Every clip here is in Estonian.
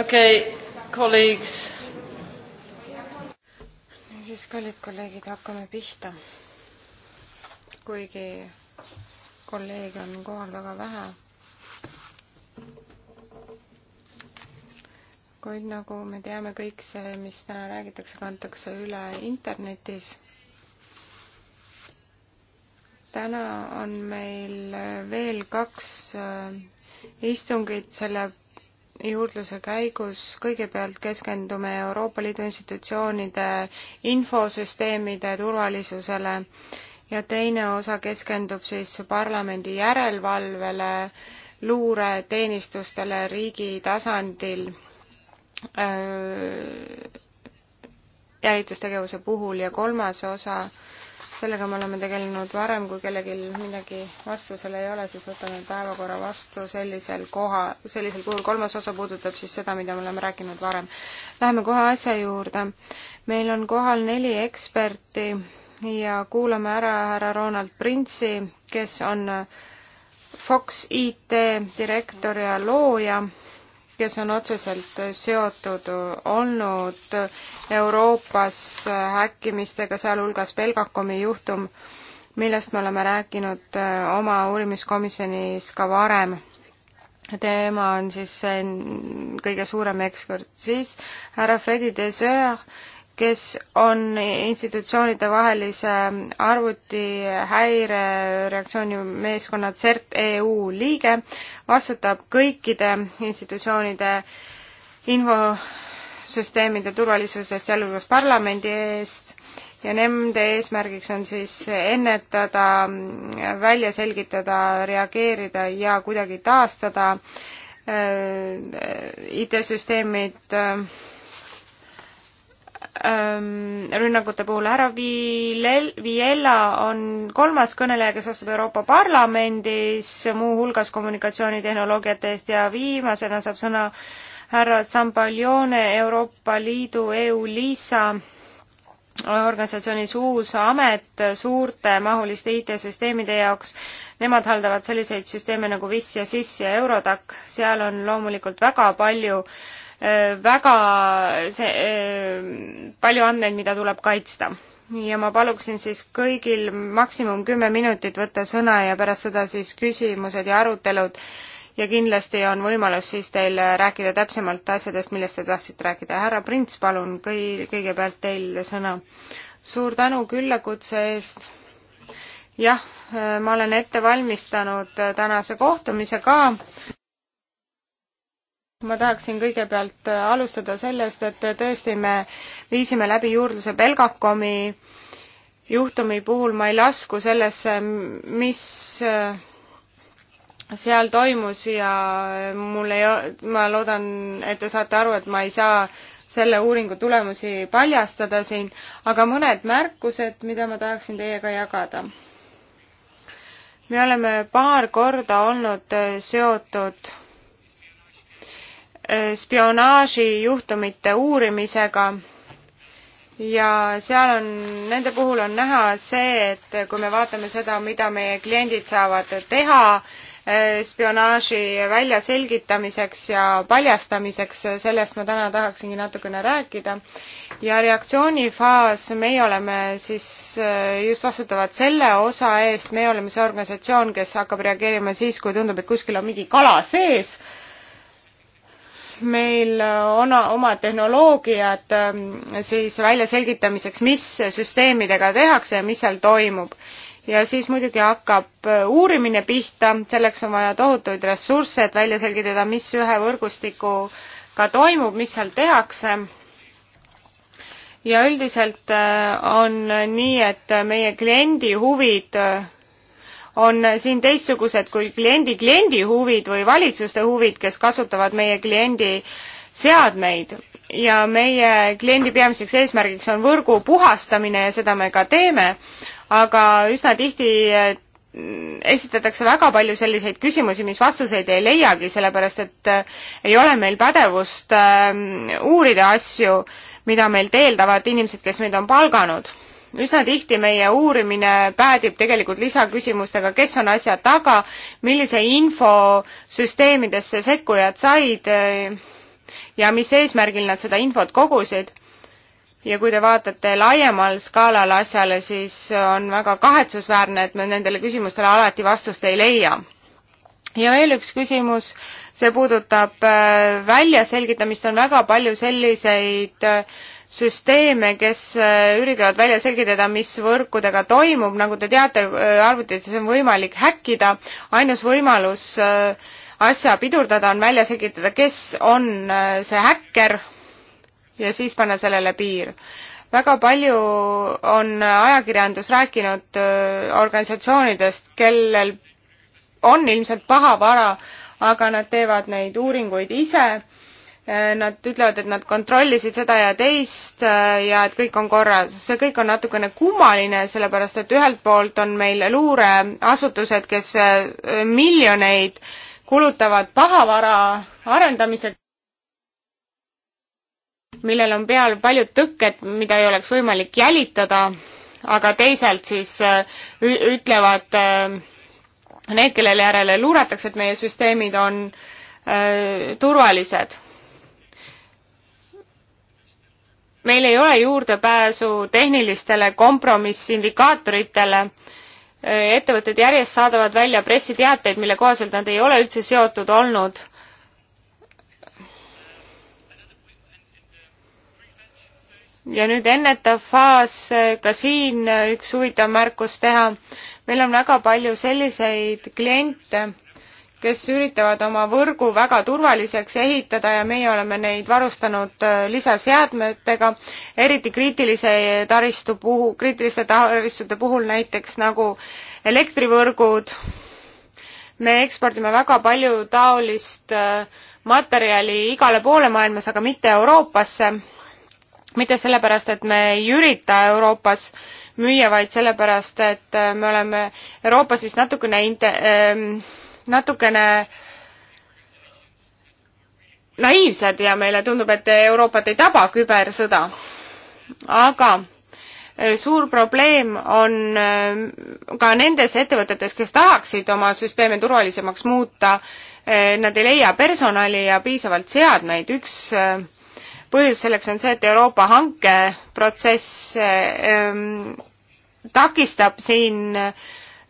okei okay,, kolleegid. niisiis, kallid kolleegid, hakkame pihta. kuigi kolleege on kohal väga vähe. kuid nagu me teame, kõik see, mis täna räägitakse, kantakse üle internetis täna on meil veel kaks äh, istungit selle juurdluse käigus kõigepealt keskendume Euroopa Liidu institutsioonide infosüsteemide turvalisusele ja teine osa keskendub siis parlamendi järelevalvele, luureteenistustele riigi tasandil äh, jälitustegevuse puhul ja kolmas osa sellega me oleme tegelenud varem, kui kellelgi midagi vastu selle ei ole, siis võtame päevakorra vastu sellisel koha, sellisel kujul. kolmas osa puudutab siis seda, mida me oleme rääkinud varem. Läheme kohe asja juurde. meil on kohal neli eksperti ja kuulame ära härra Ronald Printsi, kes on Fox IT direktor ja looja kes on otseselt seotud olnud Euroopas häkkimistega, sealhulgas Belgacomi juhtum, millest me oleme rääkinud äh, oma uurimiskomisjonis ka varem. tema on siis kõige suurem ekspert. siis härra Fredi Desert kes on institutsioonide vahelise arvutihäirereaktsiooni meeskonna CERT EU liige, vastutab kõikide institutsioonide infosüsteemide turvalisuse, sealhulgas parlamendi eest ja nende eesmärgiks on siis ennetada, välja selgitada, reageerida ja kuidagi taastada äh, IT-süsteemid äh, ähm, rünnakute puhul. härra Viella on kolmas kõneleja, kes vastab Euroopa Parlamendis muuhulgas kommunikatsioonitehnoloogiate eest ja viimasena saab sõna härra Zambaglione, Euroopa Liidu EU-LISA organisatsioonis uus amet suurte mahuliste IT-süsteemide jaoks. Nemad haldavad selliseid süsteeme nagu WIS ja SIS ja Eurodac, seal on loomulikult väga palju äh, Äh, väga see, äh, palju andmeid, mida tuleb kaitsta. ja ma paluksin siis kõigil maksimum kümme minutit võtta sõna ja pärast seda siis küsimused ja arutelud ja kindlasti on võimalus siis teil rääkida täpsemalt asjadest, millest te tahtsite rääkida. härra Prints, palun, kõi-, kõigepealt teil sõna. suur tänu küllakutse eest. jah, äh, ma olen ette valmistanud tänase kohtumise ka ma tahaksin kõigepealt alustada sellest, et tõesti me viisime läbi juurdluse Belgacomi juhtumi puhul, ma ei lasku sellesse, mis seal toimus ja mul ei, ma loodan, et te saate aru, et ma ei saa selle uuringu tulemusi paljastada siin, aga mõned märkused, mida ma tahaksin teiega jagada. me oleme paar korda olnud seotud spionaažijuhtumite uurimisega ja seal on, nende puhul on näha see, et kui me vaatame seda, mida meie kliendid saavad teha eh, spionaaži väljaselgitamiseks ja paljastamiseks, sellest ma täna tahaksingi natukene rääkida. ja reaktsioonifaas, meie oleme siis eh, just vastutavad selle osa eest, meie oleme see organisatsioon, kes hakkab reageerima siis, kui tundub, et kuskil on mingi kala sees äh, meil on oma tehnoloogiad ähm, siis väljaselgitamiseks, mis süsteemidega tehakse ja mis seal toimub. ja siis muidugi hakkab äh, uurimine pihta, selleks on vaja tohutuid ressursse, et välja selgitada, mis ühe võrgustikuga toimub, mis seal tehakse ja üldiselt äh, on nii, et meie kliendi huvid äh, on siin teistsugused kui kliendi kliendi huvid või valitsuste huvid, kes kasutavad meie kliendi seadmeid ja meie kliendi peamiseks eesmärgiks on võrgu puhastamine ja seda me ka teeme, aga üsna tihti mm, esitatakse väga palju selliseid küsimusi, mis vastuseid ei leiagi, sellepärast et äh, ei ole meil pädevust ähm, uurida asju, mida meilt eeldavad inimesed, kes meid on palganud üsna tihti meie uurimine päädib tegelikult lisaküsimustega, kes on asja taga, millise info süsteemidesse sekkujad said eh, ja mis eesmärgil nad seda infot kogusid. ja kui te vaatate laiemal skaalal asjale, siis on väga kahetsusväärne, et me nendele küsimustele alati vastust ei leia ja veel üks küsimus, see puudutab eh, väljaselgitamist, on väga palju selliseid äh, süsteeme, kes äh, üritavad välja selgitada, mis võrkudega toimub, nagu te teate, äh, arvutites on võimalik häkkida, ainus võimalus äh, asja pidurdada on välja selgitada, kes on see häkker ja siis panna sellele piir väga palju on ajakirjandus rääkinud organisatsioonidest, kellel on ilmselt paha vara, aga nad teevad neid uuringuid ise Äh, nad ütlevad, et nad kontrollisid seda ja teist äh, ja et kõik on korras. see kõik on natukene kummaline, sellepärast et ühelt poolt on meil luureasutused, kes äh, miljoneid kulutavad pahavara arendamiseks, millel on peal paljud tõkked, mida ei oleks võimalik jälitada, aga teisalt siis ütlevad need, kellele järele luuretakse, et meie süsteemid on turvalised meil ei ole juurdepääsu tehnilistele kompromissindikaatoritele ettevõtted järjest saadavad välja pressiteateid mille kohaselt nad ei ole üldse seotud olnud ja nüüd ennetav faas ka siin üks huvitav märkus teha meil on väga palju selliseid kliente kes üritavad oma võrgu väga turvaliseks ehitada ja meie oleme neid varustanud äh, lisaseadmetega, eriti kriitilise taristu puhul, kriitiliste taristute puhul näiteks nagu elektrivõrgud. me ekspordime väga palju taolist äh, materjali igale poole maailmas, aga mitte Euroopasse. mitte sellepärast, et me ei ürita Euroopas müüa, vaid sellepärast, et äh, me oleme Euroopas vist natukene inte-, ähm, natukene naiivsed ja meile tundub, et Euroopat ei taba kübersõda. aga eh, suur probleem on eh, ka nendes ettevõtetes, kes tahaksid oma süsteeme turvalisemaks muuta, eh, nad ei leia personali ja piisavalt seadmeid. üks põhjus selleks on see, et Euroopa hankeprotsess takistab siin äh,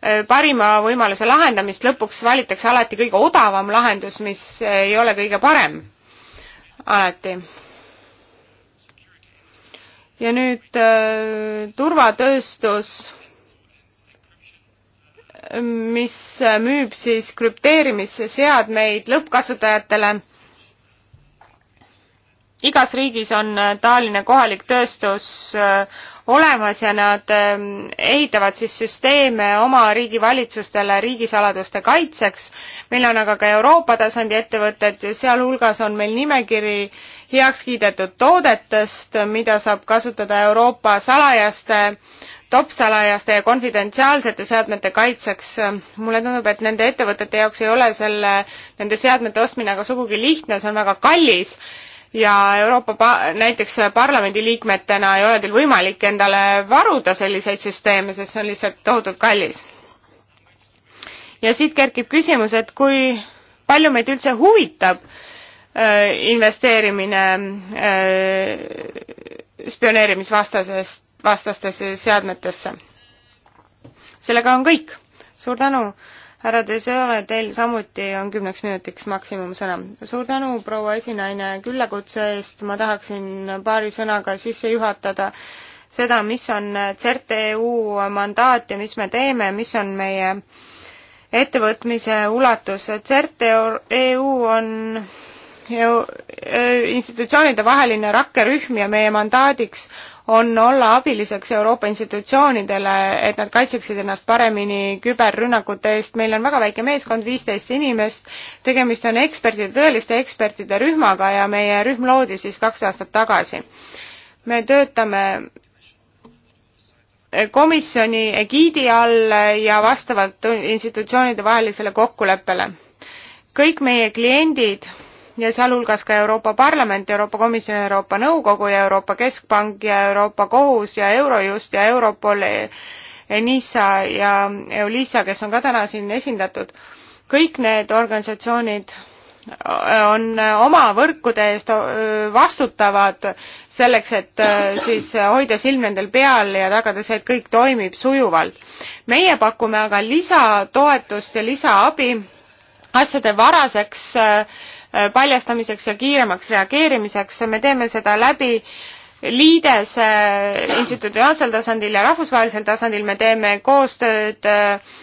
Äh, parima võimaluse lahendamist, lõpuks valitakse alati kõige odavam lahendus, mis äh, ei ole kõige parem alati. ja nüüd äh, turvatööstus, mis müüb siis krüpteerimisseadmeid lõppkasutajatele igas riigis on äh, taoline kohalik tööstus äh, olemas ja nad ähm, ehitavad siis süsteeme oma riigi valitsustele riigisaladuste kaitseks. meil on aga ka Euroopa tasandi ettevõtted, sealhulgas on meil nimekiri heaks kiidetud toodetest, mida saab kasutada Euroopa salajaste topsalajaste ja konfidentsiaalsete seadmete kaitseks. mulle tundub, et nende ettevõtete jaoks ei ole selle, nende seadmete ostmine aga sugugi lihtne, see on väga kallis ja Euroopa pa-, näiteks parlamendiliikmetena ei ole teil võimalik endale varuda selliseid süsteeme, sest see on lihtsalt tohutult kallis. ja siit kerkib küsimus, et kui palju meid üldse huvitab äh, investeerimine äh, spioneerimisvastasest, vastastesse seadmetesse. sellega on kõik. suur tänu härra Desjõe, teil samuti on kümneks minutiks maksimumsõna. suur tänu, proua esinaine, küllakutse eest, ma tahaksin paari sõnaga sisse juhatada seda, mis on CERT-EU mandaat ja mis me teeme, mis on meie ettevõtmise ulatus. CERT-EU on ju e, institutsioonide vaheline rakkerühm ja meie mandaadiks on olla abiliseks Euroopa institutsioonidele, et nad kaitseksid ennast paremini küberrünnakute eest. meil on väga väike meeskond, viisteist inimest, tegemist on ekspertide, tõeliste ekspertide rühmaga ja meie rühm loodi siis kaks aastat tagasi. me töötame komisjoni egiidi all ja vastavalt institutsioonide vahelisele kokkuleppele. kõik meie kliendid ja sealhulgas ka Euroopa Parlament, Euroopa Komisjon, Euroopa Nõukogu ja Euroopa Keskpank ja Euroopa Kohus ja Eurojust ja Europol, ENISA ja EULISA, kes on ka täna siin esindatud. kõik need organisatsioonid on oma võrkude eest vastutavad selleks, et äh, siis hoida silm nendel peal ja tagada see, et kõik toimib sujuvalt. meie pakume aga lisatoetust ja lisaabi asjade varaseks äh, Äh, paljastamiseks ja kiiremaks reageerimiseks. me teeme seda läbi liides äh, institutsionaalsel tasandil ja rahvusvahelisel tasandil, me teeme koostööd äh,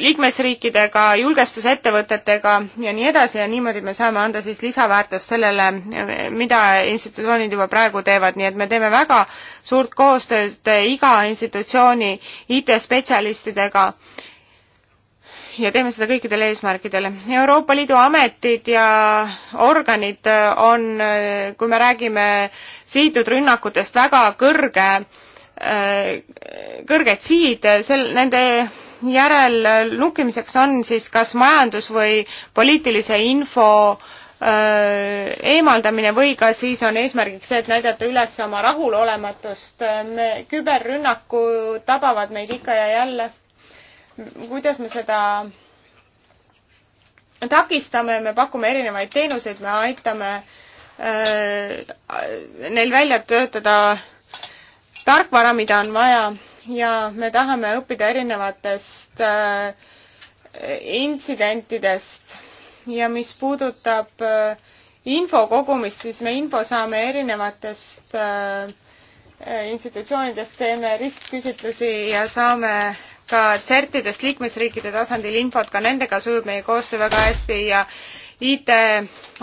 liikmesriikidega, julgestusettevõtetega ja nii edasi ja niimoodi me saame anda siis lisaväärtust sellele, mida institutsioonid juba praegu teevad, nii et me teeme väga suurt koostööd iga institutsiooni IT-spetsialistidega ja teeme seda kõikidel eesmärkidel. Euroopa Liidu ametid ja organid on, kui me räägime sihitud rünnakutest, väga kõrge, kõrged sihid, sel, nende järel nukkimiseks on siis kas majandus või poliitilise info eemaldamine või ka siis on eesmärgiks see, et näidata üles oma rahulolematust. me, küberrünnakud tabavad meid ikka ja jälle kuidas me seda takistame, me pakume erinevaid teenuseid, me aitame äh, neil välja töötada tarkvara, mida on vaja ja me tahame õppida erinevatest äh, intsidentidest ja mis puudutab äh, info kogumist, siis me info saame erinevatest äh, institutsioonidest, teeme ristküsitlusi ja saame äh, ka CERT-idest liikmesriikide tasandil infot, ka nendega sujub meie koostöö väga hästi ja IT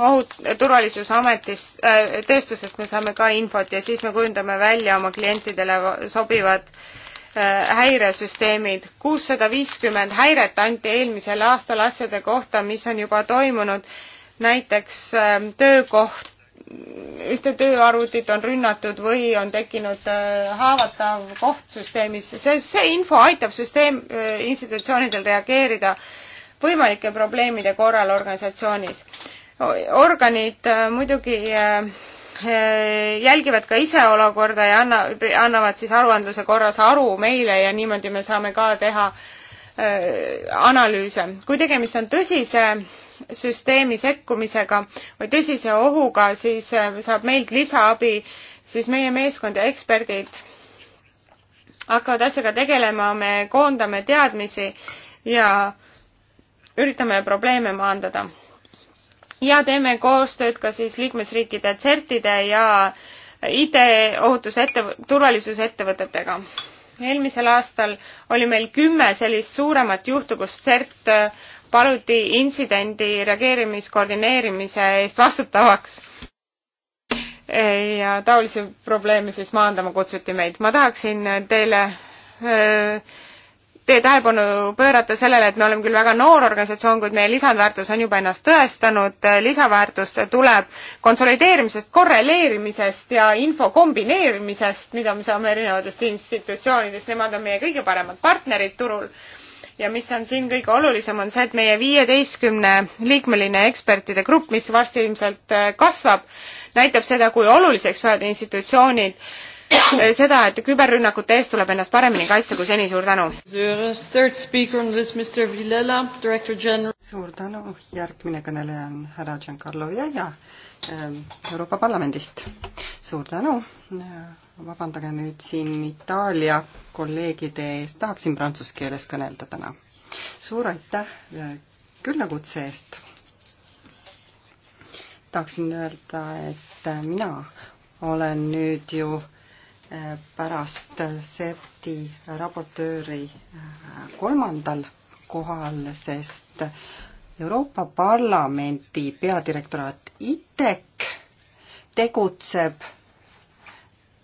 ohut-, turvalisusametist äh,, tööstusest me saame ka infot ja siis me kujundame välja oma klientidele sobivad äh, häiresüsteemid. kuussada viiskümmend häiret anti eelmisel aastal asjade kohta, mis on juba toimunud, näiteks äh, töökoht, ühte tööarvutit on rünnatud või on tekkinud äh, haavatav koht süsteemis, see, see info aitab süsteem, äh, institutsioonidel reageerida võimalike probleemide korral organisatsioonis. organid äh, muidugi jälgivad ka ise olukorda ja anna, annavad siis aruandluse korras aru meile ja niimoodi me saame ka teha analüüse. kui tegemist on tõsise süsteemi sekkumisega või tõsise ohuga, siis äh, saab meilt lisaabi, siis meie meeskond ja eksperdid hakkavad asjaga tegelema, me koondame teadmisi ja üritame probleeme maandada. ja teeme koostööd ka siis liikmesriikide CERT-ide ja IT-ohutuse ette, turvalisusettevõtetega. eelmisel aastal oli meil kümme sellist suuremat juhtu, kus CERT paluti intsidendi reageerimiskoordineerimise eest vastutavaks ja taolisi probleeme siis maandama kutsuti meid. ma tahaksin teile, teie tähelepanu pöörata sellele, et me oleme küll väga noor organisatsioon, kuid meie lisandväärtus on juba ennast tõestanud, lisaväärtust tuleb konsolideerimisest, korreleerimisest ja info kombineerimisest, mida me saame erinevatest institutsioonidest, nemad on meie kõige paremad partnerid turul ja mis on siin kõige olulisem, on see, et meie viieteistkümne liikmeline ekspertide grupp, mis varsti ilmselt äh, kasvab, näitab seda, kui oluliseks peavad institutsioonid äh, seda, et küberrünnakute eest tuleb ennast paremini kaitsta kui seni, suur tänu. suur tänu, järgmine kõneleja on härra Giancarlo Vieja ähm, Euroopa Parlamendist. suur tänu vabandage nüüd siin Itaalia kolleegide ees, tahaksin prantsuse keeles kõnelda täna. suur aitäh küllakutse eest. tahaksin öelda, et mina olen nüüd ju eh, pärast SEPTi raportööri eh, kolmandal kohal, sest Euroopa Parlamendi peadirektoraat ITEK tegutseb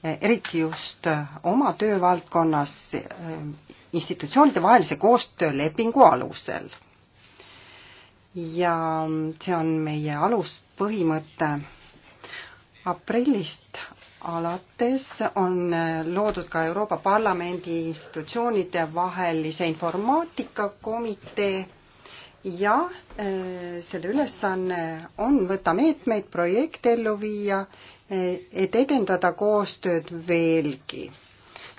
Eh, eriti just eh, oma töövaldkonnas eh, institutsioonide vahelise koostöölepingu alusel. ja mm, see on meie aluspõhimõte. aprillist alates on loodud ka Euroopa Parlamendi institutsioonide vahelise informaatikakomitee ja äh, selle ülesanne on võtta meetmeid, projekte ellu viia, äh, et edendada koostööd veelgi.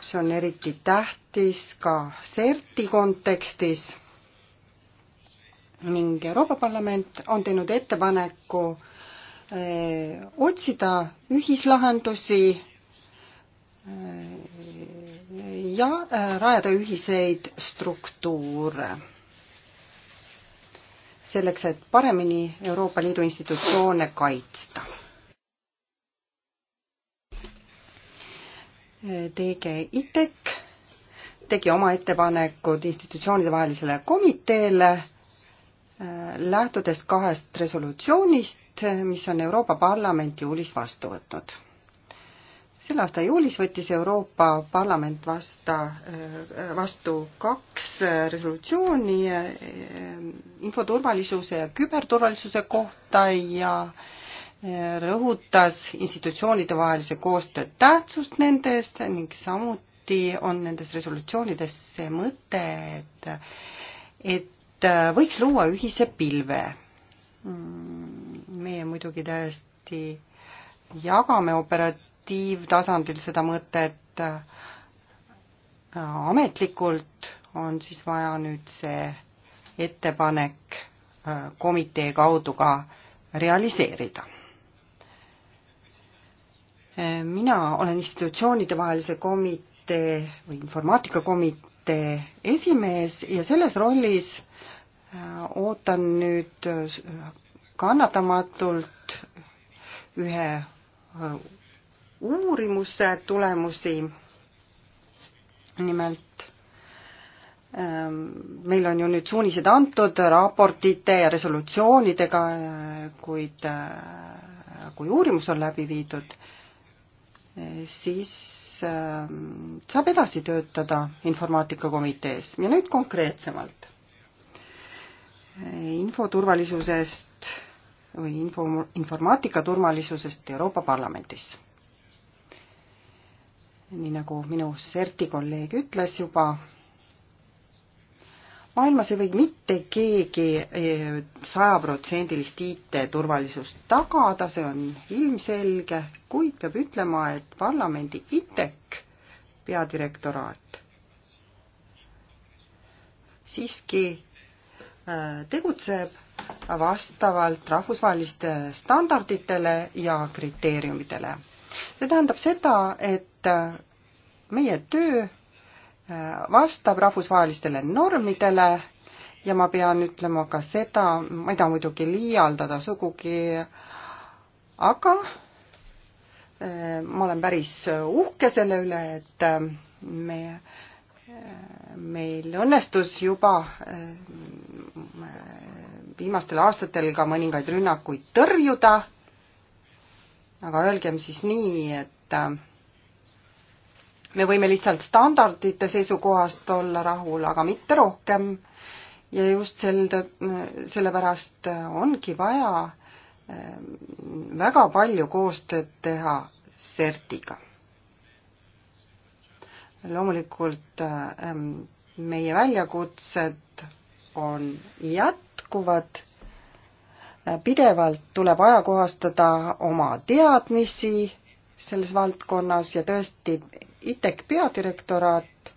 see on eriti tähtis ka CERT-i kontekstis ning Euroopa Parlament on teinud ettepaneku äh, otsida ühislahendusi ja rajada ühiseid struktuure selleks, et paremini Euroopa Liidu institutsioone kaitsta. TG ITEC tegi oma ettepanekud institutsioonide vahelisele komiteele, lähtudes kahest resolutsioonist, mis on Euroopa Parlament juulis vastu võtnud selle aasta juulis võttis Euroopa Parlament vasta, äh, vastu kaks äh, resolutsiooni äh, infoturvalisuse ja küberturvalisuse kohta ja rõhutas institutsioonide vahelise koostöö tähtsust nendes ning samuti on nendes resolutsioonides see mõte, et, et võiks luua ühise pilve. Mm, meie muidugi täiesti jagame operat-, kollektiivtasandil seda mõtet äh, ametlikult, on siis vaja nüüd see ettepanek äh, komitee kaudu ka realiseerida. Äh, mina olen institutsioonidevahelise komitee või informaatikakomitee esimees ja selles rollis ootan nüüd kannatamatult ühe uurimuse tulemusi. nimelt ähm, meil on ju nüüd suunised antud raportite ja resolutsioonidega, äh, kuid äh, kui uurimus on läbi viidud, äh, siis ähm, saab edasi töötada informaatikakomitees ja nüüd konkreetsemalt infoturvalisusest või info, informaatika turvalisusest Euroopa Parlamendis nii nagu minu CERT-i kolleeg ütles juba, maailmas ei või mitte keegi eh, sajaprotsendilist IT-turvalisust tagada, see on ilmselge, kuid peab ütlema, et parlamendi ITEC peadirektoraat siiski eh, tegutseb vastavalt rahvusvahelistele standarditele ja kriteeriumidele see tähendab seda, et äh, meie töö äh, vastab rahvusvahelistele normidele ja ma pean ütlema ka seda, ma ei taha muidugi liialdada sugugi, aga äh, ma olen päris uhke selle üle, et me, meil õnnestus juba viimastel aastatel ka mõningaid rünnakuid tõrjuda aga öelgem siis nii, et äh, me võime lihtsalt standardite seisukohast olla rahul, aga mitte rohkem. ja just sel, sellepärast äh, ongi vaja äh, väga palju koostööd teha CERT-iga. loomulikult ähm, meie väljakutsed on jätkuvad pidevalt tuleb ajakohastada oma teadmisi selles valdkonnas ja tõesti ITEK peadirektoraat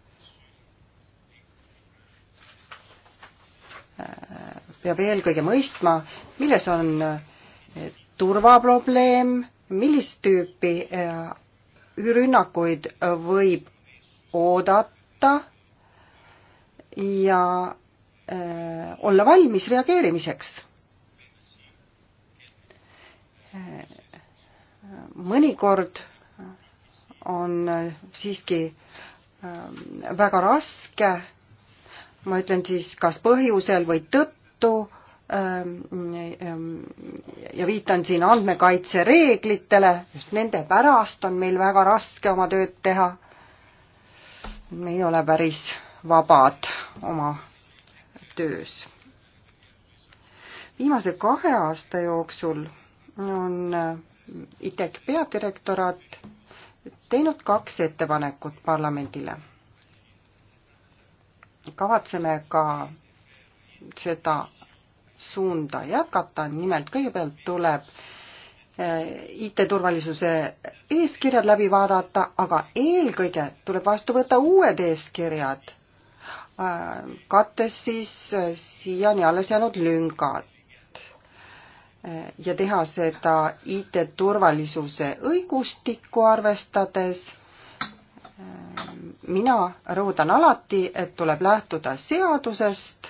äh, peab eelkõige mõistma, milles on äh, turvaprobleem, millist tüüpi äh, rünnakuid võib oodata ja olla valmis reageerimiseks mõnikord on siiski ähm, väga raske, ma ütlen siis kas põhjusel või tõttu, ähm, ähm, ja viitan siin andmekaitsereeglitele, just nende pärast on meil väga raske oma tööd teha. me ei ole päris vabad oma töös. viimase kahe aasta jooksul on äh, ITEK peadirektoraat teinud kaks ettepanekut parlamendile. kavatseme ka seda suunda jätkata, nimelt kõigepealt tuleb äh, IT-turvalisuse e eeskirjad läbi vaadata, aga eelkõige tuleb vastu võtta uued eeskirjad, äh, kattes siis siiani alles jäänud lüngad ja teha seda IT-turvalisuse õigustikku arvestades. mina rõhutan alati, et tuleb lähtuda seadusest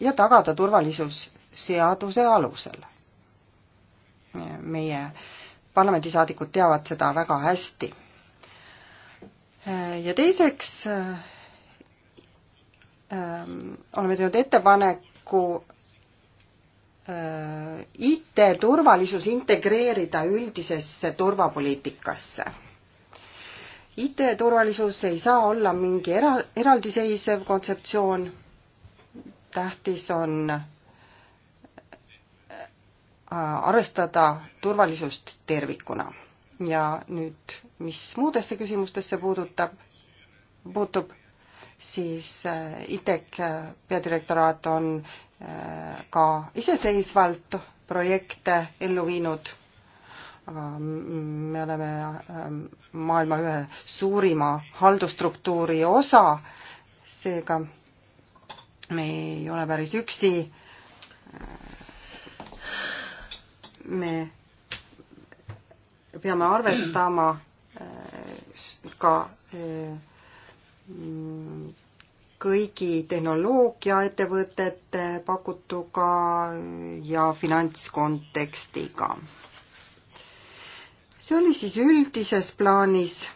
ja tagada turvalisus seaduse alusel. meie parlamendisaadikud teavad seda väga hästi. ja teiseks oleme teinud ettepaneku IT-turvalisus integreerida üldisesse turvapoliitikasse. IT-turvalisus ei saa olla mingi era, eraldiseisev kontseptsioon, tähtis on arvestada turvalisust tervikuna. ja nüüd, mis muudesse küsimustesse puudutab, puutub siis äh, ITEK äh, peadirektoraat on äh, ka iseseisvalt projekte ellu viinud, aga me oleme maailma ühe suurima haldusstruktuuri osa, seega me ei ole päris üksi. me peame arvestama ka kõigi tehnoloogiaettevõtete pakutuga ja finantskontekstiga. see oli siis üldises plaanis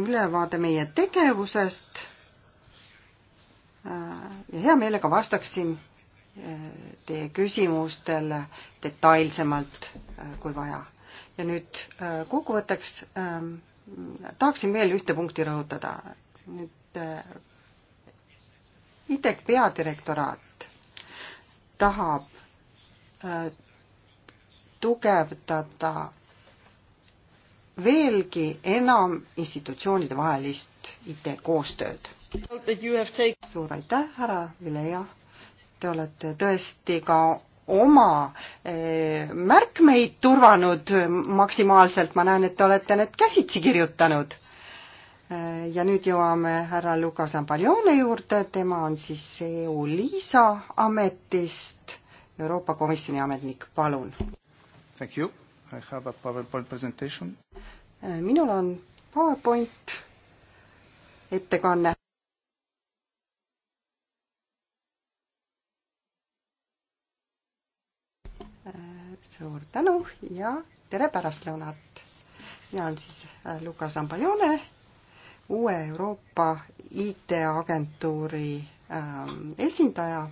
ülevaade meie tegevusest. ja hea meelega vastaksin teie küsimustele detailsemalt, kui vaja. ja nüüd kokkuvõtteks ähm, tahaksin veel ühte punkti rõhutada nüüd äh, ITEK peadirektoraat tahab äh, tugevdada veelgi enam institutsioonide vahelist IT e koostööd. suur aitäh, härra Vileja. Te olete tõesti ka oma äh, märkmeid turvanud maksimaalselt, ma näen, et te olete need käsitsi kirjutanud ja nüüd jõuame härra Lukas Ampaljone juurde, tema on siis EU-LISA ametist, Euroopa Komisjoni ametnik, palun. Thank you, I have a PowerPoint presentation. Äh, minul on PowerPoint ettekanne. Äh, suur tänu ja tere pärastlõunat. mina olen siis äh, Lukas Ampaljone uue Euroopa IT-agentuuri ähm, esindaja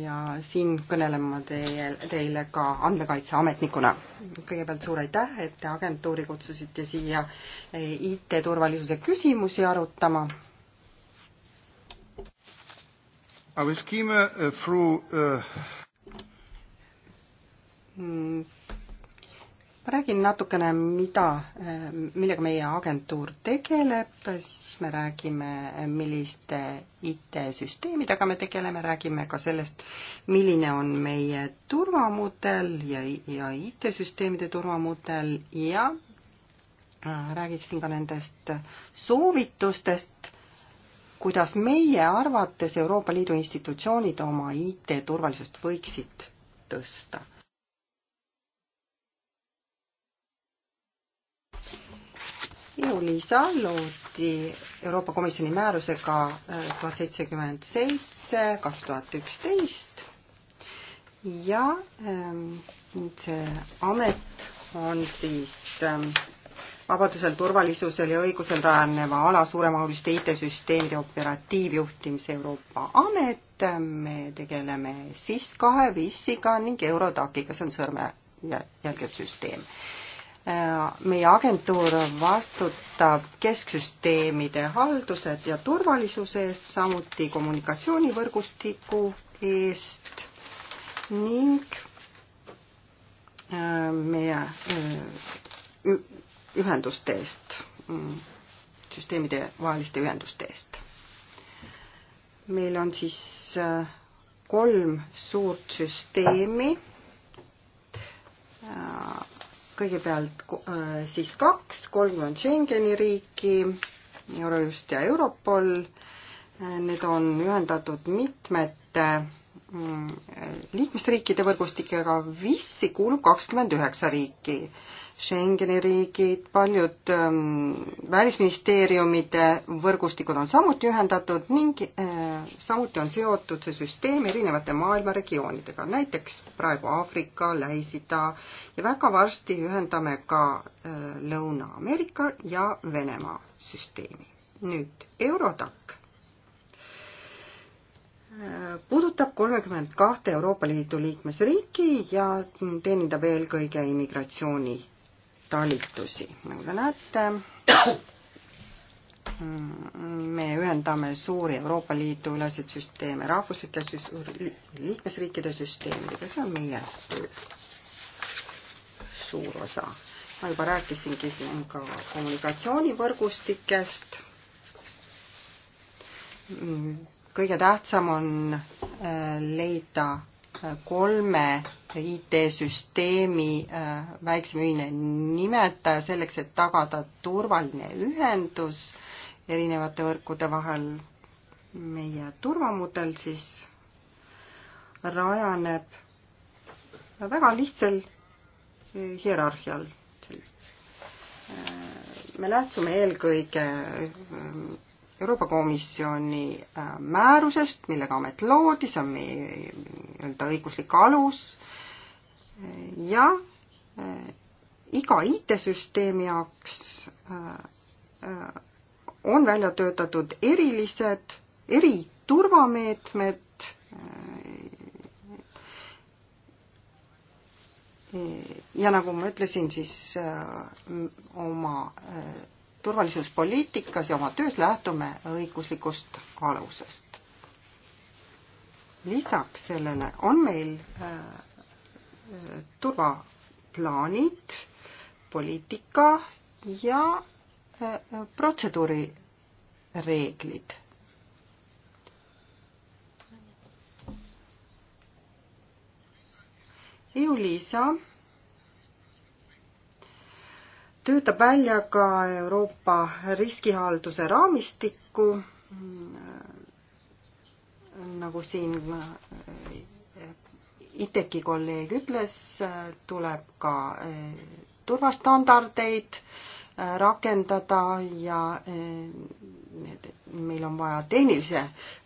ja siin kõnelen ma teie, teile ka andmekaitseametnikuna. kõigepealt suur aitäh, et te agentuuri kutsusite siia e, IT-turvalisuse küsimusi arutama. Our scheme uh, through uh... Mm ma räägin natukene, mida, eh, millega meie agentuur tegeleb, siis me räägime, eh, milliste IT-süsteemidega me tegeleme, räägime ka sellest, milline on meie turvamudel ja, ja IT-süsteemide turvamudel ja eh, räägiksin ka nendest soovitustest, kuidas meie arvates Euroopa Liidu institutsioonid oma IT-turvalisust võiksid tõsta. EU-LISA loodi Euroopa Komisjoni määrusega äh, tuhat seitsekümmend seitse, kaks tuhat üksteist ja ähm, see amet on siis ähm, vabadusel, turvalisusel ja õigusel rajaneva ala suuremahuliste IT-süsteemide operatiivjuhtimise Euroopa amet. me tegeleme SIS kahe, WIS-iga ning Eurodaciga, see on sõrmejälgesüsteem. Äh, meie agentuur vastutab kesksüsteemide haldused ja turvalisuse eest, samuti kommunikatsioonivõrgustiku eest ning äh, meie äh, ühenduste eest, mm, süsteemide vaheliste ühenduste eest. meil on siis kolm suurt süsteemi kõigepealt äh, siis kaks, kolmkümmend Schengeni riiki, Eurojust ja Europol. Äh, need on ühendatud mitmete mm, liikmesriikide võrgustikega, VIS-i kuulub kakskümmend üheksa riiki. Schengeni riigid, paljud ähm, välisministeeriumide võrgustikud on samuti ühendatud ning äh, samuti on seotud see süsteem erinevate maailma regioonidega, näiteks praegu Aafrika, Lähis-Ida ja väga varsti ühendame ka äh, Lõuna-Ameerika ja Venemaa süsteemi. nüüd Eurodac äh, puudutab kolmekümmend kahte Euroopa Liidu liikmesriiki ja teenindab eelkõige immigratsiooni talitusi, nagu te näete me ühendame suuri Euroopa Liidu üleseid süsteeme rahvuslike süs-, liikmesriikide süsteemidega, see on meie töö suur osa. ma juba rääkisingi siin ka kommunikatsioonivõrgustikest. kõige tähtsam on äh, leida äh, kolme IT-süsteemi äh, väiksem ühine nimetaja selleks, et tagada turvaline ühendus erinevate võrkude vahel. meie turvamudel siis rajaneb väga lihtsal eh, hierarhial. me lähtume eelkõige eh, Euroopa Komisjoni eh, määrusest, millega amet loodi, see on meie nii-öelda õiguslik alus ja iga IT-süsteemi jaoks on välja töötatud erilised, eriturvameetmed eh, ja nagu ma ütlesin, siis eh, oma eh, turvalisuspoliitikas ja oma töös lähtume õiguslikust alusest. lisaks sellele on meil turvaplaanid, poliitika ja Äh, protseduurireeglid. EU-Liisa töötab välja ka Euroopa riskihalduse raamistikku, äh, nagu siin äh, ITEK-i kolleeg ütles, tuleb ka turvastandardeid äh, rakendada ja eh, meil on vaja tehnilise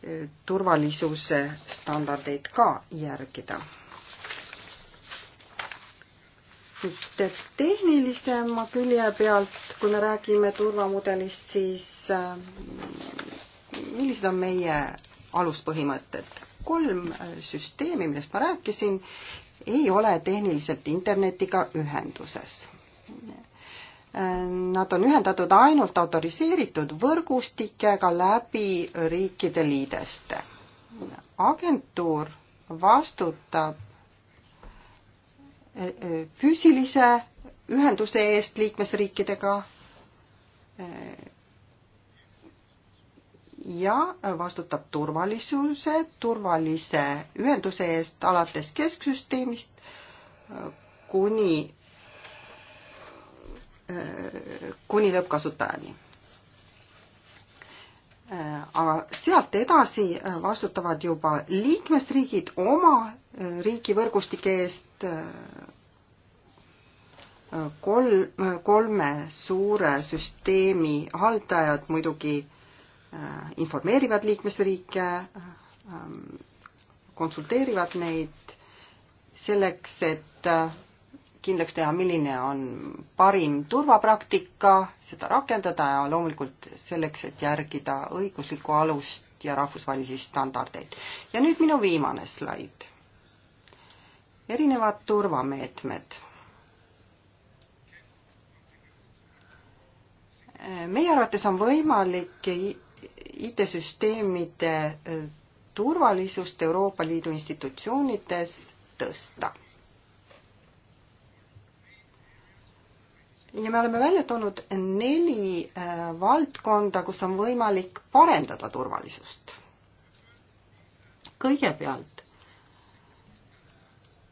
eh, turvalisuse standardeid ka järgida. nüüd tehnilisema külje pealt, kui me räägime turvamudelist, siis eh, millised on meie aluspõhimõtted? kolm süsteemi, millest ma rääkisin, ei ole tehniliselt internetiga ühenduses Nad on ühendatud ainult autoriseeritud võrgustikega läbi riikide liideste. agentuur vastutab eh, eh, füüsilise ühenduse eest liikmesriikidega eh, ja vastutab turvalisuse, turvalise ühenduse eest alates kesksüsteemist kuni kuni lõppkasutajani. aga sealt edasi vastutavad juba liikmesriigid oma riigivõrgustike eest kolm, kolme suure süsteemi haldajad muidugi äh, informeerivad liikmesriike, äh, konsulteerivad neid selleks, et äh, kindlaks teha, milline on parim turvapraktika, seda rakendada ja loomulikult selleks, et järgida õiguslikku alust ja rahvusvahelisi standardeid. ja nüüd minu viimane slaid. erinevad turvameetmed. meie arvates on võimalik IT-süsteemide turvalisust Euroopa Liidu institutsioonides tõsta ja me oleme välja toonud neli äh, valdkonda, kus on võimalik parendada turvalisust. kõigepealt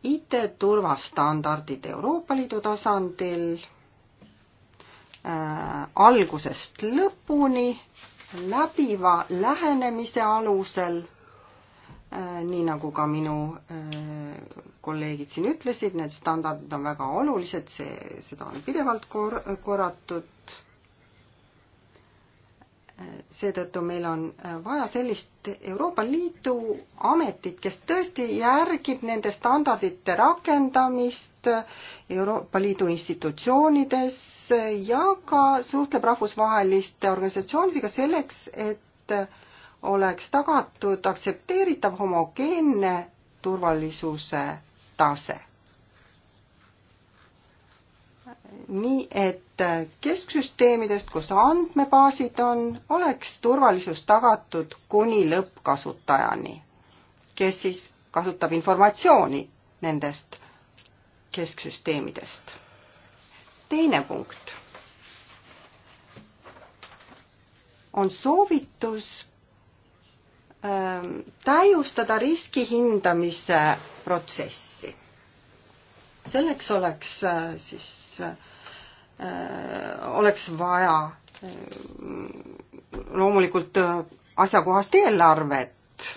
IT-turvastandardid Euroopa Liidu tasandil äh, algusest lõpuni läbiva lähenemise alusel Äh, nii nagu ka minu äh, kolleegid siin ütlesid, need standardid on väga olulised, see, seda on pidevalt kor-, korratud. Äh, seetõttu meil on vaja sellist Euroopa Liidu ametit, kes tõesti järgib nende standardite rakendamist Euroopa Liidu institutsioonides ja ka suhtleb rahvusvaheliste organisatsioonidega selleks, et oleks tagatud aktsepteeritav homogeenne turvalisuse tase. nii et kesksüsteemidest, kus andmebaasid on, oleks turvalisus tagatud kuni lõppkasutajani, kes siis kasutab informatsiooni nendest kesksüsteemidest. teine punkt on soovitus Ähm, täiustada riski hindamise protsessi. selleks oleks äh, siis, äh, oleks vaja äh, loomulikult asjakohast eelarvet.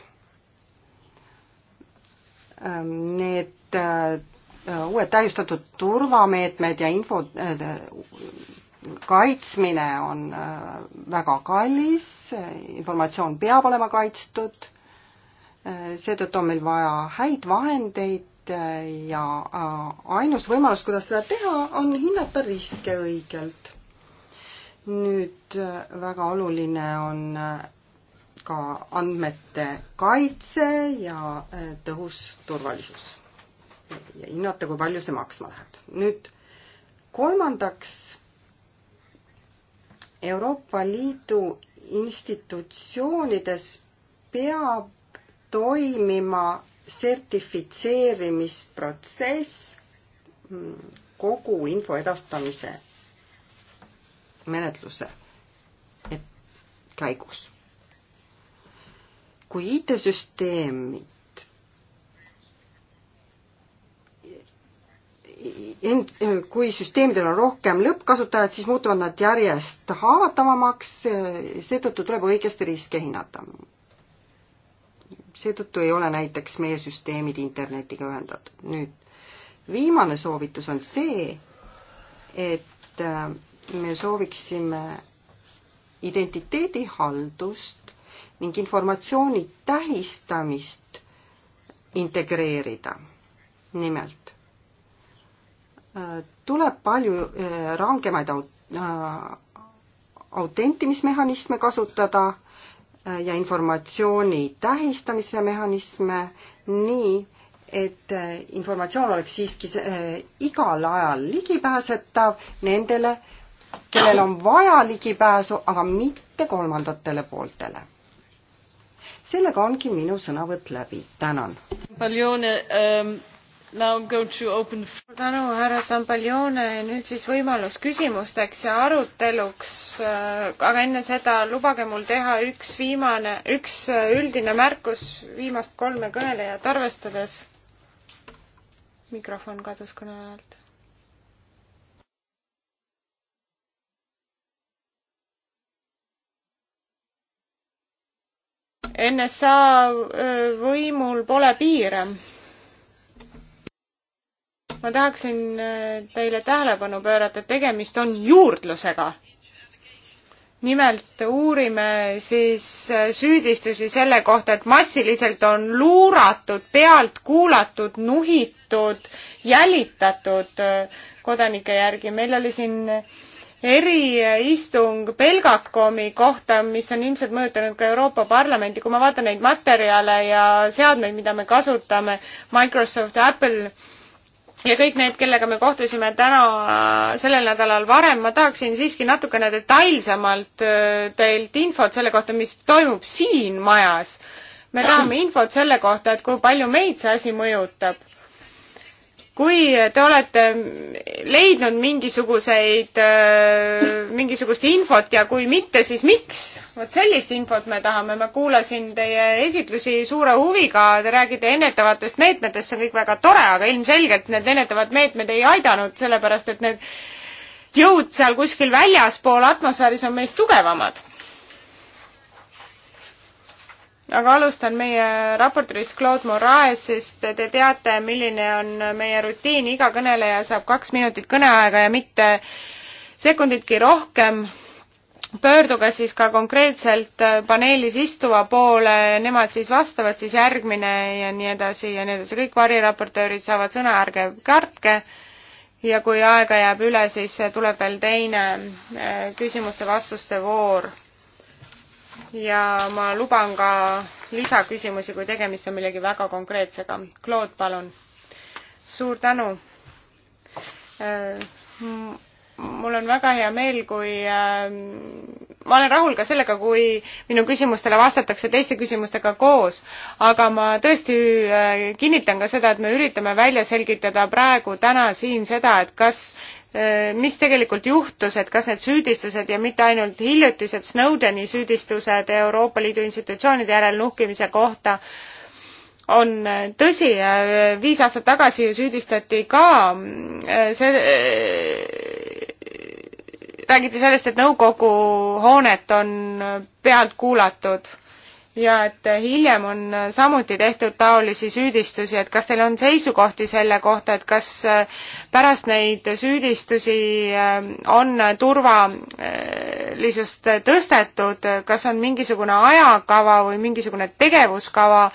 Ähm, need uued täiustatud turvameetmed ja info, kaitsmine on äh, väga kallis, informatsioon peab olema kaitstud, äh, seetõttu on meil vaja häid vahendeid äh, ja ainus võimalus, kuidas seda teha, on hinnata riske õigelt. nüüd väga oluline on ka andmete kaitse ja tõhus turvalisus. ja hinnata, kui palju see maksma läheb. nüüd kolmandaks Euroopa Liidu institutsioonides peab toimima sertifitseerimisprotsess mm, kogu info edastamise menetluse käigus. kui IT-süsteemid ent-, kui süsteemidel on rohkem lõppkasutajad, siis muutuvad nad järjest haavatavamaks, seetõttu tuleb õigesti riske hinnata. seetõttu ei ole näiteks meie süsteemid internetiga ühendatud. nüüd viimane soovitus on see, et äh, me sooviksime identiteedihaldust ning informatsiooni tähistamist integreerida. nimelt tuleb palju eh, rangemaid äh, autentimismehhanisme kasutada äh, ja informatsiooni tähistamise mehhanisme nii, et äh, informatsioon oleks siiski igal ajal ligipääsetav nendele, kellel on vaja ligipääsu, aga mitte kolmandatele pooltele. sellega ongi minu sõnavõtt läbi, tänan. Paljone ähm,, suur tänu, härra Sambaljone, nüüd siis võimalus küsimusteks ja aruteluks, äh, aga enne seda lubage mul teha üks viimane, üks äh, üldine märkus viimast kolme kõnelejat arvestades. mikrofon kadus kõnelejalt. NSA äh, võimul pole piire ma tahaksin äh, teile tähelepanu pöörata, et tegemist on juurdlusega. nimelt uurime siis äh, süüdistusi selle kohta, et massiliselt on luuratud, pealt kuulatud, nuhitud, jälitatud äh, kodanike järgi. meil oli siin eriistung Belgakomi kohta, mis on ilmselt mõjutanud ka Euroopa Parlamenti, kui ma vaatan neid materjale ja seadmeid, mida me kasutame, Microsoft, Apple, ja kõik need, kellega me kohtusime täna sellel nädalal varem, ma tahaksin siiski natukene detailsemalt äh, teilt infot selle kohta, mis toimub siin majas. me tahame infot selle kohta, et kui palju meid see asi mõjutab kui te olete leidnud mingisuguseid, äh, mingisugust infot ja kui mitte, siis miks? vot sellist infot me tahame, ma kuulasin teie esitlusi suure huviga, te räägite ennetavatest meetmetest, see on kõik väga tore, aga ilmselgelt need ennetavad meetmed ei aidanud, sellepärast et need jõud seal kuskil väljaspool atmosfääris on meist tugevamad aga alustan meie raportöörist Claude Moraesist. Te teate, milline on meie rutiin, iga kõneleja saab kaks minutit kõneaega ja mitte sekunditki rohkem. pöörduge siis ka konkreetselt paneelis istuva poole, nemad siis vastavad, siis järgmine ja nii edasi ja nii edasi. kõik variraportöörid saavad sõna, ärge kartke. ja kui aega jääb üle, siis tuleb veel teine eh, küsimuste-vastuste voor ja ma luban ka lisaküsimusi, kui tegemist on millegi väga konkreetsega. Claude, palun. suur tänu. Äh, mul on väga hea meel, kui äh, ma olen rahul ka sellega, kui minu küsimustele vastatakse teiste küsimustega koos, aga ma tõesti äh, kinnitan ka seda, et me üritame välja selgitada praegu täna siin seda, et kas äh, mis tegelikult juhtus, et kas need süüdistused ja mitte ainult hiljutised Snowdeni süüdistused Euroopa Liidu institutsioonide järel nuhkimise kohta, on äh, tõsi, viis aastat tagasi ju süüdistati ka see räägiti sellest, et nõukogu hoonet on pealt kuulatud ja et hiljem on samuti tehtud taolisi süüdistusi, et kas teil on seisukohti selle kohta, et kas äh, pärast neid süüdistusi äh, on turvalisust äh, tõstetud, kas on mingisugune ajakava või mingisugune tegevuskava äh,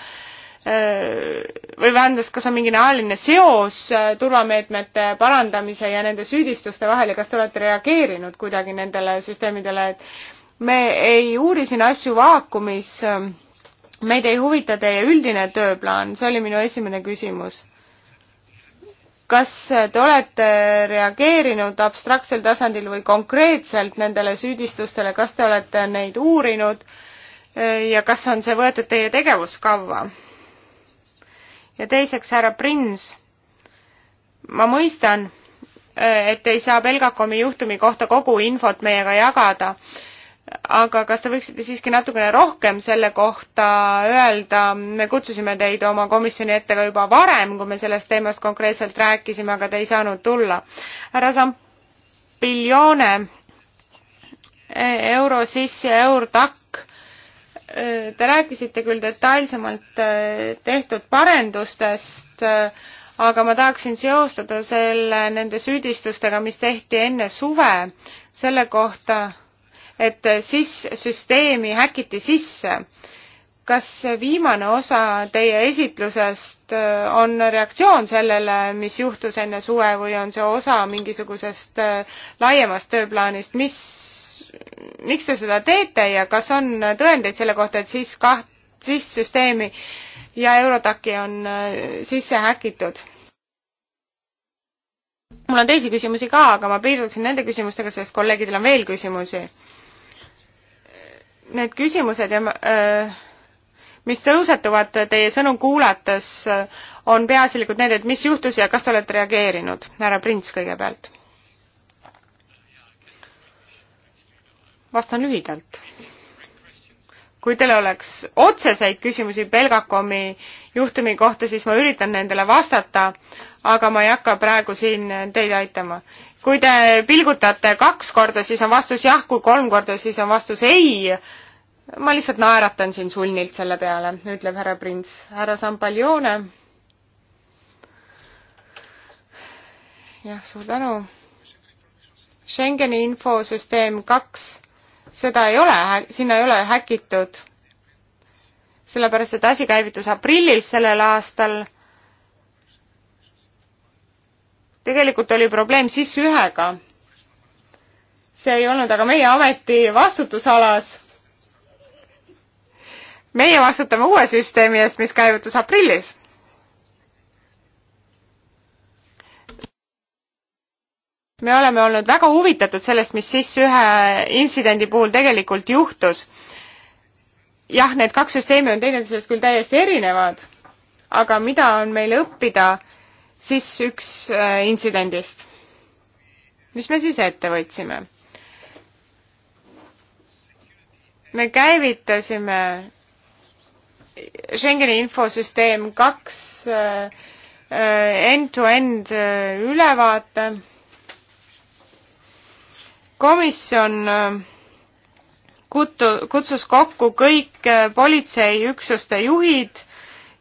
Äh, või vähendas, kas on mingine ajaline seos äh, turvameetmete parandamise ja nende süüdistuste vahel ja kas te olete reageerinud kuidagi nendele süsteemidele, et me ei uuri siin asju vaakumis. Äh, meid ei huvita teie üldine tööplaan, see oli minu esimene küsimus kas te olete reageerinud abstraktsel tasandil või konkreetselt nendele süüdistustele, kas te olete neid uurinud ja kas on see võetud teie tegevuskavva? ja teiseks, härra Prins, ma mõistan, äh, et ei saa Belgakomi juhtumi kohta kogu infot meiega jagada, aga kas te võiksite siiski natukene rohkem selle kohta öelda, me kutsusime teid oma komisjoni ette ka juba varem, kui me sellest teemast konkreetselt rääkisime, aga te ei saanud tulla. härra Zampiljone, Eurosys ja Eurdac Te rääkisite küll detailsemalt äh, tehtud parendustest, äh, aga ma tahaksin seostada selle nende süüdistustega, mis tehti enne suve selle kohta, et siis süsteemi häkiti sisse. kas viimane osa teie esitlusest äh, on reaktsioon sellele, mis juhtus enne suve või on see osa mingisugusest laiemast tööplaanist, mis miks te seda teete ja kas on tõendeid selle kohta, et siis kaht-, siis süsteemi ja Eurotaki on äh, sisse häkitud? mul on teisi küsimusi ka, aga ma piirduksin nende küsimustega, sest kolleegidel on veel küsimusi. Need küsimused ja öö, äh, mis tõusetuvad teie sõnu kuulates, äh, on peaasjalikult need, et mis juhtus ja kas te olete reageerinud. härra Prints kõigepealt vastan lühidalt. kui teil oleks otseseid küsimusi Belgacomi juhtumi kohta, siis ma üritan nendele vastata, aga ma ei hakka praegu siin teid aitama. kui te pilgutate kaks korda, siis on vastus jah, kui kolm korda, siis on vastus ei. ma lihtsalt naeratan siin sulnilt selle peale, ütleb härra prints. härra Sampaljone. jah, suur tänu Schengeni infosüsteem kaks seda ei ole, sinna ei ole häkitud. sellepärast, et asi käivitus aprillis sellel aastal. tegelikult oli probleem SIS ühega. see ei olnud aga meie ameti vastutusalas. meie vastutame uue süsteemi eest, mis käivitus aprillis me oleme olnud väga huvitatud sellest, mis siis ühe intsidendi puhul tegelikult juhtus. jah, need kaks süsteemi on teineteisest küll täiesti erinevad, aga mida on meil õppida siis üks äh, intsidendist? mis me siis ette võtsime? me käivitasime Schengeni infosüsteem kaks äh, äh, end-to-end -end ülevaate komisjon äh, kutu-, kutsus kokku kõik äh, politseiüksuste juhid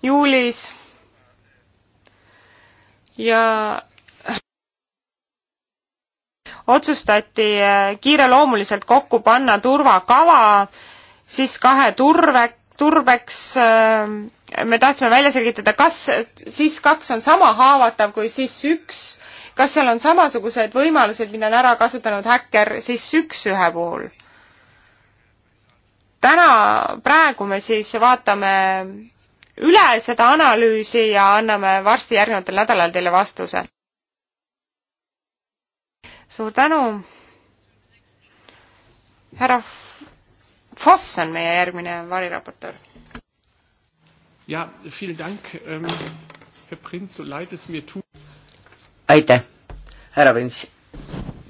juulis ja otsustati äh, kiireloomuliselt kokku panna turvakava, siis kahe turve, turbeks me tahtsime välja selgitada, kas siis kaks on sama haavatav kui siis üks kas seal on samasugused võimalused, mida on ära kasutanud häkker siis üks-ühe puhul? täna, praegu me siis vaatame üle seda analüüsi ja anname varsti järgnevatel nädalal teile vastuse. suur tänu. härra Foss on meie järgmine variraportöör. ja, vielen Dank ähm,, Herr Prinz, so leid es mir tut aitäh, härra Vents.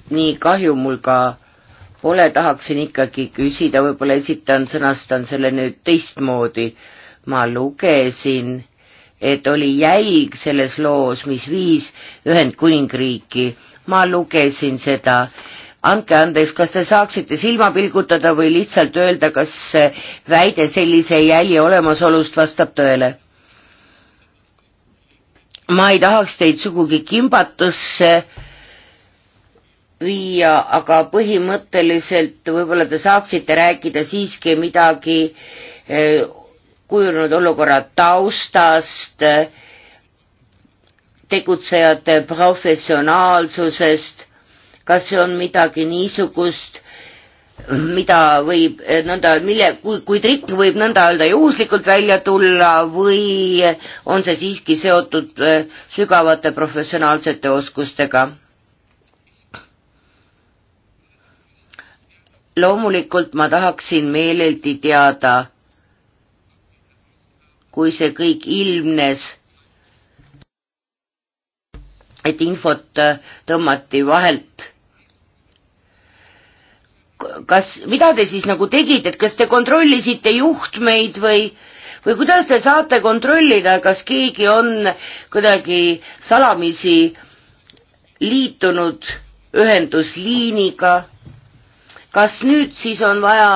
nii kahju mul ka pole, tahaksin ikkagi küsida, võib-olla esitan, sõnastan selle nüüd teistmoodi. ma lugesin, et oli jälg selles loos, mis viis Ühendkuningriiki. ma lugesin seda. andke andeks, kas te saaksite silma pilgutada või lihtsalt öelda, kas väide sellise jälje olemasolust vastab tõele? ma ei tahaks teid sugugi kimbatusse viia, aga põhimõtteliselt võib-olla te saaksite rääkida siiski midagi eh, kujunenud olukorra taustast, tegutsejate professionaalsusest, kas see on midagi niisugust, mida võib eh, nõnda, mille, kui, kui trikk võib nõnda öelda juhuslikult välja tulla või on see siiski seotud eh, sügavate professionaalsete oskustega? loomulikult ma tahaksin meeleldi teada, kui see kõik ilmnes, et infot eh, tõmmati vahelt kas, mida te siis nagu tegite, et kas te kontrollisite juhtmeid või, või kuidas te saate kontrollida, kas keegi on kuidagi salamisi liitunud ühendusliiniga? kas nüüd siis on vaja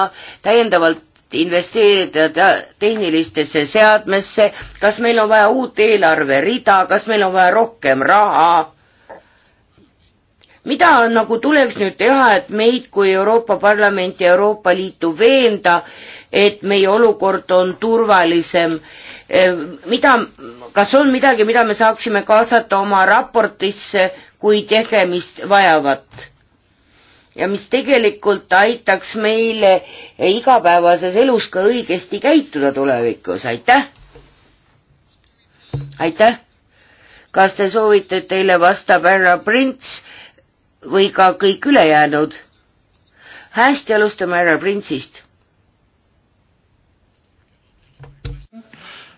täiendavalt investeerida tehnilistesse seadmesse, kas meil on vaja uut eelarverida, kas meil on vaja rohkem raha? mida nagu tuleks nüüd teha, et meid kui Euroopa Parlamenti, Euroopa Liitu veenda, et meie olukord on turvalisem? Eh, mida, kas on midagi, mida me saaksime kaasata oma raportisse kui tegemist vajavat? ja mis tegelikult aitaks meile igapäevases elus ka õigesti käituda tulevikus, aitäh! aitäh! kas te soovite, et teile vastab härra Prints või ka kõik ülejäänud. hästi, alustame härra Printsist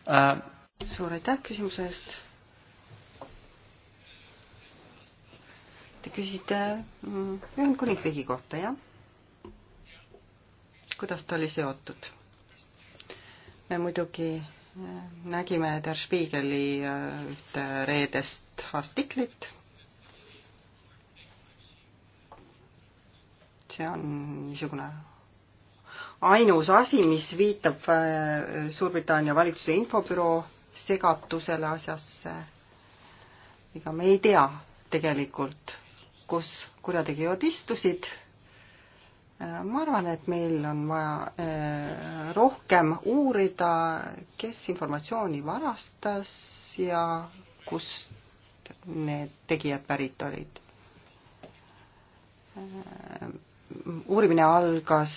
äh.. suur aitäh küsimuse eest. Te küsisite mm, Ühendkuningriigi kohta, jah? kuidas ta oli seotud? me muidugi äh, nägime Der Spiegeli äh, ühte reedest artiklit see on niisugune ainus asi, mis viitab äh, Suurbritannia valitsuse infobüroo segatusele asjasse. ega me ei tea tegelikult, kus kurjategijad istusid. Äh, ma arvan, et meil on vaja äh, rohkem uurida, kes informatsiooni varastas ja kust need tegijad pärit olid uurimine algas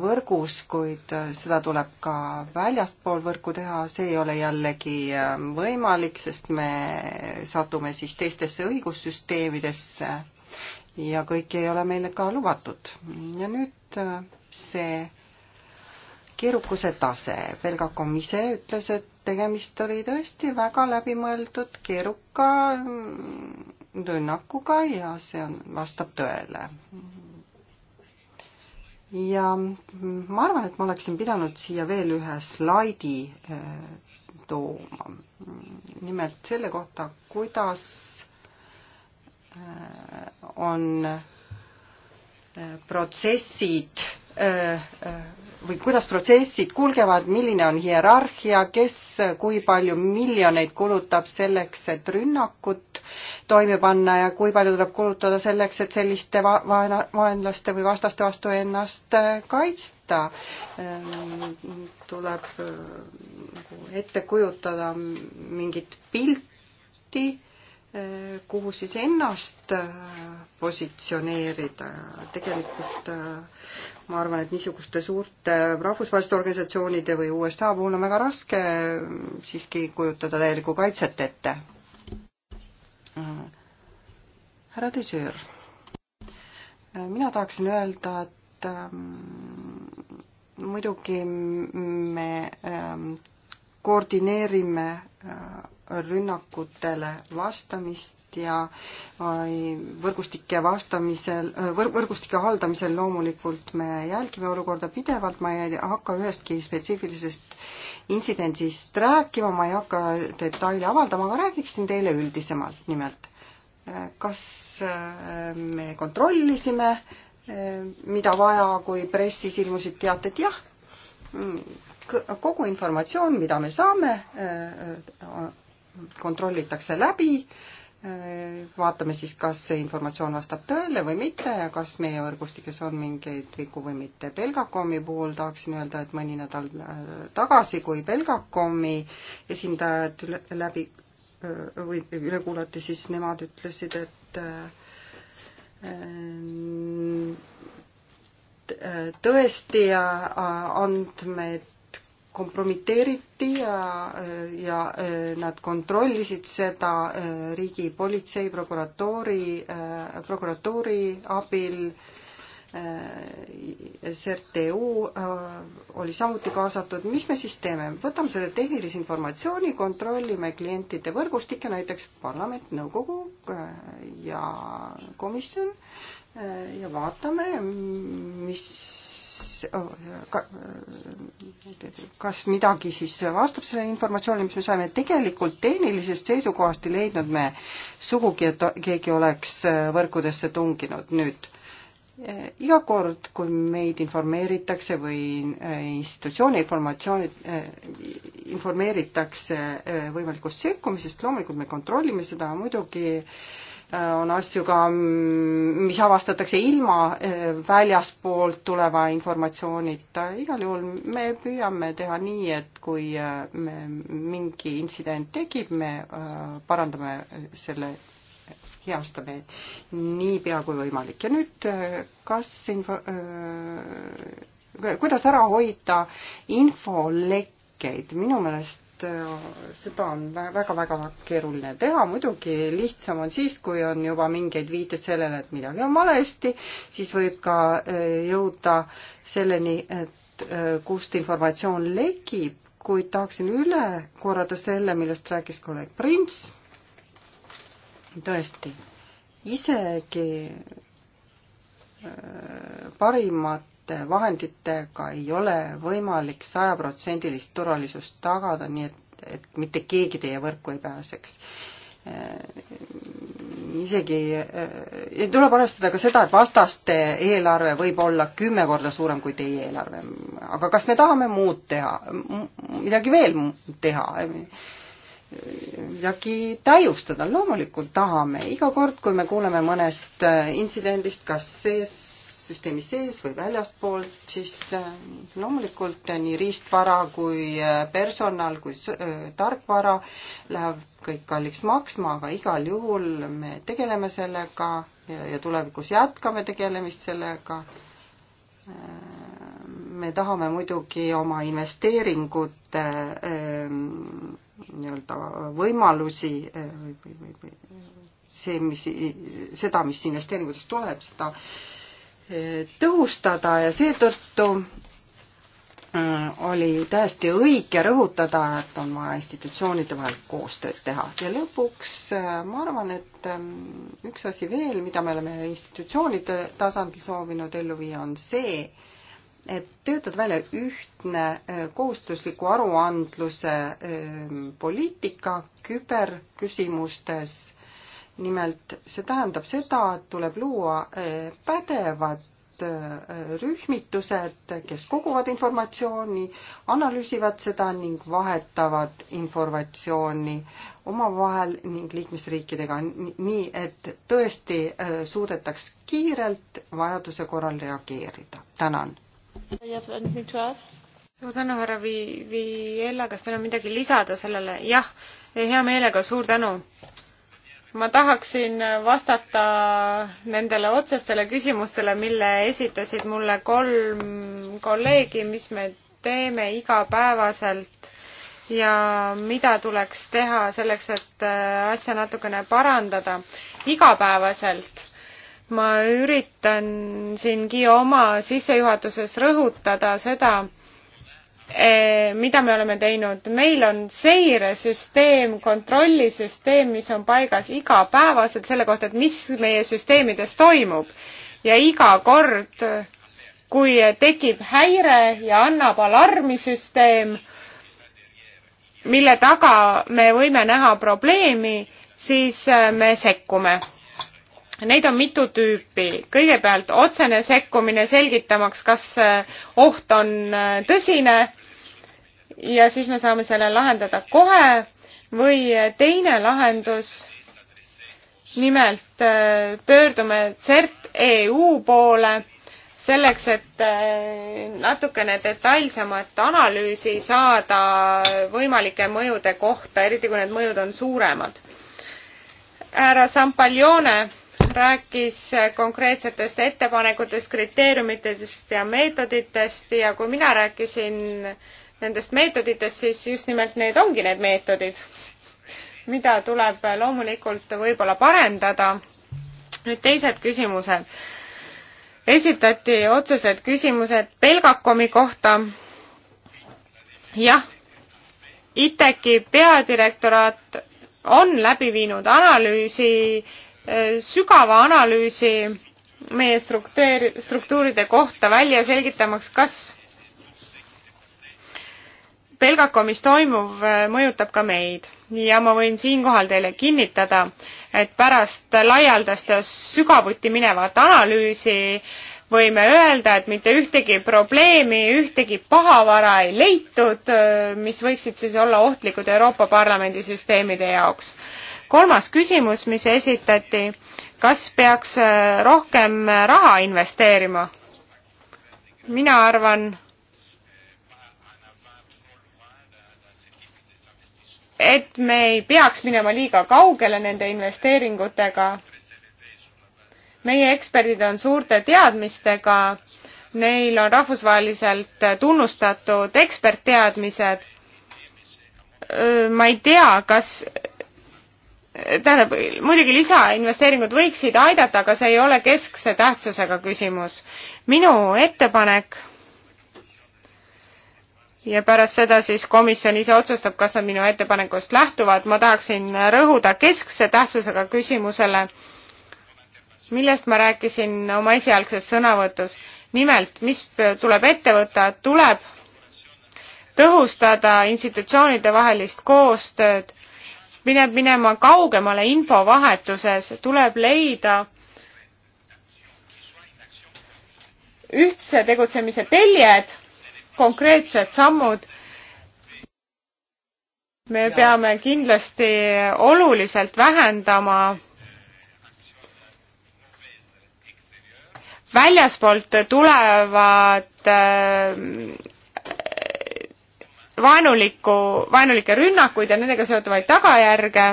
võrgus, kuid seda tuleb ka väljaspool võrku teha, see ei ole jällegi ähm, võimalik, sest me satume siis teistesse õigussüsteemidesse ja kõik ei ole meile ka lubatud. ja nüüd äh, see keerukuse tase, Belgakom ise ütles, et tegemist oli tõesti väga läbimõeldud keeruka mm, rünnakuga ja see on, vastab tõele ja ma arvan, et ma oleksin pidanud siia veel ühe slaidi eh, tooma. nimelt selle kohta, kuidas eh, on eh, protsessid Äh, äh, või kuidas protsessid kulgevad, milline on hierarhia, kes kui palju miljoneid kulutab selleks, et rünnakut toime panna ja kui palju tuleb kulutada selleks, et selliste va-, vaena-, vaenlaste või vastaste vastu ennast äh, kaitsta. Ähm, tuleb ette kujutada mingit pilti kuhu siis ennast äh, positsioneerida. tegelikult äh, ma arvan, et niisuguste suurte rahvusvaheliste organisatsioonide või USA puhul on väga raske äh, siiski kujutada täielikku kaitset ette. härra Desöör, mina tahaksin öelda, et ähm, muidugi me ähm, koordineerime äh, rünnakutele vastamist ja äh, võrgustike vastamisel, äh, võrgustike haldamisel loomulikult me jälgime olukorda pidevalt, ma ei hakka ühestki spetsiifilisest intsidendist rääkima, ma ei hakka detaile avaldama, aga räägiksin teile üldisemalt nimelt. kas me kontrollisime, mida vaja, kui pressis ilmusid teated, jah mm, kogu informatsioon, mida me saame, äh, kontrollitakse läbi, äh, vaatame siis, kas see informatsioon vastab tõele või mitte ja kas meie võrgustikes on mingeid vigu või mitte. Belgacomi puhul tahaksin öelda, et mõni nädal äh, tagasi, kui Belgacomi esindajad üle, läbi või üle kuulati, siis nemad ütlesid, et tõesti andmed kompromiteeriti ja, ja e, nad kontrollisid seda e, riigi politsei, prokuratuuri, e, prokuratuuri abil. SRTU oli samuti kaasatud, mis me siis teeme, võtame selle tehnilise informatsiooni, kontrollime klientide võrgustikke, näiteks parlament, nõukogu ja komisjon ja vaatame, mis kas midagi siis vastab sellele informatsioonile, mis me saime, tegelikult tehnilisest seisukohast ei leidnud me sugugi, et keegi oleks võrkudesse tunginud nüüd iga kord, kui meid informeeritakse või äh, institutsiooni informatsiooni, äh, informeeritakse äh, võimalikust sekkumisest, loomulikult me kontrollime seda, muidugi äh, Äh, on asju ka, mm, mis avastatakse ilma äh, väljaspoolt tuleva informatsioonita. igal juhul me püüame teha nii, et kui äh, me mingi intsident tekib, me parandame selle, heastame niipea kui võimalik. ja nüüd, kas info, kuidas ära hoida infolekkeid? minu meelest Äh, seda on väga-väga keeruline teha, muidugi lihtsam on siis, kui on juba mingeid viiteid sellele, et midagi on valesti, siis võib ka äh, jõuda selleni, et äh, kust informatsioon lekib, kuid tahaksin üle korrata selle, millest rääkis kolleeg Prints. tõesti, isegi parimat vahenditega ei ole võimalik sajaprotsendilist turvalisust tagada, nii et, et mitte keegi teie võrku ei pääseks isegi tuleb arvestada ka seda, et vastaste eelarve võib olla kümme korda suurem kui teie eelarve. aga kas me tahame muud teha, midagi veel teha? midagi täiustada, loomulikult tahame, iga kord, kui me kuuleme mõnest intsidendist, kas sees süsteemi sees või väljastpoolt, siis äh, loomulikult äh, nii riistvara kui äh, personal kui tarkvara läheb kõik kalliks maksma, aga igal juhul me tegeleme sellega ja, ja tulevikus jätkame tegelemist sellega. me tahame muidugi oma investeeringute ähm, nii-öelda võimalusi või, või, või see, mis, seda, mis investeeringutest tuleb, seda tõhustada ja seetõttu äh, oli täiesti õige rõhutada, et on vaja institutsioonide vahel koostööd teha. ja lõpuks äh, ma arvan, et ähm, üks asi veel, mida me oleme institutsioonide tasandil soovinud ellu viia, on see, et töötada välja ühtne äh, kohustusliku aruandluse ähm, poliitika küberküsimustes nimelt see tähendab seda, et tuleb luua eh, pädevad eh, rühmitused, kes koguvad informatsiooni, analüüsivad seda ning vahetavad informatsiooni omavahel ning liikmesriikidega, nii et tõesti eh, suudetaks kiirelt vajaduse korral reageerida. tänan. suur tänu, härra Vi-, Viella, kas teil on midagi lisada sellele? jah, hea meelega, suur tänu ma tahaksin vastata nendele otsestele küsimustele, mille esitasid mulle kolm kolleegi, mis me teeme igapäevaselt ja mida tuleks teha selleks, et äh, asja natukene parandada igapäevaselt. ma üritan siingi oma sissejuhatuses rõhutada seda, Eh, mida me oleme teinud. meil on seiresüsteem, kontrollisüsteem, mis on paigas igapäevaselt selle kohta, et mis meie süsteemides toimub ja iga kord, kui tekib häire ja annab alarmisüsteem, mille taga me võime näha probleemi, siis eh, me sekkume Neid on mitu tüüpi. kõigepealt otsene sekkumine selgitamaks, kas äh, oht on äh, tõsine ja siis me saame selle lahendada kohe või teine lahendus, nimelt äh, pöördume CERT EU poole selleks, et natukene detailsemat analüüsi saada võimalike mõjude kohta, eriti kui need mõjud on suuremad. härra Sampaglione rääkis konkreetsetest ettepanekutest, kriteeriumitest ja meetoditest ja kui mina rääkisin nendest meetoditest, siis just nimelt need ongi need meetodid, mida tuleb loomulikult võib-olla parendada. nüüd teised küsimused. esitati otsesed küsimused Belgakomi kohta. jah, ITEK-i peadirektoraat on läbi viinud analüüsi sügava analüüsi meie struktuur, struktuuride kohta välja selgitamaks, kas Belgakomis toimuv äh, mõjutab ka meid ja ma võin siinkohal teile kinnitada, et pärast laialdast ja sügavuti minevat analüüsi võime öelda, et mitte ühtegi probleemi, ühtegi pahavara ei leitud, äh, mis võiksid siis olla ohtlikud Euroopa Parlamendi süsteemide jaoks kolmas küsimus, mis esitati, kas peaks äh, rohkem äh, raha investeerima? mina arvan, et me ei peaks minema liiga kaugele nende investeeringutega. meie eksperdid on suurte teadmistega, neil on rahvusvaheliselt tunnustatud ekspertteadmised. ma ei tea, kas tähendab, muidugi lisainvesteeringud võiksid aidata, aga see ei ole keskse tähtsusega küsimus. minu ettepanek ja pärast seda siis komisjon ise otsustab, kas nad minu ettepanekust lähtuvad, ma tahaksin rõhuda keskse tähtsusega küsimusele, millest ma rääkisin oma esialgses sõnavõtus. nimelt, mis tuleb ette võtta, tuleb tõhustada institutsioonide vahelist koostööd mineb minema kaugemale infovahetuses, tuleb leida ühtse tegutsemise teljed, konkreetsed sammud. me peame kindlasti oluliselt vähendama väljaspoolt tulevad äh, vaenulikku, vaenulikke rünnakuid ja nendega seotuvaid tagajärge.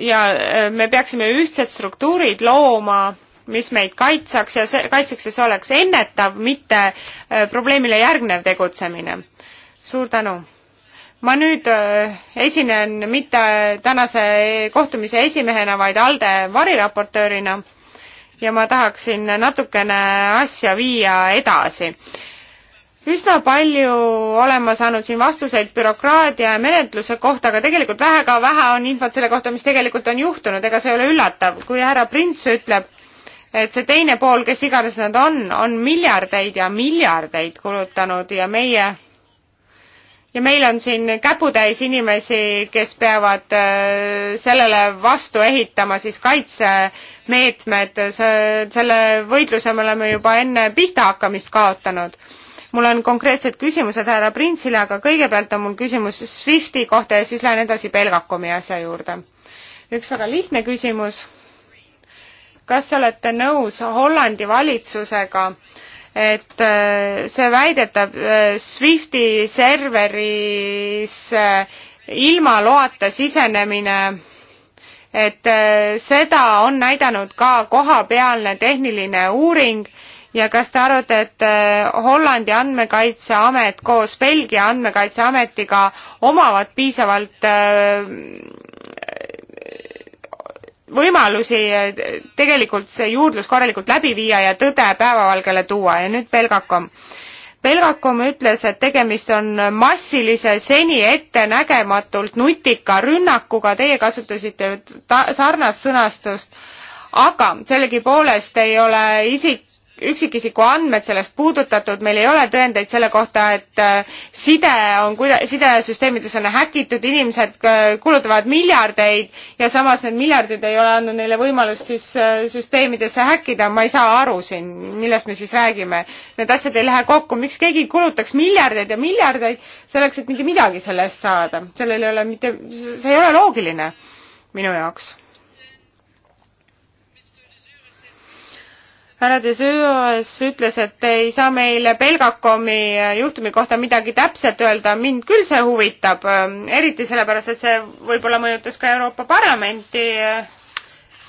ja äh, me peaksime ühtsed struktuurid looma, mis meid kaitsaks ja see, kaitseks ja see oleks ennetav, mitte äh, probleemile järgnev tegutsemine. suur tänu! ma nüüd äh, esinen mitte tänase kohtumise esimehena, vaid ALDE variraportöörina ja ma tahaksin natukene asja viia edasi üsna palju olema saanud siin vastuseid bürokraatia ja menetluse kohta, aga tegelikult väga vähe on infot selle kohta, mis tegelikult on juhtunud, ega see ei ole üllatav, kui härra Prints ütleb, et see teine pool, kes iganes nad on, on miljardeid ja miljardeid kulutanud ja meie ja meil on siin käputäis inimesi, kes peavad äh, sellele vastu ehitama siis kaitsemeetmed, selle võitluse me oleme juba enne pihta hakkamist kaotanud mul on konkreetsed küsimused härra Printsile, aga kõigepealt on mul küsimus SWIFTi kohta ja siis lähen edasi Belgakomi asja juurde. üks väga lihtne küsimus. kas te olete nõus Hollandi valitsusega, et äh, see väidetav äh, SWIFTi serveris äh, ilma loata sisenemine et seda on näidanud ka kohapealne tehniline uuring ja kas te arvate, et äh, Hollandi andmekaitseamet koos Belgia andmekaitseametiga omavad piisavalt äh, võimalusi äh, tegelikult see juurdlus korralikult läbi viia ja tõde päevavalgele tuua ja nüüd Belgakom. Belgakom ütles, et tegemist on massilise, seni ettenägematult nutika rünnakuga, teie kasutasite sarnast sõnastust, aga sellegipoolest ei ole isik üksikisiku andmed sellest puudutatud, meil ei ole tõendeid selle kohta, et äh, side on, sidesüsteemides on häkitud, inimesed äh, kulutavad miljardeid ja samas need miljardid ei ole andnud neile võimalust siis äh, süsteemidesse häkkida, ma ei saa aru siin, millest me siis räägime. Need asjad ei lähe kokku, miks keegi kulutaks miljardeid ja miljardeid selleks, et mitte midagi selle eest saada, sellel ei ole mitte, see ei ole loogiline minu jaoks härra de Suez ütles, et te ei saa meile Belgacomi äh, juhtumi kohta midagi täpselt öelda, mind küll see huvitab, ähm, eriti sellepärast, et see võib-olla mõjutas ka Euroopa Parlamenti. Äh,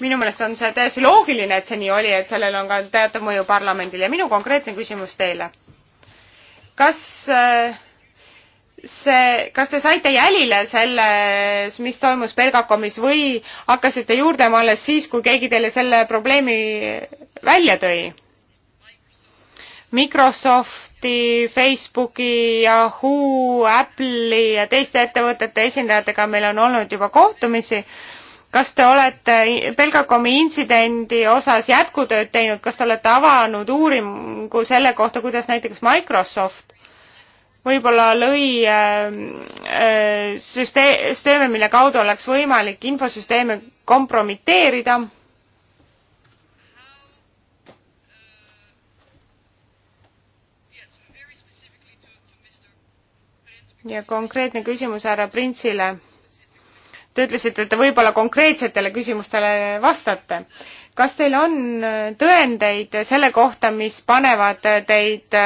minu meelest on see täiesti loogiline, et see nii oli, et sellel on ka teatav mõju parlamendile ja minu konkreetne küsimus teile. kas äh, see, kas te saite jälile selles, mis toimus Belgakomis või hakkasite juurdlema alles siis, kui keegi teile selle probleemi välja tõi? Microsofti, Facebooki, Yahoo, Apple'i ja teiste ettevõtete esindajatega meil on olnud juba kohtumisi. kas te olete Belgakomi intsidendi osas jätkutööd teinud, kas te olete avanud uuringu selle kohta, kuidas näiteks Microsoft võib-olla lõi äh, äh, süsteeme, mille kaudu oleks võimalik infosüsteeme kompromiteerida. ja konkreetne küsimus härra Printsile. Te ütlesite, et te võib-olla konkreetsetele küsimustele vastate kas teil on äh, tõendeid selle kohta, mis panevad teid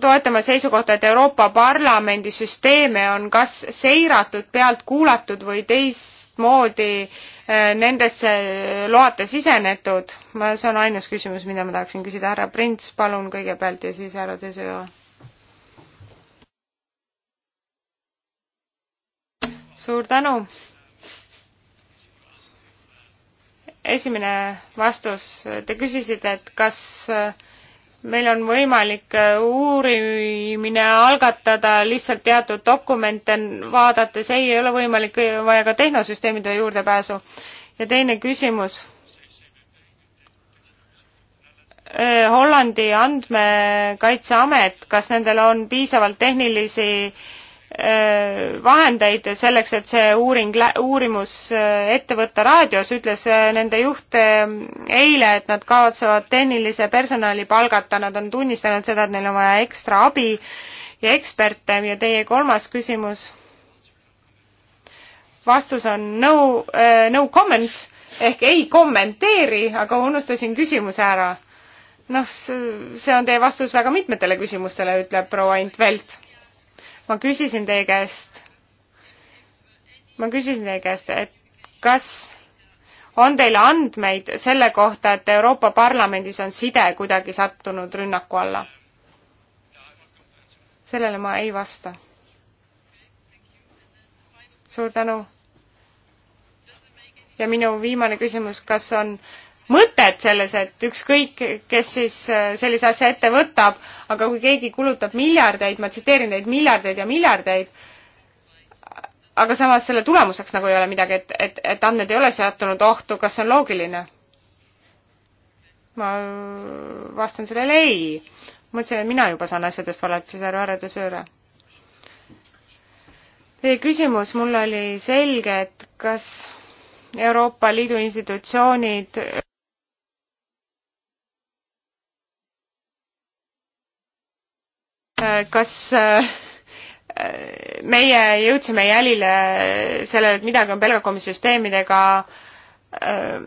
toetama seisukohta, et Euroopa Parlamendi süsteeme on kas seiratud, pealt kuulatud või teistmoodi äh, nendesse loata sisenetud. ma, see on ainus küsimus, mida ma tahaksin küsida. härra Prints, palun kõigepealt ja siis härra Teseo. suur tänu. esimene vastus, te küsisite, et kas äh, meil on võimalik äh, uurimine algatada lihtsalt teatud dokumente vaadates, ei ole võimalik, vaja ka tehnosüsteemide juurdepääsu. ja teine küsimus. Äh, Hollandi andmekaitseamet, kas nendel on piisavalt tehnilisi äh, Äh, vahendeid selleks, et see uuring, uurimus äh, ette võtta raadios, ütles äh, nende juht ähm, eile, et nad kavatsevad tehnilise personali palgata, nad on tunnistanud seda, et neil on vaja ekstra abi ja eksperte ja teie kolmas küsimus? vastus on no, no comment ehk ei kommenteeri, aga unustasin küsimuse ära. noh, see on teie vastus väga mitmetele küsimustele, ütleb proua Int Velt ma küsisin teie käest, ma küsisin teie käest, et kas on teil andmeid selle kohta, et Euroopa Parlamendis on side kuidagi sattunud rünnaku alla? sellele ma ei vasta. suur tänu. ja minu viimane küsimus, kas on äh, mõtet selles, et ükskõik, kes siis äh, sellise asja ette võtab, aga kui keegi kulutab miljardeid, ma tsiteerin neid miljardeid ja miljardeid, aga samas selle tulemuseks nagu ei ole midagi, et, et, et andmed ei ole seatunud ohtu, kas see on loogiline? ma äh, vastan sellele ei. mõtlesin, et mina juba saan asjadest valesti aru, härra De Sööre. Teie küsimus mul oli selge, et kas Euroopa Liidu institutsioonid Äh, kas äh, meie jõudsime jälile sellele, et midagi on Belgakomi süsteemidega äh,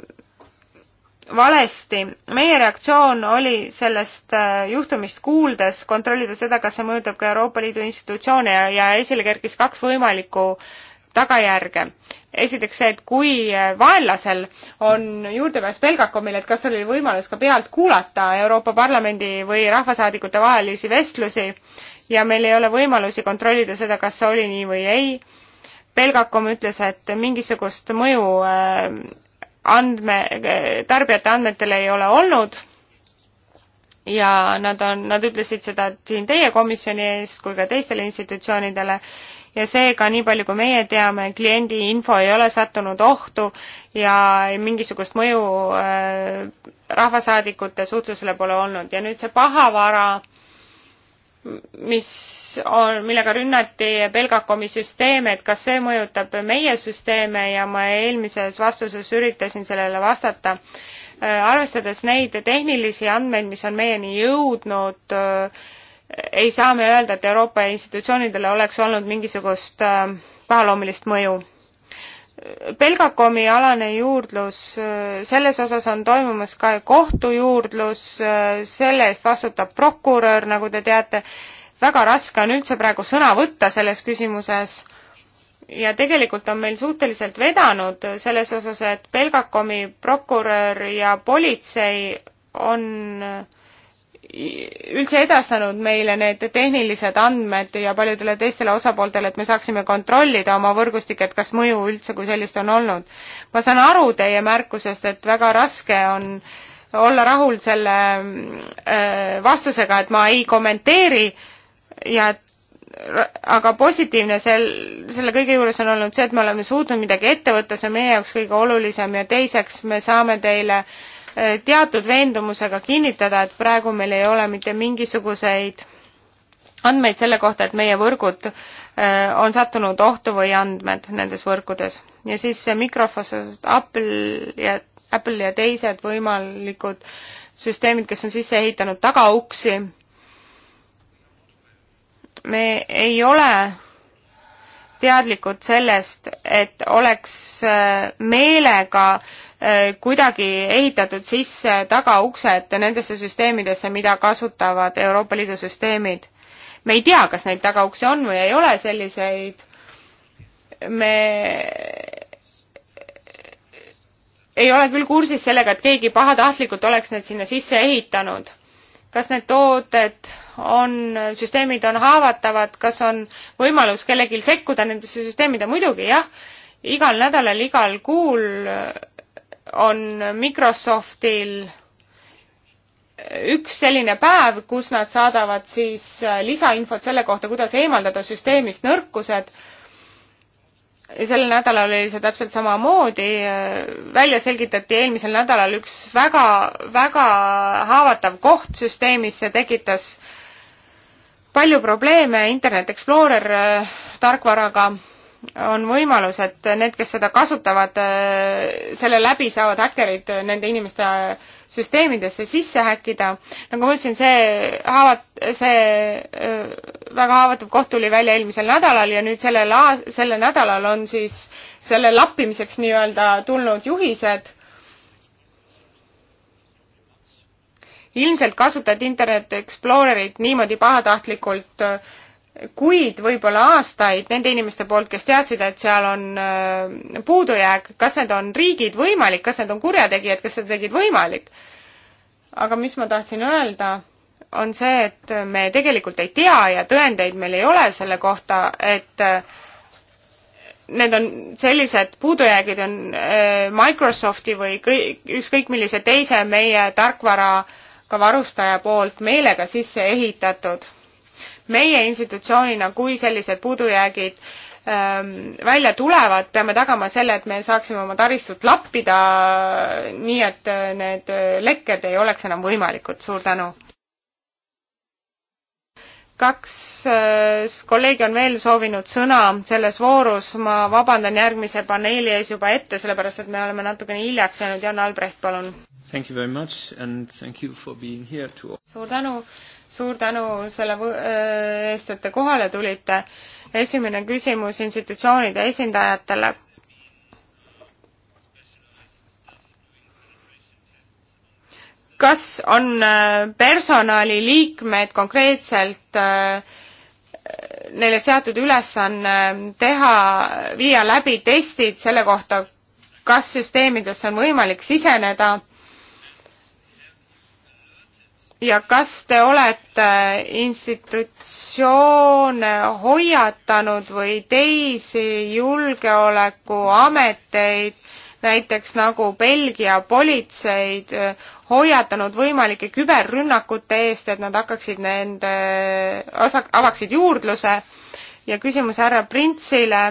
valesti. meie reaktsioon oli sellest juhtumist kuuldes kontrollida seda, kas see mõjutab ka Euroopa Liidu institutsioone ja, ja esile kerkis kaks võimalikku äh, tagajärge. esiteks see, et kui äh, vaenlasel on juurdepääs Belgakomile, et kas tal oli võimalus ka pealt kuulata Euroopa Parlamendi või rahvasaadikute vahelisi vestlusi ja meil ei ole võimalusi kontrollida seda, kas see oli nii või ei. Belgakom ütles, et mingisugust mõju äh, andme, äh, tarbijate andmetele ei ole olnud ja nad on, nad ütlesid seda siin teie komisjoni ees kui ka teistele institutsioonidele ja seega, nii palju kui meie teame, kliendi info ei ole sattunud ohtu ja mingisugust mõju äh, rahvasaadikute suhtlusele pole olnud ja nüüd see pahavara, mis on, millega rünnati Belgacomi süsteeme, et kas see mõjutab meie süsteeme ja ma eelmises vastuses üritasin sellele vastata äh, arvestades neid tehnilisi andmeid, mis on meieni jõudnud, äh, ei saa me öelda, et Euroopa institutsioonidele oleks olnud mingisugust äh, pahaloomulist mõju. Belgakomi alane juurdlus, äh, selles osas on toimumas ka kohtujuurdlus, äh, selle eest vastutab prokurör, nagu te teate, väga raske on üldse praegu sõna võtta selles küsimuses ja tegelikult on meil suhteliselt vedanud selles osas, et Belgakomi prokurör ja politsei on äh, üldse edastanud meile need tehnilised andmed ja paljudele teistele osapooltele, et me saaksime kontrollida oma võrgustik, et kas mõju üldse kui sellist on olnud. ma saan aru teie märkusest, et väga raske on olla rahul selle äh, vastusega, et ma ei kommenteeri ja et aga positiivne sel, selle kõige juures on olnud see, et me oleme suutnud midagi ette võtta, see on meie jaoks kõige olulisem ja teiseks me saame teile äh, Eh, teatud veendumusega kinnitada, et praegu meil ei ole mitte mingisuguseid andmeid selle kohta, et meie võrgud eh, on sattunud ohtu või andmed nendes võrkudes. ja siis see Microsoft, Apple ja, Apple ja teised võimalikud süsteemid, kes on sisse ehitanud tagauksi, me ei ole teadlikud sellest, et oleks äh, meelega äh, kuidagi ehitatud sisse tagauksed nendesse süsteemidesse, mida kasutavad Euroopa Liidu süsteemid. me ei tea, kas neid tagauksi on või ei ole selliseid. me ei ole küll kursis sellega, et keegi pahatahtlikult oleks need sinna sisse ehitanud kas need tooted on, süsteemid on haavatavad, kas on võimalus kellelgi sekkuda nendesse süsteemide, muidugi jah, igal nädalal, igal kuul on Microsoftil üks selline päev, kus nad saadavad siis lisainfot selle kohta, kuidas eemaldada süsteemist nõrkused sel nädalal oli see täpselt samamoodi, välja selgitati eelmisel nädalal üks väga, väga haavatav koht süsteemis, see tekitas palju probleeme Internet Explorer äh, tarkvaraga on võimalus, et need, kes seda kasutavad, äh, selle läbi saavad häkkerid äh, nende inimeste äh, süsteemidesse sisse häkkida. nagu ma ütlesin, see haavat-, see väga haavatav koht tuli välja eelmisel nädalal ja nüüd sellel aas-, sellel nädalal on siis selle lappimiseks nii-öelda tulnud juhised ilmselt kasutad Internet Explorerit niimoodi pahatahtlikult kuid, võib-olla aastaid nende inimeste poolt, kes teadsid, et seal on äh, puudujääk, kas need on riigid võimalik, kas need on kurjategijad, kes seda tegid võimalik. aga mis ma tahtsin öelda, on see, et me tegelikult ei tea ja tõendeid meil ei ole selle kohta, et äh, need on sellised puudujäägid on äh, Microsofti või kõik, ükskõik millise teise meie tarkvaraga varustaja poolt meelega sisse ehitatud meie institutsioonina, kui sellised puudujäägid ähm, välja tulevad, peame tagama selle, et me saaksime oma taristut lappida, nii et äh, need äh, lekked ei oleks enam võimalikud. suur tänu! kaks äh, kolleegi on veel soovinud sõna selles voorus, ma vabandan järgmise paneeli ees juba ette, sellepärast et me oleme natukene hiljaks jäänud, Jan Albrecht, palun. To... suur tänu, suur tänu selle äh, eest, et te kohale tulite. esimene küsimus institutsioonide esindajatele. kas on äh, personaliliikmed konkreetselt äh, neile seatud ülesanne teha, viia läbi testid selle kohta, kas süsteemidesse on võimalik siseneda ja kas te olete institutsioone hoiatanud või teisi julgeolekuameteid, näiteks nagu Belgia politseid, hoiatanud võimalike küberrünnakute eest, et nad hakkaksid nende, avaksid juurdluse ja küsimus härra Printsile,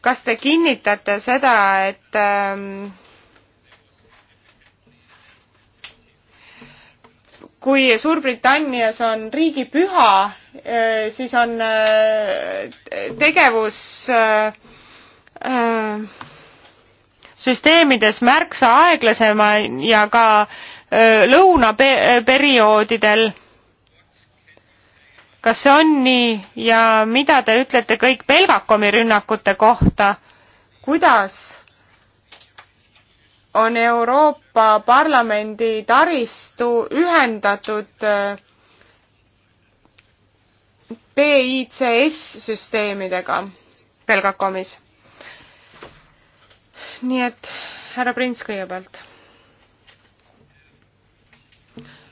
kas te kinnitate seda, et ähm, kui Suurbritannias on riigipüha, eh, siis on eh, tegevus eh, süsteemides märksa aeglasema ja ka lõunaperioodidel. kas see on nii ja mida te ütlete kõik Belgakomi rünnakute kohta? kuidas on Euroopa Parlamendi taristu ühendatud BICS äh, süsteemidega Belgakomis. nii et härra Prints kõigepealt.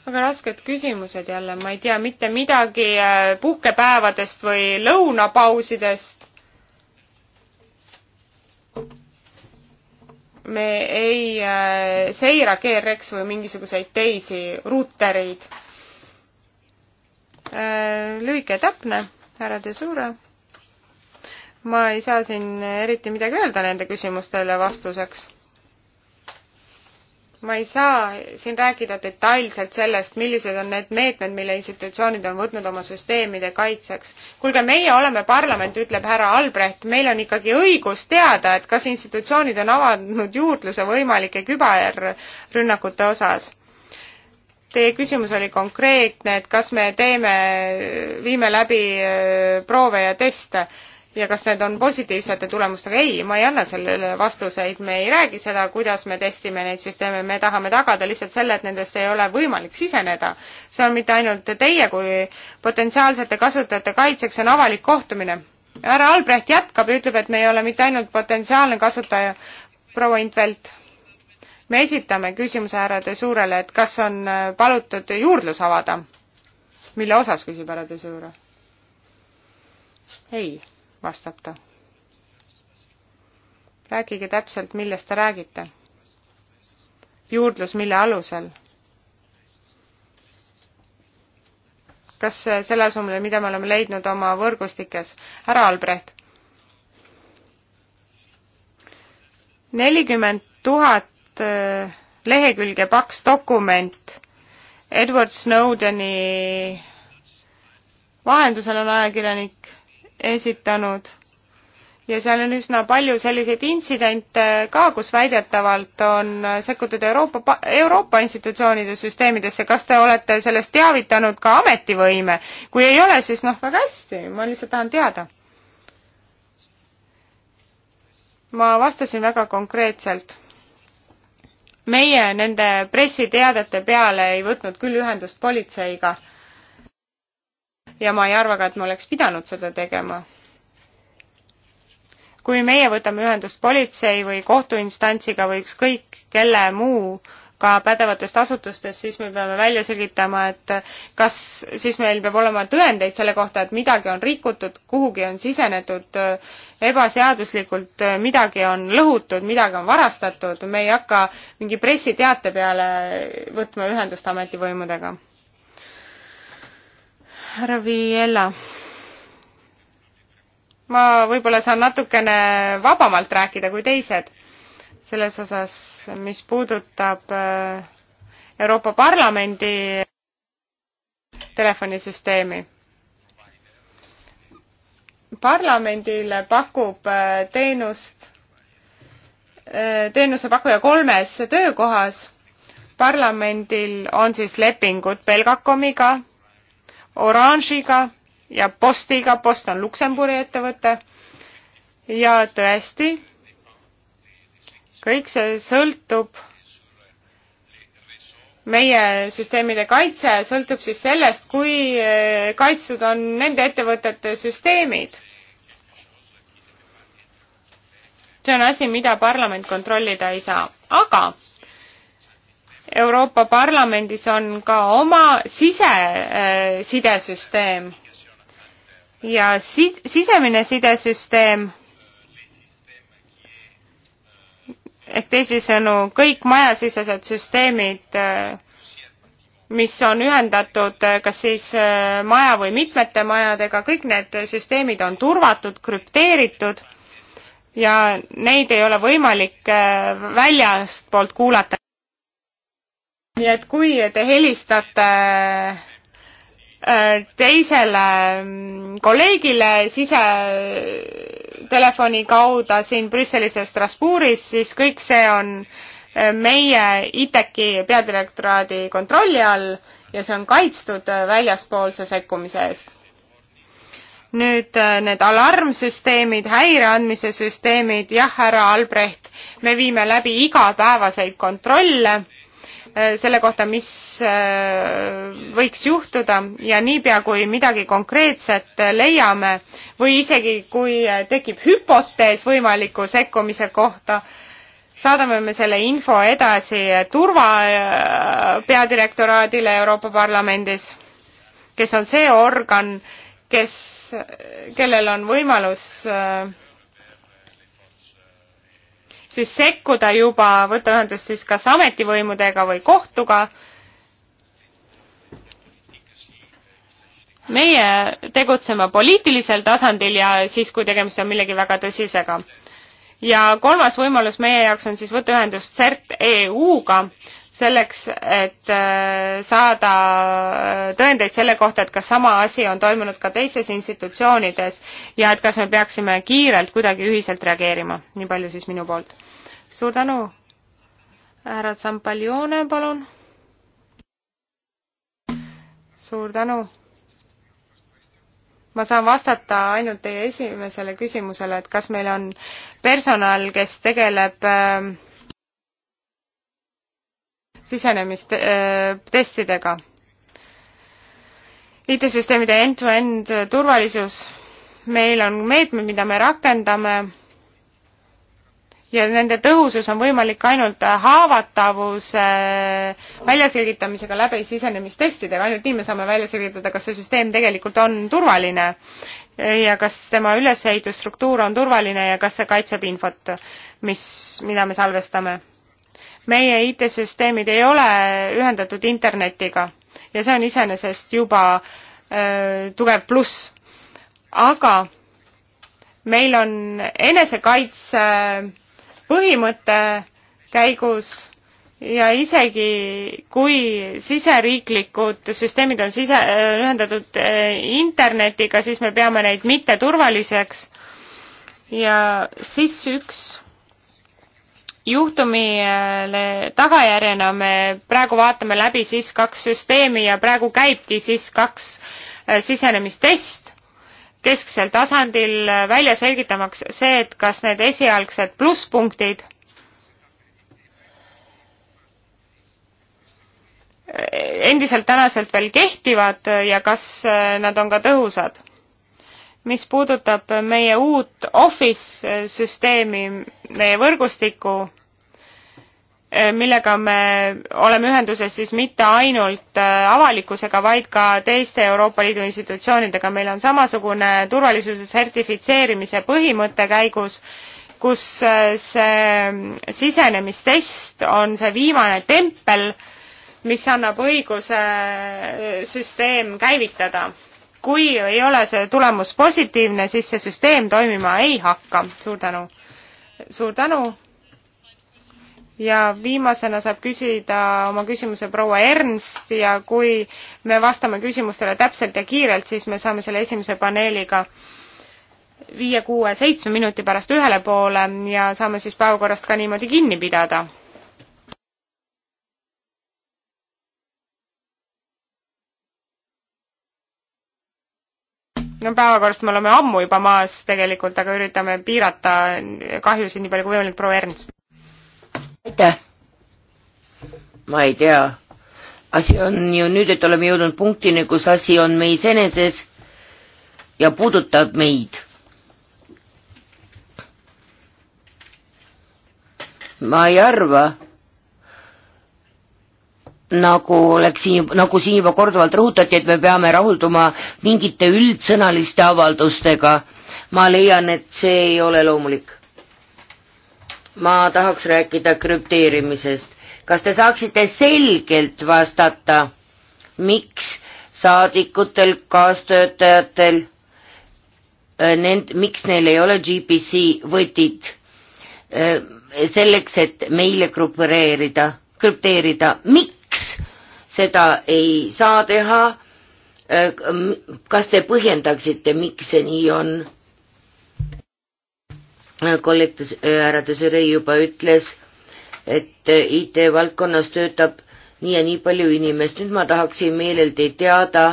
väga rasked küsimused jälle, ma ei tea mitte midagi äh, puhkepäevadest või lõunapausidest me ei äh, seira GRX või mingisuguseid teisi ruutereid äh,. lühike ja täpne, härra De Suure. ma ei saa siin eriti midagi öelda nende küsimustele vastuseks ma ei saa siin rääkida detailselt sellest, millised on need meetmed, mille institutsioonid on võtnud oma süsteemide kaitseks. kuulge, meie oleme parlament, ütleb härra Albrecht, meil on ikkagi õigus teada, et kas institutsioonid on avanud juurdluse võimalike küberrünnakute osas. Teie küsimus oli konkreetne, et kas me teeme, viime läbi äh, proove ja teste ja kas need on positiivsete tulemustega, ei, ma ei anna sellele vastuseid, me ei räägi seda, kuidas me testime neid süsteeme, me tahame tagada lihtsalt selle, et nendesse ei ole võimalik siseneda. see on mitte ainult teie kui potentsiaalsete kasutajate kaitseks, see on avalik kohtumine. härra Albrecht jätkab ja ütleb, et me ei ole mitte ainult potentsiaalne kasutaja, proua Intvelt, me esitame küsimuse härra De Suurele, et kas on äh, palutud juurdlus avada. mille osas, küsib härra De Suure? ei vastab ta. rääkige täpselt, millest te räägite. juurdlus mille alusel? kas selle asemel, mida me oleme leidnud oma võrgustikes? härra Albrecht. nelikümmend tuhat äh, lehekülge paks dokument Edward Snowdeni vahendusel on ajakirjanik esitanud ja seal on üsna palju selliseid intsidente ka, kus väidetavalt on sekkutud Euroopa, Euroopa institutsioonide süsteemidesse. kas te olete sellest teavitanud ka ametivõime? kui ei ole, siis noh, väga hästi, ma lihtsalt tahan teada. ma vastasin väga konkreetselt. meie nende pressiteadete peale ei võtnud küll ühendust politseiga ja ma ei arva ka, et ma oleks pidanud seda tegema. kui meie võtame ühendust politsei või kohtuinstantsiga või ükskõik kelle muu ka pädevatest asutustest, siis me peame välja selgitama, et kas siis meil peab olema tõendeid selle kohta, et midagi on rikutud, kuhugi on sisenetud ebaseaduslikult, midagi on lõhutud, midagi on varastatud, me ei hakka mingi pressiteate peale võtma ühendust ametivõimudega härra Viella. ma võib-olla saan natukene vabamalt rääkida kui teised selles osas, mis puudutab äh, Euroopa Parlamendi telefonisüsteemi. parlamendile pakub äh, teenust, äh, teenusepakkuja kolmes töökohas. parlamendil on siis lepingud Belgacomiga oranžiga ja postiga, post on Luksemburi ettevõte. ja tõesti, kõik see sõltub meie süsteemide kaitse sõltub siis sellest, kui eh, kaitstud on nende ettevõtete süsteemid. see on asi, mida parlament kontrollida ei saa, aga Euroopa Parlamendis on ka oma sisesidesüsteem ja si sisemine sidesüsteem ehk teisisõnu kõik majasisesed süsteemid, mis on ühendatud kas siis äh, maja või mitmete majadega, kõik need süsteemid on turvatud, krüpteeritud ja neid ei ole võimalik äh, väljastpoolt kuulata nii et kui te helistate äh, teisele mm, kolleegile sisetelefoni kaudu siin Brüsselis ja Strasbourgis, siis kõik see on äh, meie ITEC-i peadirektoraadi kontrolli all ja see on kaitstud äh, väljaspoolse sekkumise eest. nüüd need alarmsüsteemid, häire andmise süsteemid, jah, härra Albrecht, me viime läbi igapäevaseid kontrolle Äh, selle kohta, mis äh, võiks juhtuda ja niipea, kui midagi konkreetset leiame või isegi kui äh, tekib hüpotees võimaliku sekkumise kohta, saadame me selle info edasi turva peadirektoraadile Euroopa Parlamendis, kes on see organ, kes, kellel on võimalus äh, siis sekkuda juba, võtta ühendust siis kas ametivõimudega või kohtuga. meie tegutseme poliitilisel tasandil ja siis, kui tegemist on millegi väga tõsisega ja kolmas võimalus meie jaoks on siis võtta ühendust CERT EU-ga selleks, et äh, saada äh, tõendeid selle kohta, et kas sama asi on toimunud ka teistes institutsioonides ja et kas me peaksime kiirelt kuidagi ühiselt reageerima. nii palju siis minu poolt. suur tänu. härra Tsampaljone, palun. suur tänu. ma saan vastata ainult teie esimesele küsimusele, et kas meil on personal, kes tegeleb äh, sisenemistestidega. Äh, IT-süsteemide end-to-end turvalisus, meil on meetmed, mida me rakendame ja nende tõhusus on võimalik ainult haavatavuse väljaselgitamisega läbi sisenemistestidega, ainult nii me saame välja selgitada, kas see süsteem tegelikult on turvaline ja kas tema ülesehitusstruktuur on turvaline ja kas see kaitseb infot, mis, mida me salvestame meie IT-süsteemid ei ole ühendatud internetiga ja see on iseenesest juba öö, äh, tugev pluss. aga meil on enesekaitse põhimõte käigus ja isegi kui siseriiklikud süsteemid on sise, ühendatud äh, internetiga, siis me peame neid mitteturvaliseks. ja siis üks juhtumile tagajärjena me praegu vaatame läbi siis kaks süsteemi ja praegu käibki siis kaks äh, sisenemistest kesksel tasandil äh, välja selgitamaks see, et kas need esialgsed plusspunktid äh, endiselt tänaselt veel kehtivad ja kas nad on ka tõhusad mis puudutab meie uut Office süsteemi, meie võrgustikku, eh, millega me oleme ühenduses siis mitte ainult eh, avalikkusega, vaid ka teiste Euroopa Liidu institutsioonidega. meil on samasugune turvalisuse sertifitseerimise põhimõtte käigus, kus eh, see sisenemistest on see viimane tempel, mis annab õiguse süsteem käivitada kui ei ole see tulemus positiivne, siis see süsteem toimima ei hakka. suur tänu. suur tänu. ja viimasena saab küsida oma küsimuse proua Ernst ja kui me vastame küsimustele täpselt ja kiirelt, siis me saame selle esimese paneeliga viie, kuue, seitsme minuti pärast ühele poole ja saame siis päevakorrast ka niimoodi kinni pidada no päevakorrast me oleme ammu juba maas tegelikult, aga üritame piirata kahjusid nii palju kui võimalik, proua Ernst. aitäh. ma ei tea, asi on ju nüüd, et oleme jõudnud punktini, kus asi on meis eneses ja puudutab meid. ma ei arva nagu oleks siin, nagu siin juba korduvalt rõhutati, et me peame rahulduma mingite üldsõnaliste avaldustega. ma leian, et see ei ole loomulik. ma tahaks rääkida krüpteerimisest. kas te saaksite selgelt vastata, miks saadikutel, kaastöötajatel, eh, nend-, miks neil ei ole GPC võtit eh, selleks, et meile krüpteerida, krüpteerida, miks? miks seda ei saa teha? kas te põhjendaksite, miks see nii on? kolleeg härra Desiree juba ütles, et IT-valdkonnas töötab nii ja nii palju inimest, nüüd ma tahaksin meeleldi teada,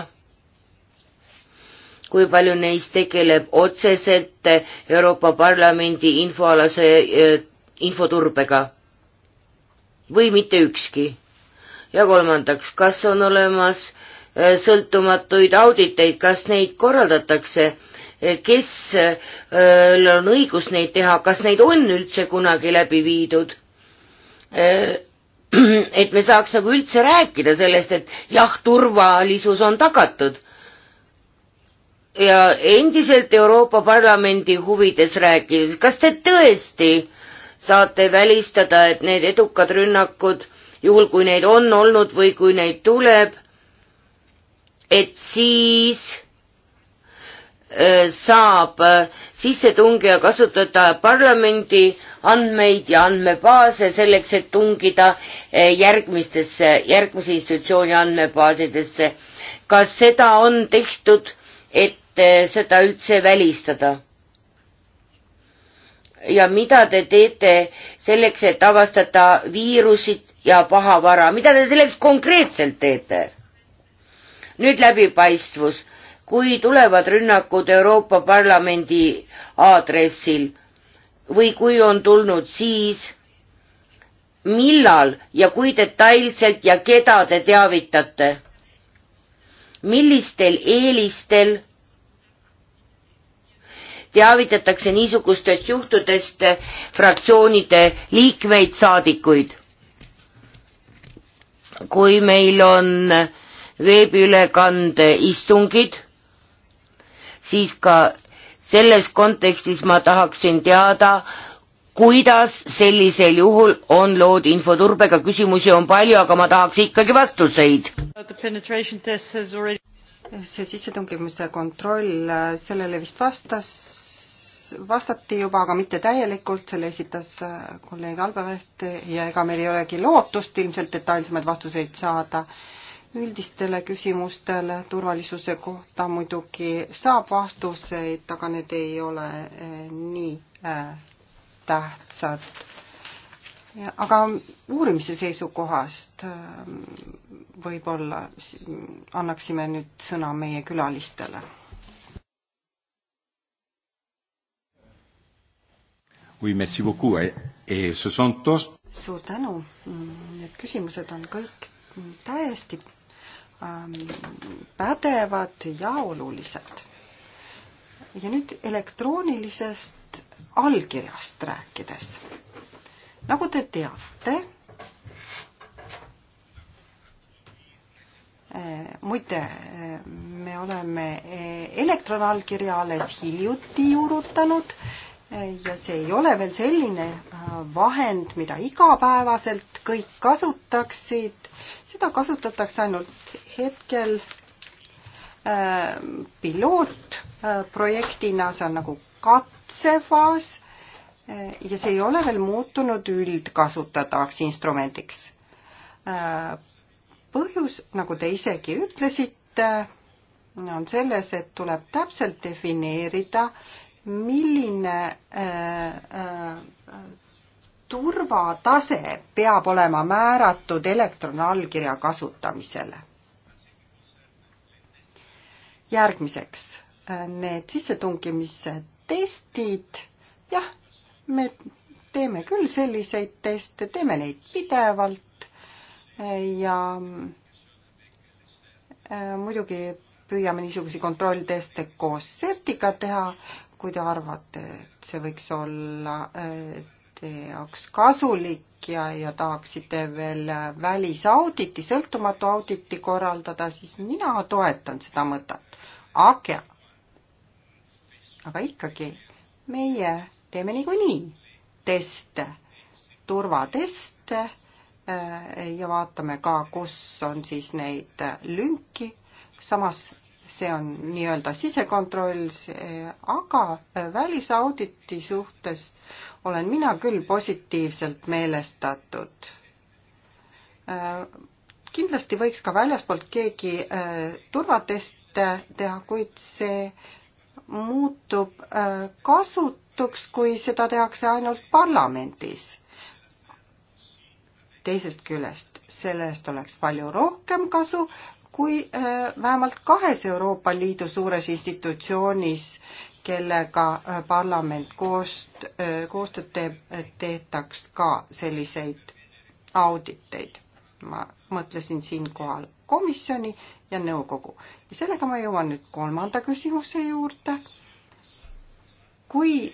kui palju neist tegeleb otseselt Euroopa Parlamendi infoalase eh, infoturbega või mitte ükski ja kolmandaks, kas on olemas äh, sõltumatuid auditeid, kas neid korraldatakse, äh, kes äh, on õigus neid teha, kas neid on üldse kunagi läbi viidud? et me saaks nagu üldse rääkida sellest, et jah, turvalisus on tagatud ja endiselt Euroopa Parlamendi huvides rääkides, kas te tõesti saate välistada, et need edukad rünnakud juhul kui neid on olnud või kui neid tuleb, et siis äh, saab äh, sissetungija kasutada parlamendi andmeid ja andmebaase selleks, et tungida äh, järgmistesse, järgmise institutsiooni andmebaasidesse. kas seda on tehtud, et seda üldse välistada? ja mida te teete selleks, et avastada viirusid ja pahavara, mida te selleks konkreetselt teete? nüüd läbipaistvus, kui tulevad rünnakud Euroopa Parlamendi aadressil või kui on tulnud, siis millal ja kui detailselt ja keda te teavitate? millistel eelistel teavitatakse niisugustest juhtudest fraktsioonide liikmeid, saadikuid. kui meil on veebiülekande istungid, siis ka selles kontekstis ma tahaksin teada, kuidas sellisel juhul on lood infoturbega, küsimusi on palju, aga ma tahaks ikkagi vastuseid. see sissetungimise kontroll, sellele vist vastas vastati juba, aga mitte täielikult, selle esitas äh, kolleeg Albavelt ja ega meil ei olegi lootust ilmselt detailsemaid vastuseid saada. üldistele küsimustele turvalisuse kohta muidugi saab vastuseid, aga need ei ole äh, nii äh, tähtsad. aga uurimise seisukohast võib-olla annaksime nüüd sõna meie külalistele oui, merci beaucoup et, et ce sont tous. suur tänu, mm, need küsimused on kõik täiesti ähm, pädevad ja olulised. ja nüüd elektroonilisest allkirjast rääkides. nagu te teate äh, muide, äh, me oleme äh, elektronallkirja alles hiljuti juurutanud ja see ei ole veel selline äh, vahend, mida igapäevaselt kõik kasutaksid, seda kasutatakse ainult hetkel äh, pilootprojektina äh,, see on nagu katsefaas äh, ja see ei ole veel muutunud üldkasutatavaks instrumendiks. Äh, põhjus, nagu te isegi ütlesite, on selles, et tuleb täpselt defineerida, milline äh, äh, turvatase peab olema määratud elektronallkirja kasutamisele. järgmiseks, äh, need sissetungimise testid, jah, me teeme küll selliseid teste, teeme neid pidevalt ja äh, muidugi püüame niisuguseid kontrollteste koos CERT-iga teha, kui te arvate, et see võiks olla äh, teie jaoks kasulik ja, ja tahaksite veel äh, välisauditi, sõltumatu auditi korraldada, siis mina toetan seda mõtet. aga, aga ikkagi, meie teeme niikuinii teste, turvateste äh, ja vaatame ka, kus on siis neid lünki. samas see on nii-öelda sisekontroll, aga äh, välisauditi suhtes olen mina küll positiivselt meelestatud. Äh, kindlasti võiks ka väljaspoolt keegi äh, turvateste teha, kuid see muutub kasutuks, kui seda tehakse ainult parlamendis teisest küljest sellest oleks palju rohkem kasu, kui äh, vähemalt kahes Euroopa Liidu suures institutsioonis, kellega äh, parlament koost-, äh, koostööd teeb, tehtaks ka selliseid auditeid. ma mõtlesin siinkohal komisjoni ja nõukogu. ja sellega ma jõuan nüüd kolmanda küsimuse juurde. kui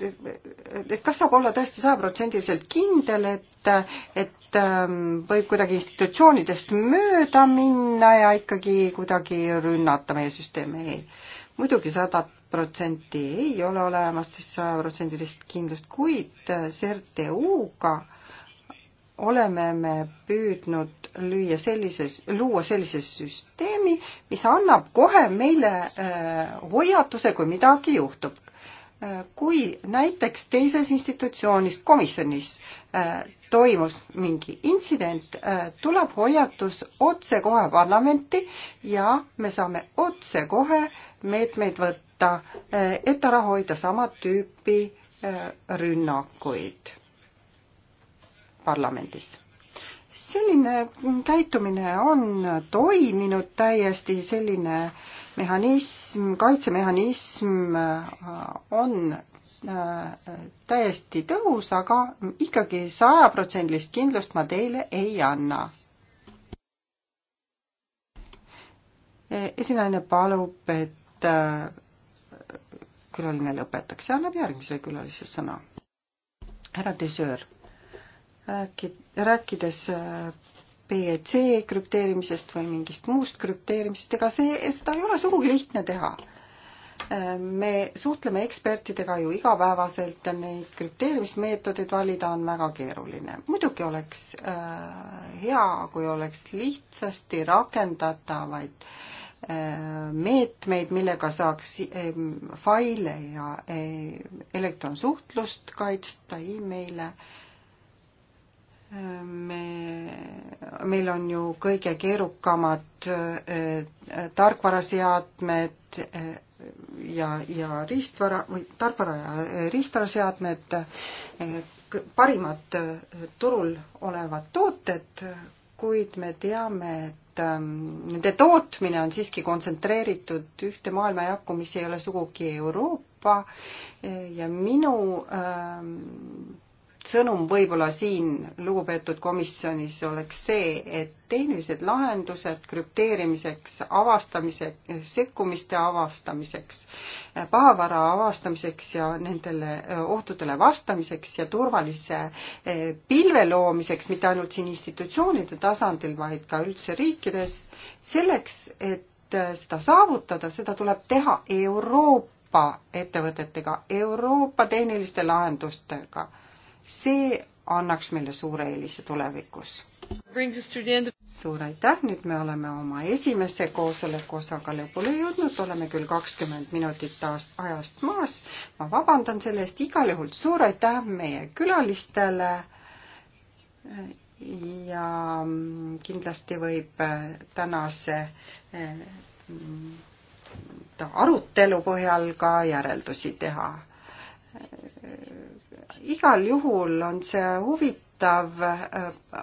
et kas saab olla tõesti sajaprotsendiliselt kindel, et, et Ähm, võib kuidagi institutsioonidest mööda minna ja ikkagi kuidagi rünnata meie süsteemi. ei, muidugi sada protsenti ei ole olemas siis sajaprotsendilist kindlust, kuid äh, CRTU-ga oleme me püüdnud lüüa sellise, luua sellise süsteemi, mis annab kohe meile äh, hoiatuse, kui midagi juhtub kui näiteks teises institutsioonis, komisjonis äh, toimus mingi intsident, äh, tuleb hoiatus otsekohe parlamenti ja me saame otsekohe meetmeid võtta, äh, et ära hoida sama tüüpi rünnakuid parlamendis selline käitumine on toiminud täiesti, selline mehhanism, kaitsemehhanism äh, on äh, täiesti tõhus, aga ikkagi sajaprotsendilist kindlust ma teile ei anna. esinaine palub, et äh, külaline lõpetaks ja annab järgmisele külalisele sõna. härra Desöör, rääki-, rääkides BEC krüpteerimisest või mingist muust krüpteerimisest, ega see, seda ei ole sugugi lihtne teha. me suhtleme ekspertidega ju igapäevaselt ja neid krüpteerimismeetodeid valida on väga keeruline. muidugi oleks äh, hea, kui oleks lihtsasti rakendatavaid äh, meetmeid, millega saaks ähm, faile ja äh, elektronsuhtlust kaitsta e, emaile äh, me, meil on ju kõige keerukamad eh, tarkvaraseadmed eh, ja, ja riistvara või tarkvara ja eh, riistvaraseadmed, parimad turul olevad tooted, kuid me teame, et ehm, nende tootmine on siiski kontsentreeritud ühte maailmajakku, mis ei ole sugugi Euroopa ja minu ähm, sõnum võib-olla siin lugupeetud komisjonis oleks see, et tehnilised lahendused krüpteerimiseks, avastamise, sekkumiste avastamiseks, pahavara avastamiseks ja nendele ohtudele vastamiseks ja turvalise pilve loomiseks, mitte ainult siin institutsioonide tasandil, vaid ka üldse riikides, selleks, et seda saavutada, seda tuleb teha Euroopa ettevõtetega, Euroopa tehniliste lahendustega see annaks meile suure eelise tulevikus. suur aitäh, nüüd me oleme oma esimese koosoleku osaga lõpule jõudnud, oleme küll kakskümmend minutit taas ajast maas. ma vabandan selle eest, igal juhul suur aitäh meie külalistele. ja kindlasti võib äh, tänase äh, arutelu põhjal ka järeldusi teha äh, igal juhul on see huvitav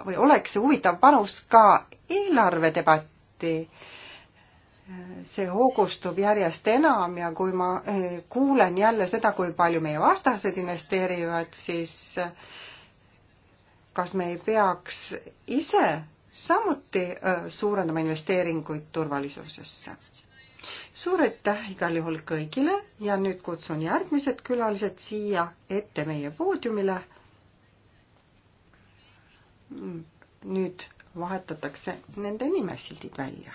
või oleks see huvitav panus ka eelarvedebatti. see hoogustub järjest enam ja kui ma eh, kuulen jälle seda, kui palju meie vastased investeerivad, siis kas me ei peaks ise samuti eh, suurendama investeeringuid turvalisusesse? suur aitäh igal juhul kõigile ja nüüd kutsun järgmised külalised siia ette meie poodiumile. nüüd vahetatakse nende nimesildid välja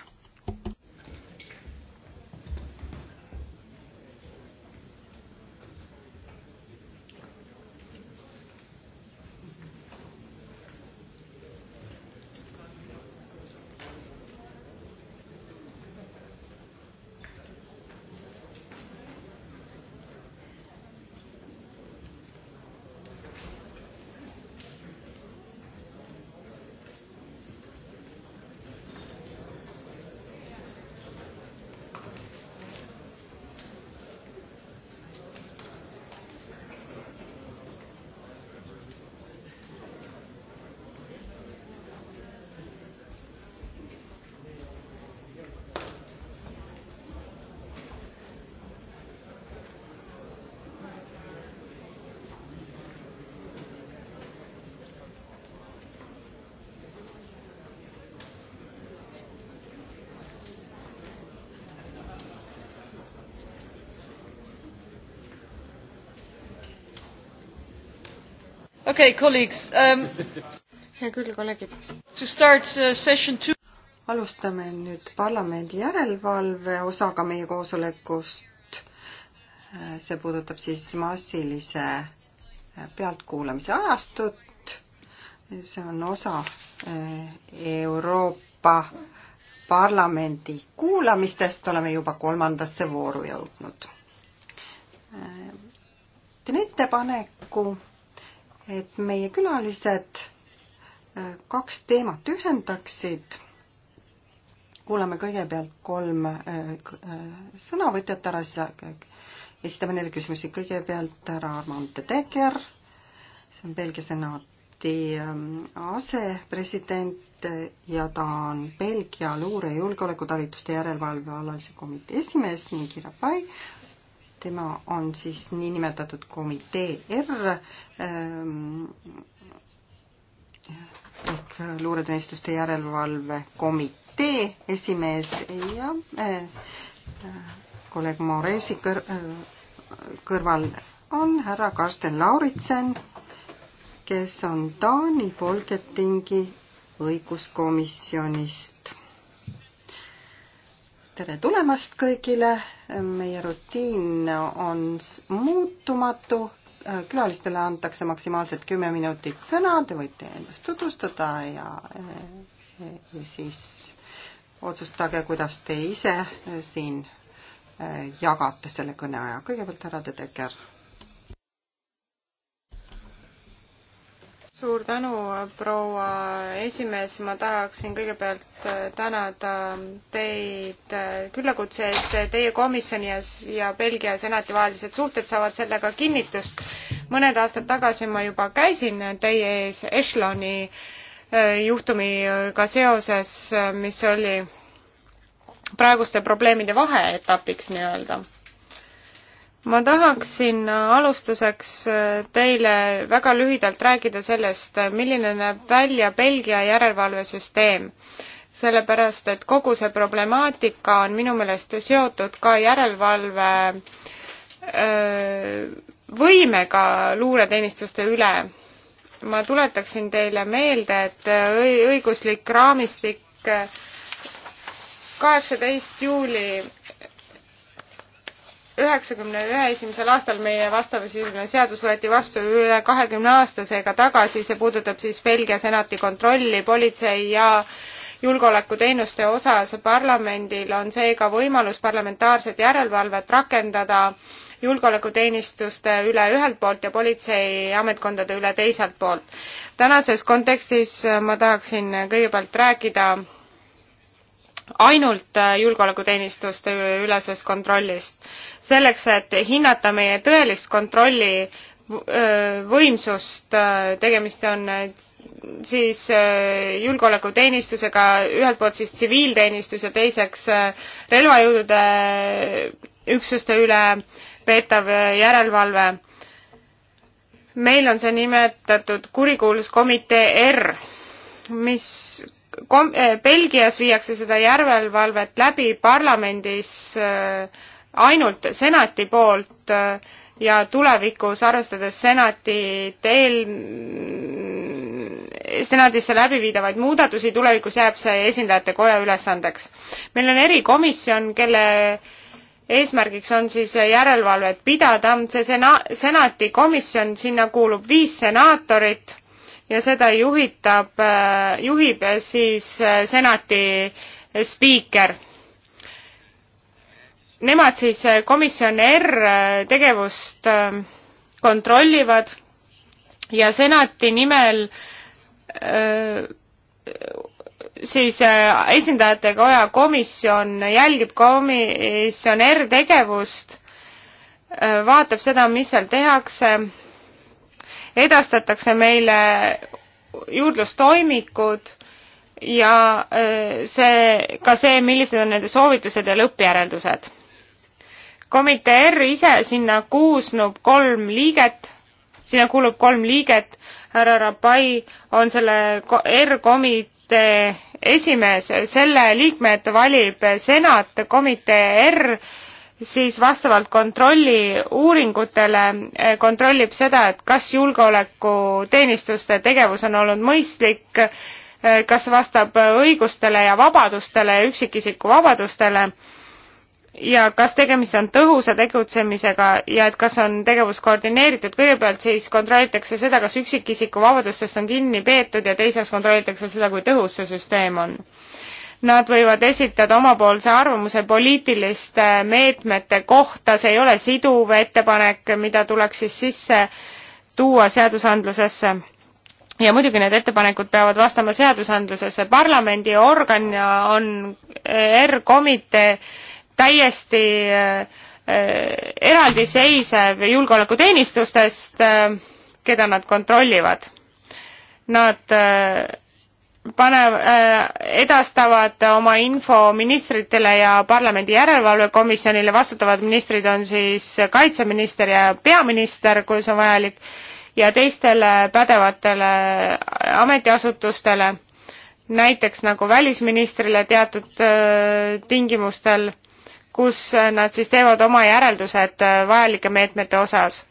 okay, colleagues um,. hea küll, kolleegid. To start uh, session two. alustame nüüd parlamendi järelevalve osaga meie koosolekust. Äh, see puudutab siis massilise äh, pealtkuulamise ajastut. see on osa äh, Euroopa Parlamendi kuulamistest, oleme juba kolmandasse vooru jõudnud. teen ettepaneku et meie külalised äh, kaks teemat ühendaksid. kuulame kõigepealt kolm äh, äh, sõnavõtjat ära, siis esitame neile küsimusi. kõigepealt härra Armand de Deger, see on Belgia senati ähm, asepresident ja ta on Belgia luure- ja julgeolekutalituste järelevalve alalise komitee esimees ning Irapai tema on siis niinimetatud komitee R ähm, ehk luureteenistuste järelevalve komitee esimees ja äh, kolleeg Moresi kõr, äh, kõrval on härra Karsten Lauritsen, kes on Taani Folketingi õiguskomisjonist tere tulemast kõigile, meie rutiin on muutumatu, külalistele antakse maksimaalselt kümme minutit sõna, te võite ennast tutvustada ja, ja eh, siis otsustage, kuidas te ise eh, siin eh, jagate selle kõneaja. kõigepealt härra Tedeker suur tänu, proua esimees, ma tahaksin kõigepealt äh, tänada teid äh, küllakutse eest, äh, teie komisjoni ja, ja Belgia senati vahelised suhted saavad sellega kinnitust. mõned aastad tagasi ma juba käisin teie ees Echeloni juhtumiga seoses, mis oli praeguste probleemide vaheetapiks nii-öelda ma tahaksin alustuseks teile väga lühidalt rääkida sellest, milline näeb välja Belgia järelevalvesüsteem. sellepärast, et kogu see problemaatika on minu meelest seotud ka järelevalve võimega luureteenistuste üle. ma tuletaksin teile meelde, et õiguslik raamistik kaheksateist juuli üheksakümne ühe esimesel aastal meie vastavasisuline seadus võeti vastu üle kahekümne aastasega tagasi, see puudutab siis Belgia senati kontrolli politsei ja julgeolekuteenuste osas. parlamendil on seega võimalus parlamentaarset järelevalvet rakendada julgeolekuteenistuste üle ühelt poolt ja politseiametkondade üle teiselt poolt. tänases kontekstis ma tahaksin kõigepealt rääkida ainult äh, julgeolekuteenistuste ülesest kontrollist. selleks, et hinnata meie tõelist kontrolli äh, võimsust, äh, tegemist on siis julgeolekuteenistusega, ühelt poolt siis tsiviilteenistus ja teiseks relvajõudude üksuste üle peetav järelevalve. meil on see nimetatud kurikuulus komitee R, mis kom-, eh, Belgias viiakse seda järelevalvet läbi parlamendis eh, ainult senati poolt eh, ja tulevikus, arvestades senatit eel, senatisse läbiviidavaid muudatusi, tulevikus jääb see esindajate koja ülesandeks. meil on erikomisjon, kelle eesmärgiks on siis järelevalvet pidada, see sena-, senati komisjon, sinna kuulub viis senaatorit ja seda juhitab, juhib eh, siis eh, senati eh, spiiker. Nemad siis komisjon R tegevust kontrollivad ja senati nimel siis esindajate koja komisjon jälgib komisjon R tegevust, vaatab seda, mis seal tehakse edastatakse meile juurdlustoimikud ja äh, see, ka see, millised on nende soovitused ja lõppjäreldused. komitee R ise sinna kuusnub kolm liiget, sinna kuulub kolm liiget, härra Rapai on selle R-komitee esimees, selle liikmed valib senat, komitee R siis vastavalt kontrolli uuringutele eh, kontrollib seda, et kas julgeolekuteenistuste tegevus on olnud mõistlik, eh, kas vastab õigustele ja vabadustele ja üksikisiku vabadustele ja kas tegemist on tõhusa tegutsemisega ja et kas on tegevus koordineeritud, kõigepealt siis kontrollitakse seda, kas üksikisiku vabadustest on kinni peetud ja teiseks kontrollitakse seda, kui tõhus see süsteem on. Nad võivad esitada omapoolse arvamuse poliitiliste meetmete kohta, see ei ole siduv ettepanek, mida tuleks siis sisse tuua seadusandlusesse. ja muidugi need ettepanekud peavad vastama seadusandlusesse. parlamendi organ on R-komitee täiesti eh, eraldiseisev julgeolekuteenistustest, eh, keda nad kontrollivad. Nad eh, panev, äh, edastavad oma info ministritele ja parlamendi järelevalvekomisjonile, vastutavad ministrid on siis kaitseminister ja peaminister, kui see on vajalik, ja teistele pädevatele ametiasutustele, näiteks nagu välisministrile teatud äh, tingimustel, kus äh, nad siis teevad oma järeldused vajalike meetmete osas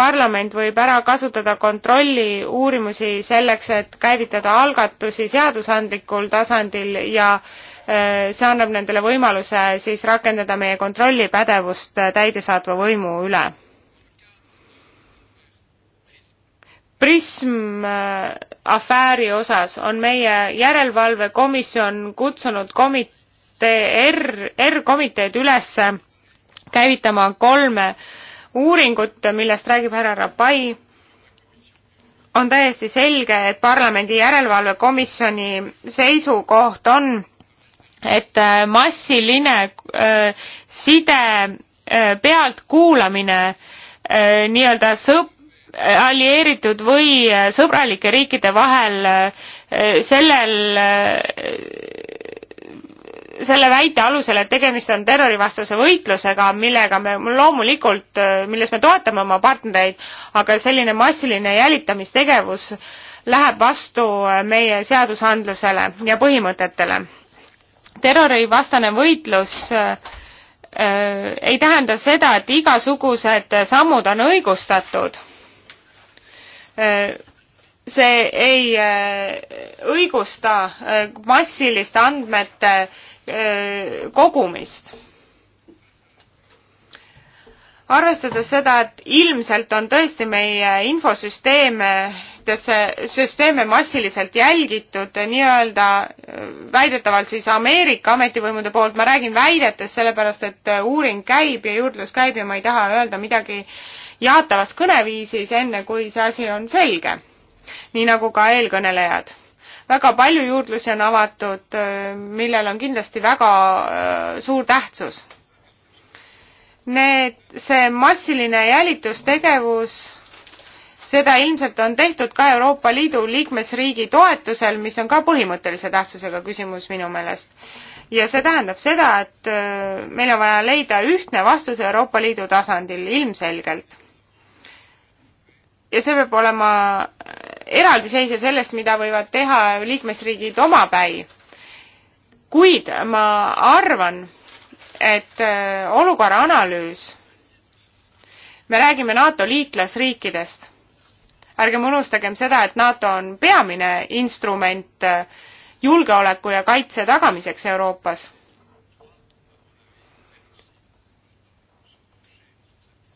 parlament võib ära kasutada kontrolli uurimusi selleks, et käivitada algatusi seadusandlikul tasandil ja äh, see annab nendele võimaluse siis rakendada meie kontrollipädevust äh, täidesaatva võimu üle. prism äh, afääri osas on meie järelevalvekomisjon kutsunud komitee R, R-komiteed ülesse käivitama kolme äh, uuringut, millest räägib härra Rapai, on täiesti selge, et parlamendi järelevalvekomisjoni seisukoht on, et äh, massiline äh, side äh, pealtkuulamine äh, nii-öelda sõp-, allieeritud või äh, sõbralike riikide vahel äh, sellel selle väite alusel, et tegemist on terrorivastase võitlusega, millega me loomulikult, milles me toetame oma partnereid, aga selline massiline jälitamistegevus läheb vastu meie seadusandlusele ja põhimõtetele. terrorivastane võitlus äh, ei tähenda seda, et igasugused sammud on õigustatud äh, see ei äh, õigusta äh, massiliste andmete Äh, kogumist arvestades seda, et ilmselt on tõesti meie infosüsteeme, süsteeme massiliselt jälgitud nii-öelda äh, väidetavalt siis Ameerika ametivõimude poolt, ma räägin väidetest, sellepärast et äh, uuring käib ja juurdlus käib ja ma ei taha öelda midagi jaatavas kõneviisis, enne kui see asi on selge. nii nagu ka eelkõnelejad väga palju juurdlusi on avatud, millel on kindlasti väga äh, suur tähtsus. Need, see massiline jälitustegevus, seda ilmselt on tehtud ka Euroopa Liidu liikmesriigi toetusel, mis on ka põhimõttelise tähtsusega küsimus minu meelest. ja see tähendab seda, et äh, meil on vaja leida ühtne vastus Euroopa Liidu tasandil ilmselgelt. ja see peab olema eraldiseisev sellest, mida võivad teha liikmesriigid omapäi. kuid ma arvan, et äh, olukorra analüüs, me räägime NATO liitlasriikidest, ärgem unustagem seda, et NATO on peamine instrument äh, julgeoleku ja kaitse tagamiseks Euroopas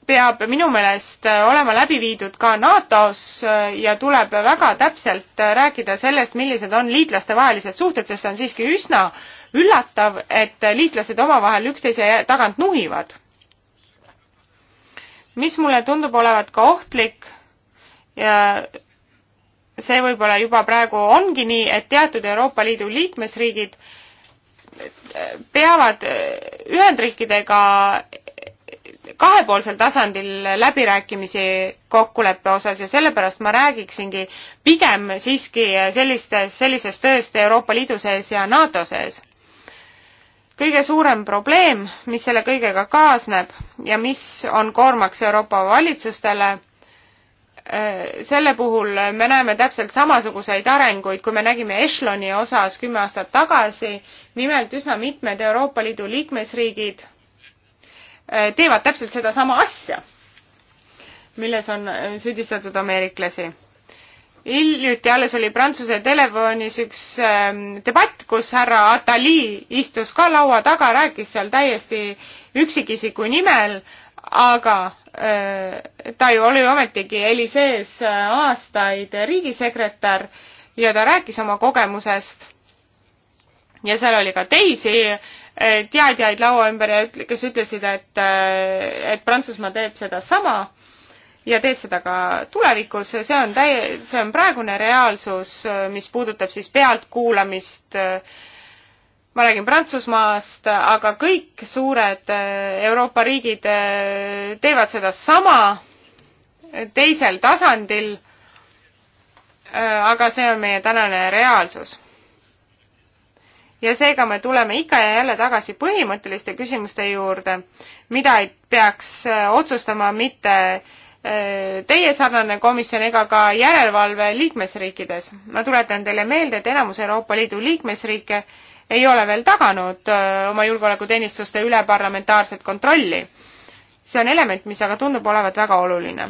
peab minu meelest olema läbi viidud ka NATO-s ja tuleb väga täpselt rääkida sellest, millised on liitlaste vahelised suhted, sest see on siiski üsna üllatav, et liitlased omavahel üksteise tagant nuhivad. mis mulle tundub olevat ka ohtlik ja see võib-olla juba praegu ongi nii, et teatud Euroopa Liidu liikmesriigid peavad Ühendriikidega kahepoolsel tasandil läbirääkimisi kokkuleppe osas ja sellepärast ma räägiksingi pigem siiski sellistes, sellisest tööst Euroopa Liidu sees ja NATO sees. kõige suurem probleem, mis selle kõigega kaasneb ja mis on koormaks Euroopa valitsustele, äh, selle puhul me näeme täpselt samasuguseid arenguid, kui me nägime Echeloni osas kümme aastat tagasi, nimelt üsna mitmed Euroopa Liidu liikmesriigid Äh, teevad täpselt sedasama asja, milles on äh, süüdistatud ameeriklasi. hiljuti alles oli Prantsuse telefonis üks ähm, debatt, kus härra Atali istus ka laua taga, rääkis seal täiesti üksikisiku nimel, aga äh, ta ju oli ometigi Elisees aastaid riigisekretär ja ta rääkis oma kogemusest ja seal oli ka teisi Eh, teadjaid laua ümber ja ütle, kes ütlesid, et, eh, et Prantsusmaa teeb sedasama ja teeb seda ka tulevikus, see on täie, see on praegune reaalsus, eh, mis puudutab siis pealtkuulamist. ma räägin Prantsusmaast, aga kõik suured Euroopa riigid teevad sedasama teisel tasandil. aga see on meie tänane reaalsus ja seega me tuleme ikka ja jälle tagasi põhimõtteliste küsimuste juurde, mida ei peaks äh, otsustama mitte äh, teie sarnane komisjon ega ka järelevalve liikmesriikides. ma tuletan teile meelde, et enamus Euroopa Liidu liikmesriike ei ole veel taganud äh, oma julgeolekuteenistuste üle parlamentaarset kontrolli. see on element, mis aga tundub olevat väga oluline.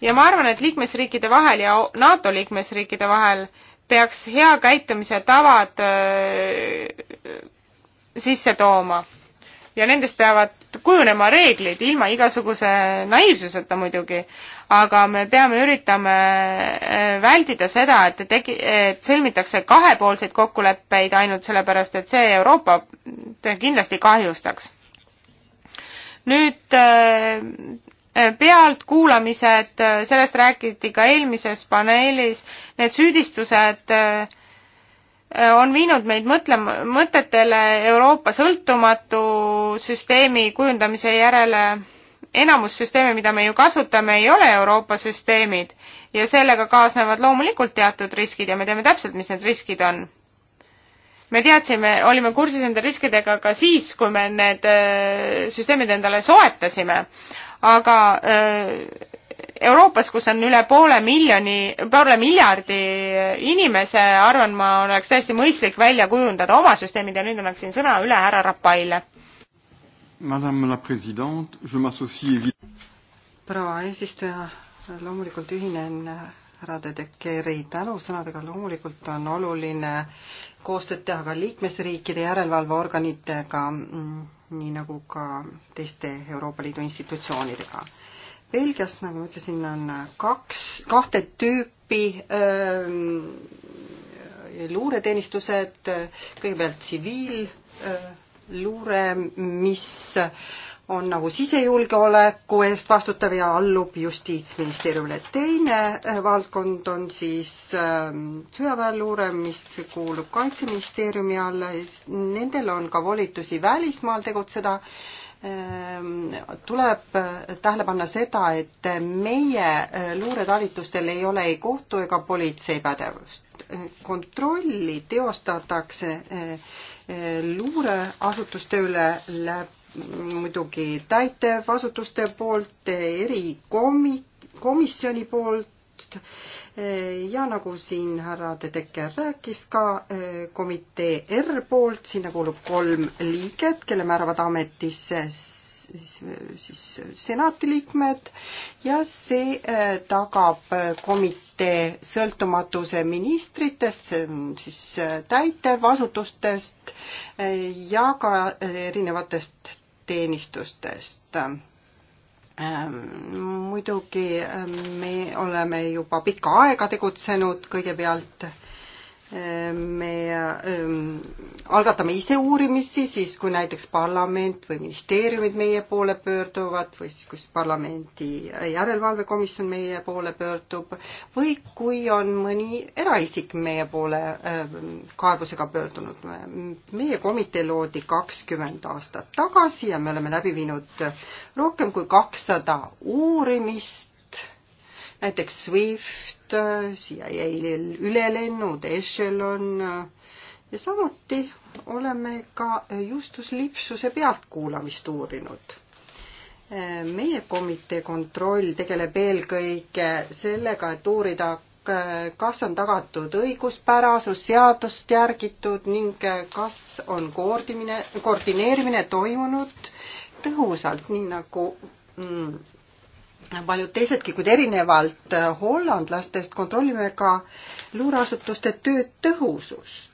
ja ma arvan, et liikmesriikide vahel ja NATO liikmesriikide vahel äh, peaks hea käitumise tavad äh, sisse tooma ja nendest peavad kujunema reeglid ilma igasuguse naiivsuseta muidugi, aga me peame üritama äh, vältida seda, et tegi, et sõlmitakse kahepoolseid kokkuleppeid ainult sellepärast, et see Euroopa kindlasti kahjustaks. nüüd äh, pealtkuulamised, sellest räägiti ka eelmises paneelis, need süüdistused äh, on viinud meid mõtlema, mõtetele Euroopa sõltumatu süsteemi kujundamise järele. enamus süsteeme, mida me ju kasutame, ei ole Euroopa süsteemid ja sellega kaasnevad loomulikult teatud riskid ja me teame täpselt, mis need riskid on. me teadsime, olime kursis nende riskidega ka siis, kui me need äh, süsteemid endale soetasime aga äh, Euroopas, kus on üle poole miljoni, poole miljardi inimese, arvan ma, oleks täiesti mõistlik välja kujundada oma süsteemid ja nüüd annaksin sõna üle härra Rapaile. proua eesistuja, loomulikult ühinen härra Dedekeri tänusõnadega, loomulikult on oluline koostööd teha ka liikmesriikide järelevalveorganitega mm nii nagu ka teiste Euroopa Liidu institutsioonidega. Belgias, nagu ma ütlesin, on kaks, kahte tüüpi öö, ähm, luureteenistused, kõigepealt tsiviilluure, äh, mis on nagu sisejulgeoleku eest vastutav ja allub Justiitsministeeriumile. teine äh, valdkond on siis ähm, sõjaväeluure, mis kuulub Kaitseministeeriumi alla, nendel on ka volitusi välismaal tegutseda ähm, tuleb äh, tähele panna seda, et meie äh, luuretalitustel ei ole ei kohtu ega politsei pädevust. kontrolli teostatakse luureasutuste üle läbi muidugi täitevasutuste poolt, erikomi-, komisjoni poolt ja nagu siin härra Tedeker rääkis ka eh, komitee R poolt, sinna kuulub kolm liiget, kelle määravad ametisse siis senati liikmed ja see eh, tagab komitee sõltumatuse ministritest, see on siis eh, täitevasutustest ja ka erinevatest teenistustest. Ähm, muidugi ähm, me oleme juba pikka aega tegutsenud kõigepealt Ehm, me ehm, algatame ise uurimisi, siis kui näiteks parlament või ministeeriumid meie poole pöörduvad või siis, kus parlamendi järelevalvekomisjon meie poole pöördub või kui on mõni eraisik meie poole ehm, kaebusega pöördunud. meie komitee loodi kakskümmend aastat tagasi ja me oleme läbi viinud rohkem kui kakssada uurimist, näiteks SWIFT, siia äh, jäi ülelennud, Echelon äh, ja samuti oleme ka Justus Lipsuse pealtkuulamist uurinud. Äh, meie komitee kontroll tegeleb eelkõige sellega, et uurida, kas on tagatud õiguspärasus, seadust järgitud ning kas on koordimine, koordineerimine toimunud tõhusalt, nii nagu mm, paljud teisedki, kuid erinevalt äh, hollandlastest kontrollime ka luureasutuste töö tõhusust.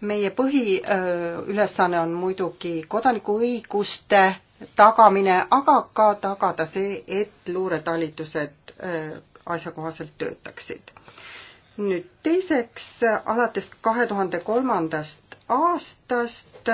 meie põhiülesanne on muidugi kodanikuõiguste tagamine, aga ka tagada see, et luuretalitused äh, asjakohaselt töötaksid. nüüd teiseks, alates kahe tuhande kolmandast aastast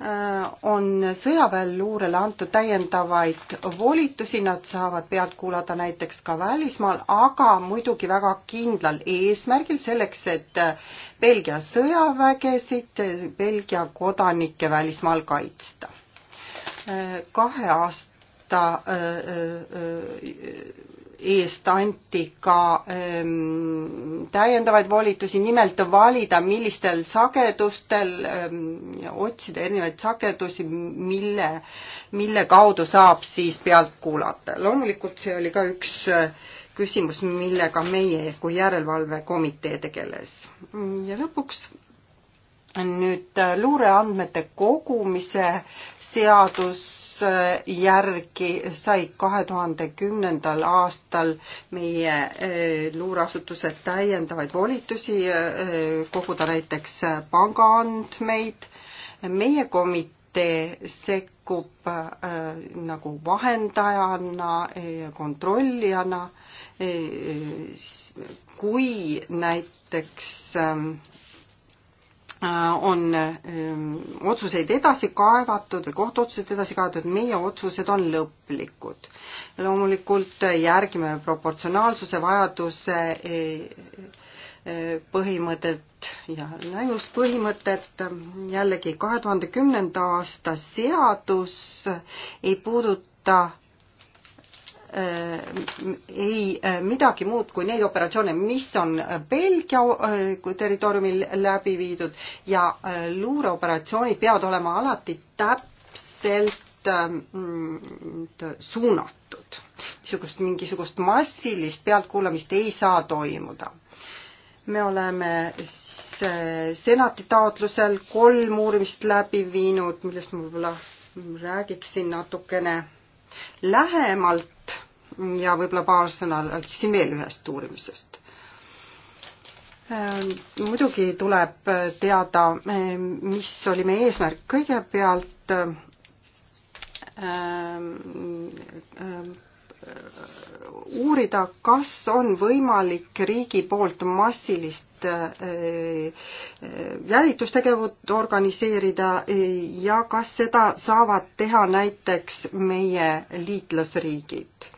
Äh, on sõjaväel luurele antud täiendavaid volitusi, nad saavad pealt kuulata näiteks ka välismaal, aga muidugi väga kindlal eesmärgil, selleks et äh, Belgia sõjavägesid, Belgia kodanikke välismaal kaitsta. Äh, kahe aasta eest anti ka ähm, täiendavaid volitusi, nimelt valida, millistel sagedustel ähm,, otsida erinevaid sagedusi, mille, mille kaudu saab siis pealt kuulata. loomulikult see oli ka üks äh, küsimus, millega meie kui järelevalvekomitee tegeles. ja lõpuks nüüd äh, luureandmete kogumise seadus äh, järgi said kahe tuhande kümnendal aastal meie äh, luureasutused täiendavaid volitusi koguda näiteks pangaandmeid. meie komitee sekkub nagu vahendajana ja kontrollijana, kui näiteks ähm, Äh, on ähm, otsuseid edasi kaevatud või kohtuotsused edasi kaevatud, meie otsused on lõplikud. loomulikult järgime proportsionaalsuse vajaduse e, e, põhimõtet ja lähimuspõhimõtet. jällegi kahe tuhande kümnenda aasta seadus ei puuduta Äh, ei äh, midagi muud kui neid operatsioone, mis on Belgia äh, territooriumil läbi viidud ja luureoperatsioonid peavad olema alati täpselt ähm, mm, suunatud. niisugust, mingisugust massilist pealtkuulamist ei saa toimuda. me oleme siis senati taotlusel kolm uurimist läbi viinud, millest ma võib-olla räägiksin natukene lähemalt ja võib-olla paar sõna räägiksin veel ühest uurimisest. Äh, muidugi tuleb teada, äh, mis oli meie eesmärk, kõigepealt äh, uurida, kas on võimalik riigi poolt massilist jälitustegevust organiseerida ja kas seda saavad teha näiteks meie liitlasriigid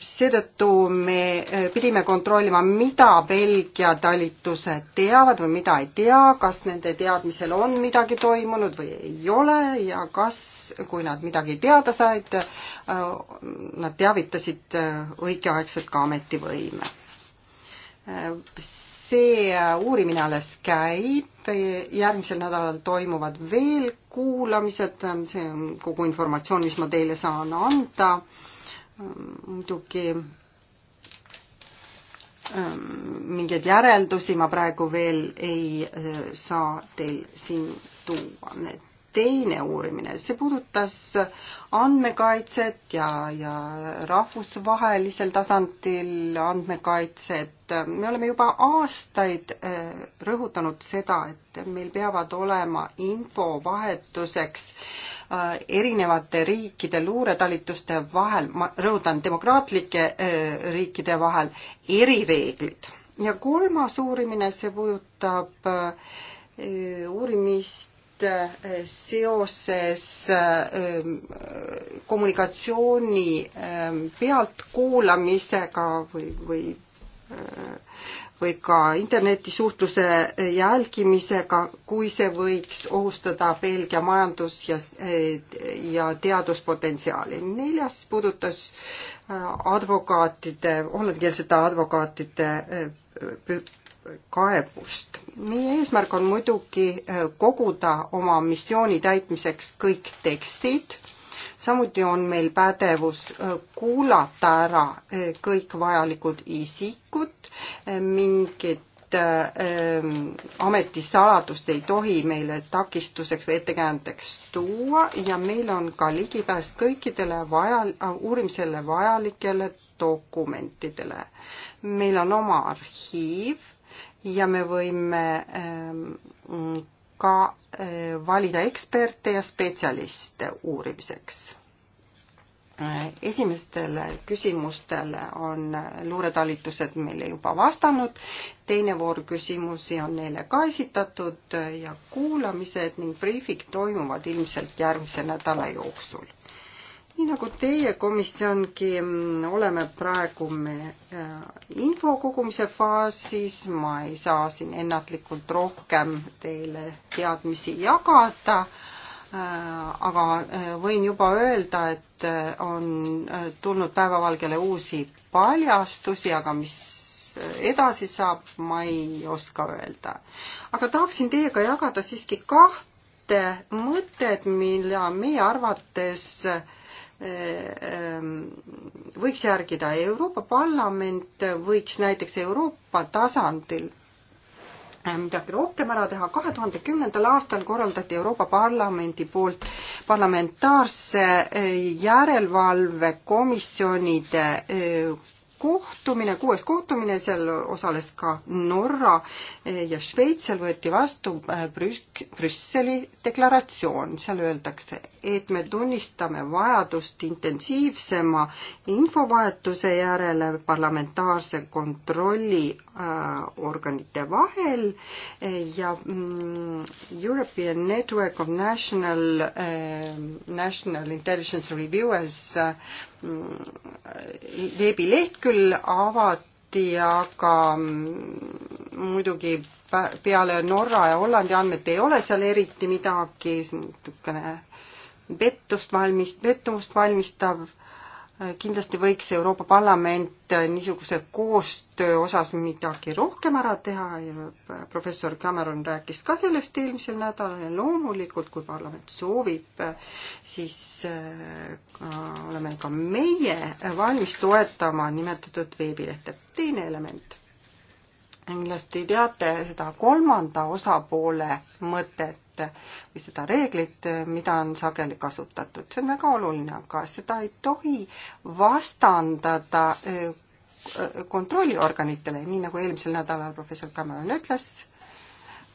seetõttu me eh, pidime kontrollima, mida Belgia talitused teavad või mida ei tea, kas nende teadmisel on midagi toimunud või ei ole ja kas, kui nad midagi teada said, eh, nad teavitasid eh, õigeaegselt ka ametivõime see äh, uurimine alles käib, järgmisel nädalal toimuvad veel kuulamised, see on kogu informatsioon, mis ma teile saan anda. Ähm, muidugi ähm, mingeid järeldusi ma praegu veel ei äh, saa teil siin tuua, need teine uurimine, see puudutas andmekaitset ja, ja rahvusvahelisel tasandil andmekaitset. me oleme juba aastaid eh, rõhutanud seda, et meil peavad olema infovahetuseks eh, erinevate riikide luuretalituste vahel, ma rõhutan, demokraatlike eh, riikide vahel erireeglid. ja kolmas uurimine, see puudutab uurimist Eh, seoses eh, kommunikatsiooni eh, pealtkuulamisega või, või või ka internetisuhtluse jälgimisega, kui see võiks ohustada Belgia majandus- ja, ja teaduspotentsiaali. neljas puudutas advokaatide, hollandikeelsete advokaatide kaebust. meie eesmärk on muidugi äh, koguda oma missiooni täitmiseks kõik tekstid, samuti on meil pädevus äh, kuulata ära äh, kõik vajalikud isikud, mingid ähm, ametisaladust ei tohi meile takistuseks või ettekäändeks tuua ja meil on ka ligipääs kõikidele vajal-, uurimisele vajalikele dokumentidele. meil on oma arhiiv ja me võime ähm, ka äh, valida eksperte ja spetsialiste uurimiseks. Äh, esimestele küsimustele on äh, luuretalitused meile juba vastanud, teine voor küsimusi on neile ka esitatud ja kuulamised ning briifid toimuvad ilmselt järgmise nädala jooksul nii nagu teie komisjongi mm, oleme praegu me äh, info kogumise faasis, ma ei saa siin ennatlikult rohkem teile teadmisi jagada, äh, aga äh, võin juba öelda, et on tulnud päevavalgele uusi paljastusi, aga mis edasi saab, ma ei oska öelda. aga tahaksin teiega jagada siiski kahte mõtet, mille meie arvates äh, Ehm, võiks järgida. Euroopa Parlament võiks näiteks Euroopa tasandil eh, midagi rohkem ära teha. kahe tuhande kümnendal aastal korraldati Euroopa Parlamendi poolt parlamentaarse eh, järelevalvekomisjonide eh, kohtumine, kuues kohtumine, seal osales ka Norra eh, ja Šveits, seal võeti vastu eh, Brüsk-, Brüsseli deklaratsioon, seal öeldakse, et me tunnistame vajadust intensiivsema infovahetuse järele parlamentaarse kontrolli eh, organite vahel ja mm, European Network of National, National Intelligence Reviewers veebilehtkülg avati, aga muidugi peale Norra ja Hollandi andmed ei ole seal eriti midagi, natukene pettust valmis, pettumust valmistav kindlasti võiks Euroopa Parlament niisuguse koostöö osas midagi rohkem ära teha ja professor Cameron rääkis ka sellest eelmisel nädalal ja loomulikult, kui parlament soovib, siis äh, oleme ka meie valmis toetama nimetatud veebilehte. teine element, kindlasti teate seda kolmanda osapoole mõtet, või seda reeglit, mida on sageli kasutatud. see on väga oluline, aga seda ei tohi vastandada äh, kontrolliorganitele, nii nagu eelmisel nädalal professor Cameron ütles,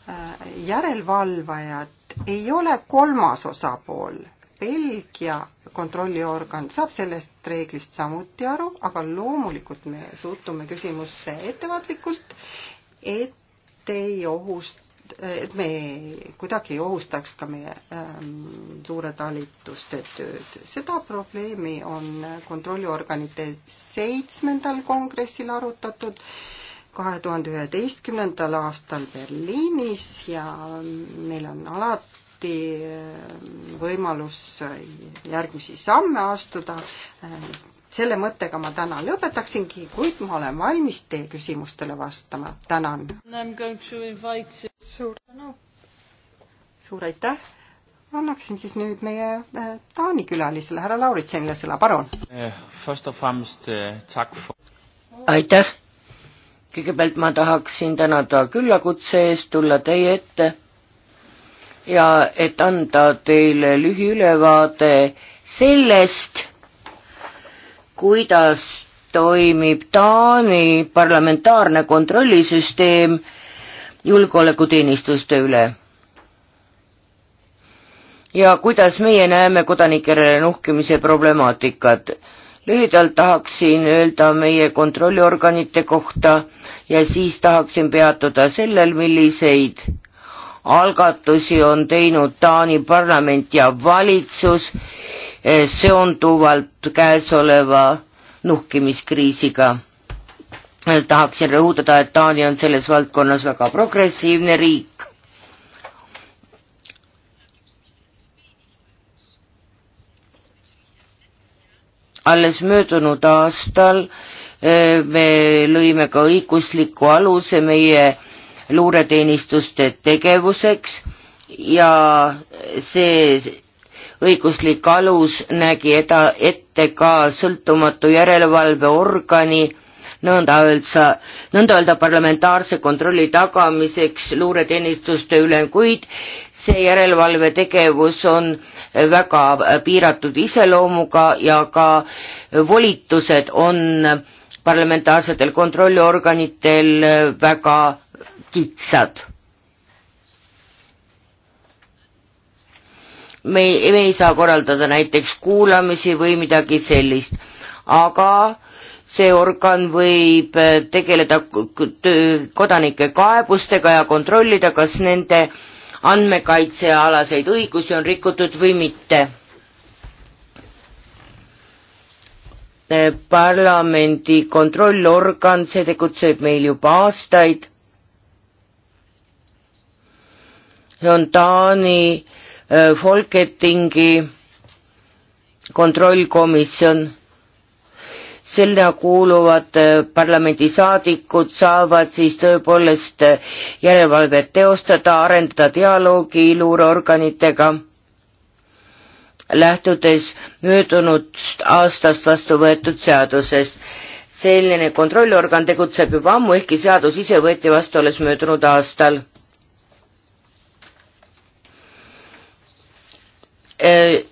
äh, järelevalvajad ei ole kolmas osapool. Belgia kontrolliorgan saab sellest reeglist samuti aru, aga loomulikult me suhtume küsimusse ettevaatlikult, et ei ohust et me kuidagi ei ohustaks ka meie ähm, luuretalituste tööd. seda probleemi on kontrolliorganite seitsmendal kongressil arutatud kahe tuhande üheteistkümnendal aastal Berliinis ja meil on alati ähm, võimalus järgmisi samme astuda äh, selle mõttega ma täna lõpetaksingi, kuid ma olen valmis teie küsimustele vastama. tänan. suur tänu. suur aitäh. annaksin siis nüüd meie äh, Taani külalisele, härra Lauritsenile sõna, palun. Eh, aitäh. kõigepealt ma tahaksin tänada küllakutse eest tulla teie ette ja et anda teile lühiülevaade sellest, kuidas toimib Taani parlamentaarne kontrollisüsteem julgeolekuteenistuste üle ja kuidas meie näeme kodanikele nuhkimise problemaatikat. lühidalt tahaksin öelda meie kontrolliorganite kohta ja siis tahaksin peatuda sellel, milliseid algatusi on teinud Taani parlament ja valitsus Eh, seonduvalt käesoleva nuhkimiskriisiga. Eh, tahaksin rõhutada, et Taani on selles valdkonnas väga progressiivne riik. alles möödunud aastal eh, me lõime ka õigusliku aluse meie luureteenistuste tegevuseks ja see õiguslik alus nägi eda, ette ka sõltumatu järelevalveorgani, nõnda öelda, nõnda öelda parlamentaarse kontrolli tagamiseks luureteenistuste üle, kuid see järelevalve tegevus on väga piiratud iseloomuga ja ka volitused on parlamentaarsetel kontrolliorganitel väga kitsad me, me ei saa korraldada näiteks kuulamisi või midagi sellist, aga see organ võib äh, tegeleda kodanike kaebustega ja kontrollida, kas nende andmekaitsealaseid õigusi on rikutud või mitte. Äh, parlamendi kontrollorgan, see tegutseb meil juba aastaid. see on Taani äh, Folketingi kontrollkomisjon, sinna kuuluvad parlamendisaadikud saavad siis tõepoolest järelevalvet teostada, arendada dialoogi luureorganitega, lähtudes möödunud aastast vastu võetud seadusest selline kontrollorgan tegutseb juba ammu, ehkki seadus ise võeti vastu alles möödunud aastal. Äh,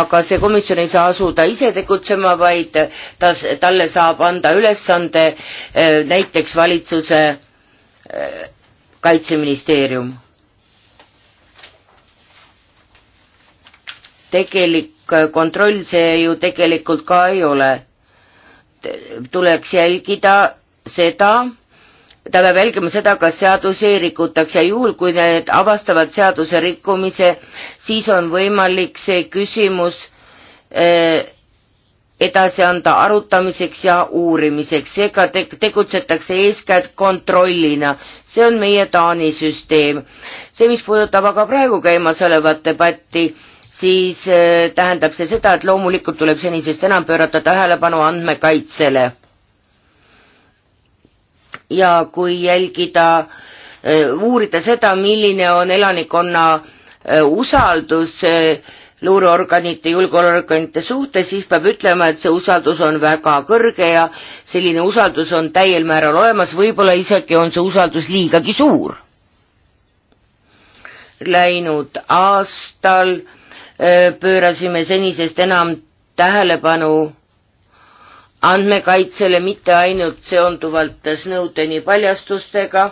aga see komisjon ei saa asuda ise tegutsema, vaid ta, talle saab anda ülesande äh, näiteks valitsuse äh, kaitseministeerium. tegelik kontroll see ju tegelikult ka ei ole. tuleks jälgida seda, ta peab jälgima seda, kas seadusi ei rikutaks ja juhul, kui need avastavad seaduse rikkumise, siis on võimalik see küsimus eh, edasi anda arutamiseks ja uurimiseks, seega te tegutsetakse eeskätt kontrollina. see on meie Taani süsteem. see, mis puudutab aga praegu käimasolevat debatti, siis eh, tähendab see seda, et loomulikult tuleb senisest enam pöörata tähelepanu andmekaitsele ja kui jälgida, eh, uurida seda, milline on elanikkonna eh, usaldus eh, luureorganite, julgeolekuorganite suhtes, siis peab ütlema, et see usaldus on väga kõrge ja selline usaldus on täiel määral olemas, võib-olla isegi on see usaldus liigagi suur. Läinud aastal pöörasime senisest enam tähelepanu andmekaitsele mitte ainult seonduvalt Snowdeni paljastustega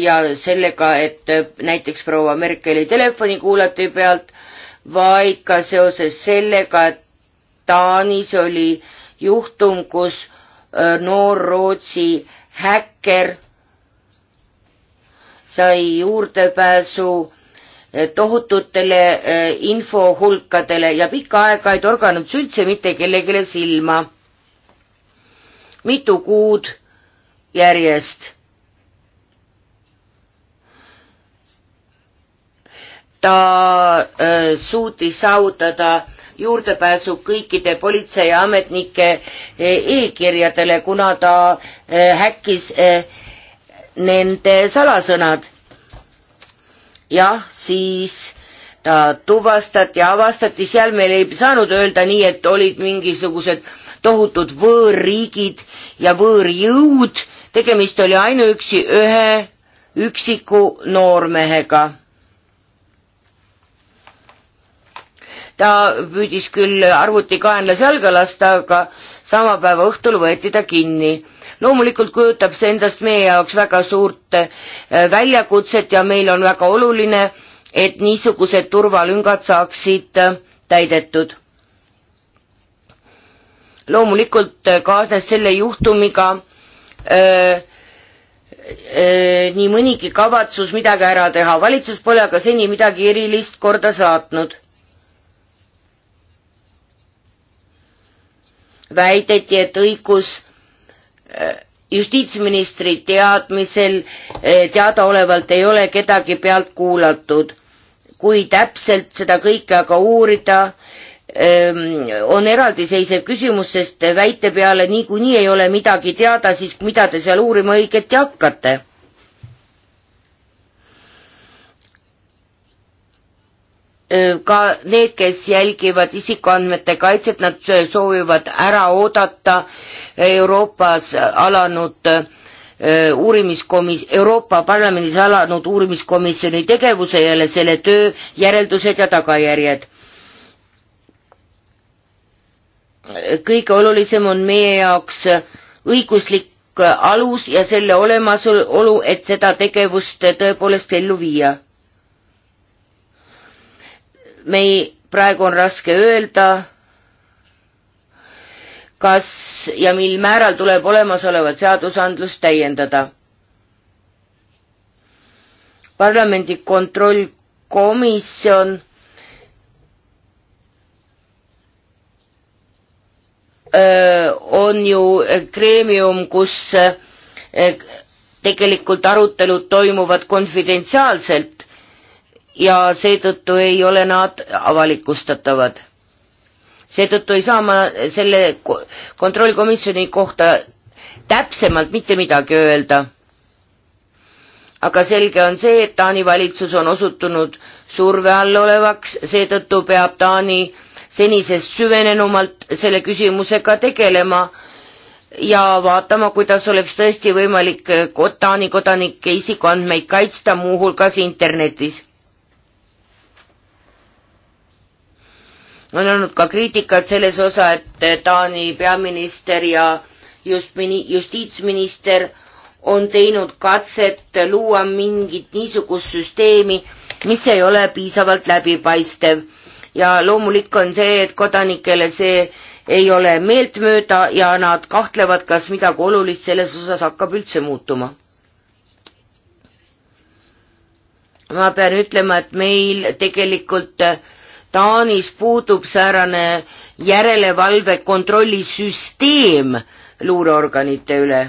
ja sellega, et näiteks proua Merkeli telefoni kuulati pealt, vaid ka seoses sellega, et Taanis oli juhtum, kus äh, noor Rootsi häkker sai juurdepääsu Eh, tohututele eh, infohulkadele ja pikka aega ei torganud see üldse mitte kellelegi silma. mitu kuud järjest. ta öö, eh, suutis saavutada juurdepääsu kõikide politseiametnike e-kirjadele, kuna ta häkkis nende salasõnad jah, siis ta tuvastati, avastati, seal meil ei saanud öelda nii, et olid mingisugused tohutud võõrriigid ja võõrjõud, tegemist oli ainuüksi ühe üksiku noormehega. ta püüdis küll arvutikaenlase jalga lasta, aga sama päeva õhtul võeti ta kinni loomulikult kujutab see endast meie jaoks väga suurt äh, väljakutset ja meil on väga oluline, et niisugused turvalüngad saaksid äh, täidetud. loomulikult äh, kaasnes selle juhtumiga öö, nii mõnigi kavatsus midagi ära teha, valitsus pole aga seni midagi erilist korda saatnud. väideti, et õigus Äh, justiitsministri teadmisel äh, teadaolevalt ei ole kedagi pealt kuulatud. kui täpselt seda kõike aga uurida, ähm, on eraldiseisev küsimus, sest väite peale niikuinii ei ole midagi teada, siis mida te seal uurima õieti hakkate? ka need, kes jälgivad isikuandmete kaitset, nad soovivad ära oodata Euroopas alanud uurimiskomis-, Euroopa Parlamendis alanud uurimiskomisjoni tegevuse ja selle töö järeldused ja tagajärjed. kõige olulisem on meie jaoks õiguslik alus ja selle olemasolu, et seda tegevust tõepoolest ellu viia me ei, praegu on raske öelda, kas ja mil määral tuleb olemasolevat seadusandlust täiendada. parlamendi kontrollkomisjon on ju kreemium, kus tegelikult arutelud toimuvad konfidentsiaalselt ja seetõttu ei ole nad avalikustatavad. seetõttu ei saa ma selle kontrollkomisjoni kohta täpsemalt mitte midagi öelda. aga selge on see, et Taani valitsus on osutunud surve all olevaks, seetõttu peab Taani senisest süvenenumalt selle küsimusega tegelema ja vaatama, kuidas oleks tõesti võimalik Taani kodanike isikuandmeid kaitsta, muuhulgas internetis. on olnud ka kriitikat selles osa, et Taani peaminister ja just mini-, justiitsminister on teinud katset luua mingit niisugust süsteemi, mis ei ole piisavalt läbipaistev. ja loomulik on see, et kodanikele see ei ole meeltmööda ja nad kahtlevad, kas midagi olulist selles osas hakkab üldse muutuma. ma pean ütlema, et meil tegelikult äh, Taanis puudub säärane järelevalve kontrollisüsteem luureorganite üle.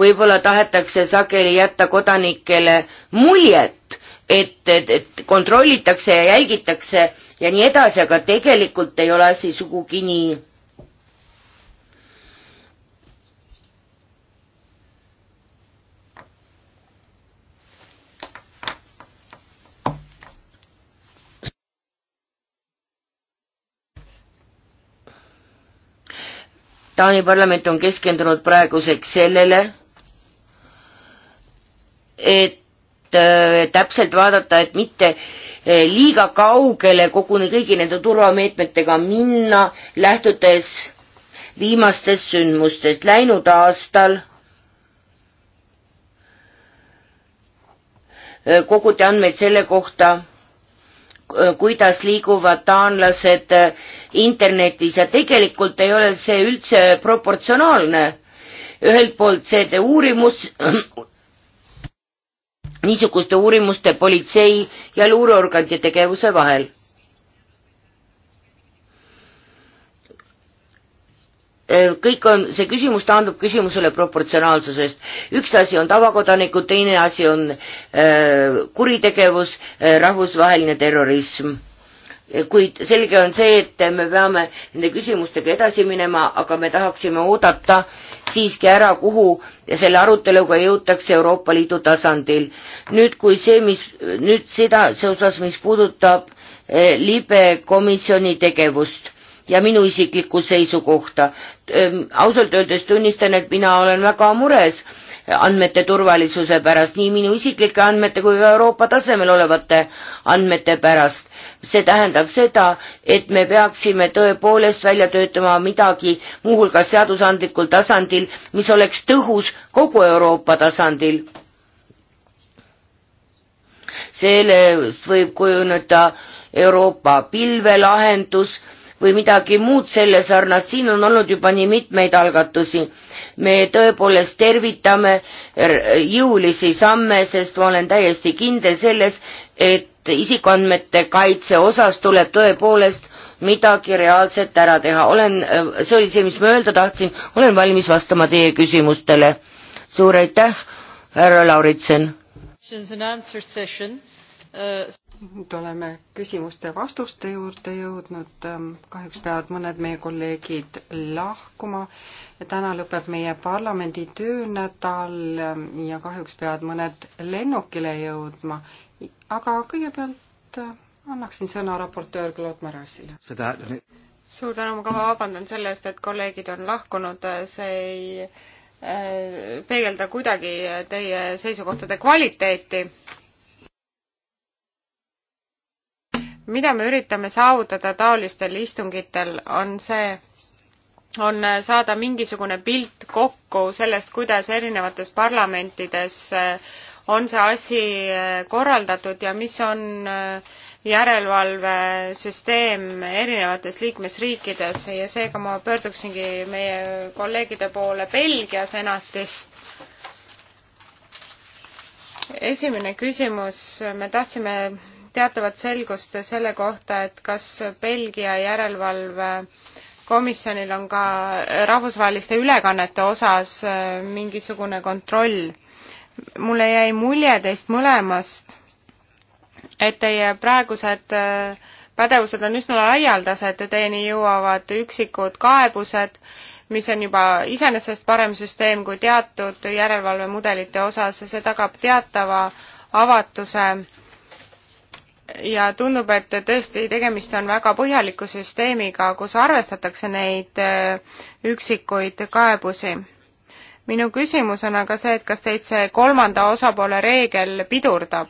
võib-olla tahetakse sageli jätta kodanikele muljet, et, et, et kontrollitakse ja jälgitakse ja nii edasi, aga tegelikult ei ole asi sugugi nii Taani parlament on keskendunud praeguseks sellele, et äh, täpselt vaadata, et mitte äh, liiga kaugele koguni kõigi nende turvameetmetega minna, lähtudes viimastest sündmustest. Läinud aastal äh, koguti andmeid selle kohta, Äh, kuidas liiguvad taanlased äh, internetis ja tegelikult ei ole see üldse proportsionaalne. ühelt poolt see uurimus, niisuguste uurimuste politsei ja luureorganite tegevuse vahel Äh, kõik on, see küsimus taandub küsimusele proportsionaalsusest. üks asi on tavakodanikud, teine asi on äh, kuritegevus, äh, rahvusvaheline terrorism. kuid selge on see, et me peame nende küsimustega edasi minema, aga me tahaksime oodata siiski ära, kuhu selle aruteluga jõutakse Euroopa Liidu tasandil. nüüd, kui see, mis, nüüd seda, see osas, mis puudutab libe komisjoni tegevust ja minu isiklikku seisukohta. Ehm, ausalt öeldes tunnistan, et mina olen väga mures andmete turvalisuse pärast, nii minu isiklike andmete kui ka Euroopa tasemel olevate andmete pärast. see tähendab seda, et me peaksime tõepoolest välja töötama midagi muuhulgas seadusandlikul tasandil, mis oleks tõhus kogu Euroopa tasandil. sellest võib kujuneda Euroopa pilvelahendus või midagi muud selle sarnast, siin on olnud juba nii mitmeid algatusi. me tõepoolest tervitame jõulisi samme, sest ma olen täiesti kindel selles, et isikuandmete kaitse osas tuleb tõepoolest midagi reaalset ära teha. olen, see oli see, mis ma öelda tahtsin, olen valmis vastama teie küsimustele. suur aitäh, härra Lauritsen nüüd oleme küsimuste-vastuste juurde jõudnud. Ähm, kahjuks peavad mõned meie kolleegid lahkuma. täna lõpeb meie parlamendi töönädal ähm, ja kahjuks peavad mõned lennukile jõudma. aga kõigepealt äh, annaksin sõna raportöör Claude Marasile. suur tänu, ma ka vabandan selle eest, et kolleegid on lahkunud, see ei äh, peegelda kuidagi teie seisukohtade kvaliteeti mida me üritame saavutada taolistel istungitel, on see, on saada mingisugune pilt kokku sellest, kuidas erinevates parlamentides eh, on see asi eh, korraldatud ja mis on eh, järelevalvesüsteem erinevates liikmesriikides ja seega ma pöörduksingi meie kolleegide poole Belgia senatist. esimene küsimus, me tahtsime teatavat selgust selle kohta, et kas Belgia järelevalve komisjonil on ka rahvusvaheliste ülekannete osas äh, mingisugune kontroll. mulle jäi mulje teist mõlemast, et teie praegused äh, pädevused on üsna laialdased ja teieni jõuavad üksikud kaebused, mis on juba iseenesest parem süsteem kui teatud järelevalvemudelite osas ja see tagab teatava avatuse ja tundub, et tõesti tegemist on väga põhjaliku süsteemiga, kus arvestatakse neid äh, üksikuid kaebusi. minu küsimus on aga see, et kas teid see kolmanda osapoole reegel pidurdab?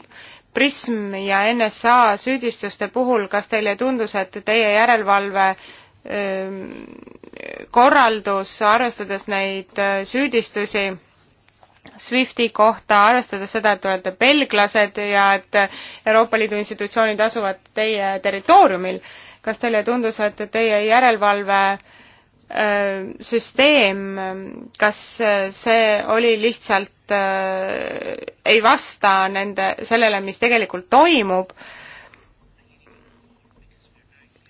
Prism ja NSA süüdistuste puhul, kas teile tundus, et teie järelevalve ähm, korraldus, arvestades neid äh, süüdistusi, SWIFTi kohta, arvestades seda, et te olete belglased ja et Euroopa Liidu institutsioonid asuvad teie territooriumil, kas teile tundus, et teie järelevalve äh, süsteem, kas see oli lihtsalt, äh, ei vasta nende, sellele, mis tegelikult toimub äh,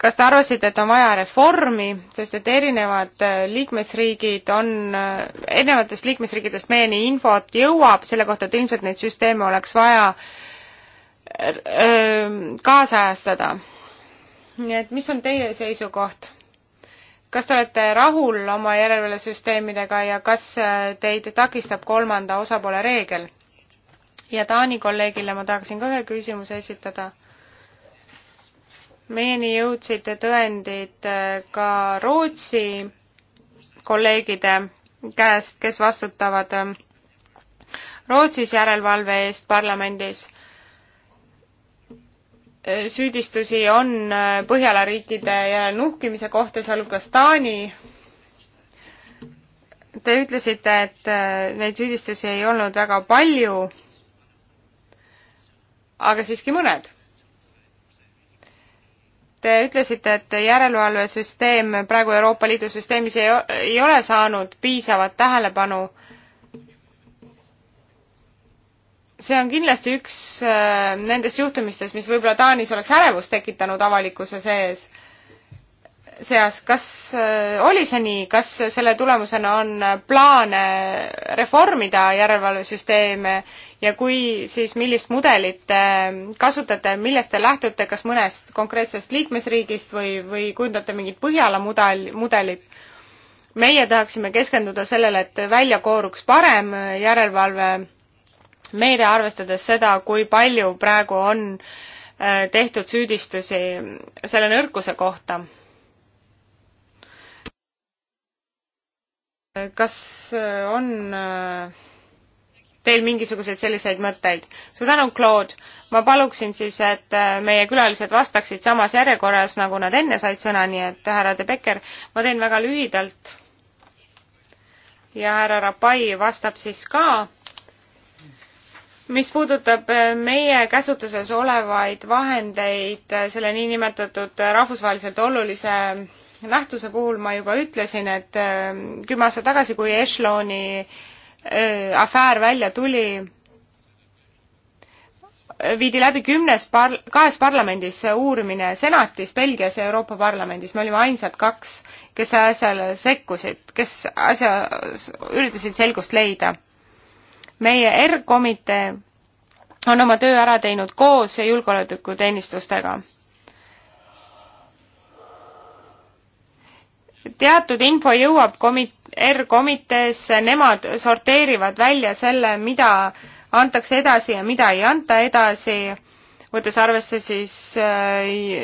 kas te arvasite, et on vaja reformi, sest et erinevad äh, liikmesriigid on, äh, erinevatest liikmesriikidest meieni infot jõuab selle kohta, et ilmselt neid süsteeme oleks vaja öö, äh, kaasajastada. nii et mis on teie seisukoht? kas te olete rahul oma järelevalvesüsteemidega ja kas teid takistab kolmanda osapoole reegel? ja Taani kolleegile ma tahaksin ka ühe küsimuse esitada meieni jõudsid tõendid äh, ka Rootsi kolleegide käest, kes vastutavad ähm, Rootsis järelevalve eest parlamendis. Äh, süüdistusi on äh, Põhjala riikide järel nuhkimise kohta, sealhulgas Taani. Te ütlesite, et neid süüdistusi ei olnud väga palju, aga siiski mõned Te ütlesite, et järelevalvesüsteem praegu Euroopa Liidu süsteemis ei, ei ole saanud piisavat tähelepanu. see on kindlasti üks äh, nendest juhtumistest, mis võib-olla Taanis oleks ärevust tekitanud avalikkuse sees seas, kas äh, oli see nii, kas selle tulemusena on plaane reformida järelevalvesüsteeme ja kui, siis millist mudelit te kasutate, millest te lähtute, kas mõnest konkreetsest liikmesriigist või, või kujundate mingit Põhjala mudel, mudelit? meie tahaksime keskenduda sellele, et välja kooruks parem järelevalvemeede, arvestades seda, kui palju praegu on äh, tehtud süüdistusi selle nõrkuse kohta kas äh, on äh, teil mingisuguseid selliseid mõtteid? suur tänu, Claude. ma paluksin siis, et äh, meie külalised vastaksid samas järjekorras, nagu nad enne said sõna, nii et härra De Becker, ma teen väga lühidalt. ja härra Rapai vastab siis ka. mis puudutab meie käsutuses olevaid vahendeid selle niinimetatud rahvusvaheliselt olulise nähtuse puhul ma juba ütlesin, et äh, kümme aastat tagasi, kui Echeloni äh, afäär välja tuli, viidi läbi kümnes par-, kahes parlamendis uurimine, senatis, Belgias ja Euroopa Parlamendis, me olime ainsad kaks, kes asjale sekkusid, kes asjas üritasid selgust leida. meie R-komitee on oma töö ära teinud koos julgeolekuteenistustega teatud info jõuab komit-, R-komiteesse, nemad sorteerivad välja selle, mida antakse edasi ja mida ei anta edasi, võttes arvesse siis äh,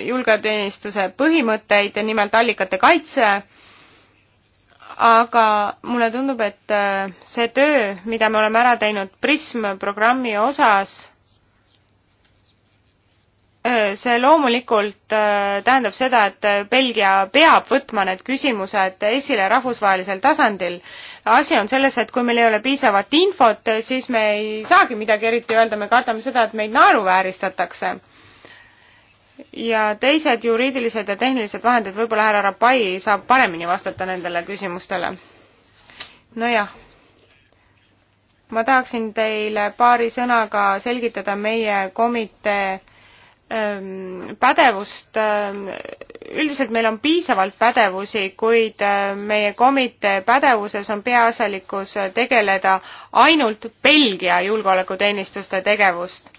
julgeolekuteenistuse põhimõtteid ja nimelt allikate kaitse, aga mulle tundub, et äh, see töö, mida me oleme ära teinud PRISM programmi osas, Äh, see loomulikult äh, tähendab seda, et äh, Belgia peab võtma need küsimused esile rahvusvahelisel tasandil. asi on selles, et kui meil ei ole piisavat infot, siis me ei saagi midagi eriti öelda, me kardame seda, et meid naeruvääristatakse. ja teised juriidilised ja tehnilised vahendid, võib-olla härra Rapai saab paremini vastata nendele küsimustele. nojah ma tahaksin teile paari sõnaga selgitada meie komitee Ähm, pädevust, ähm, üldiselt meil on piisavalt pädevusi, kuid äh, meie komitee pädevuses on peaasjalikus äh, tegeleda ainult Belgia julgeolekuteenistuste tegevust.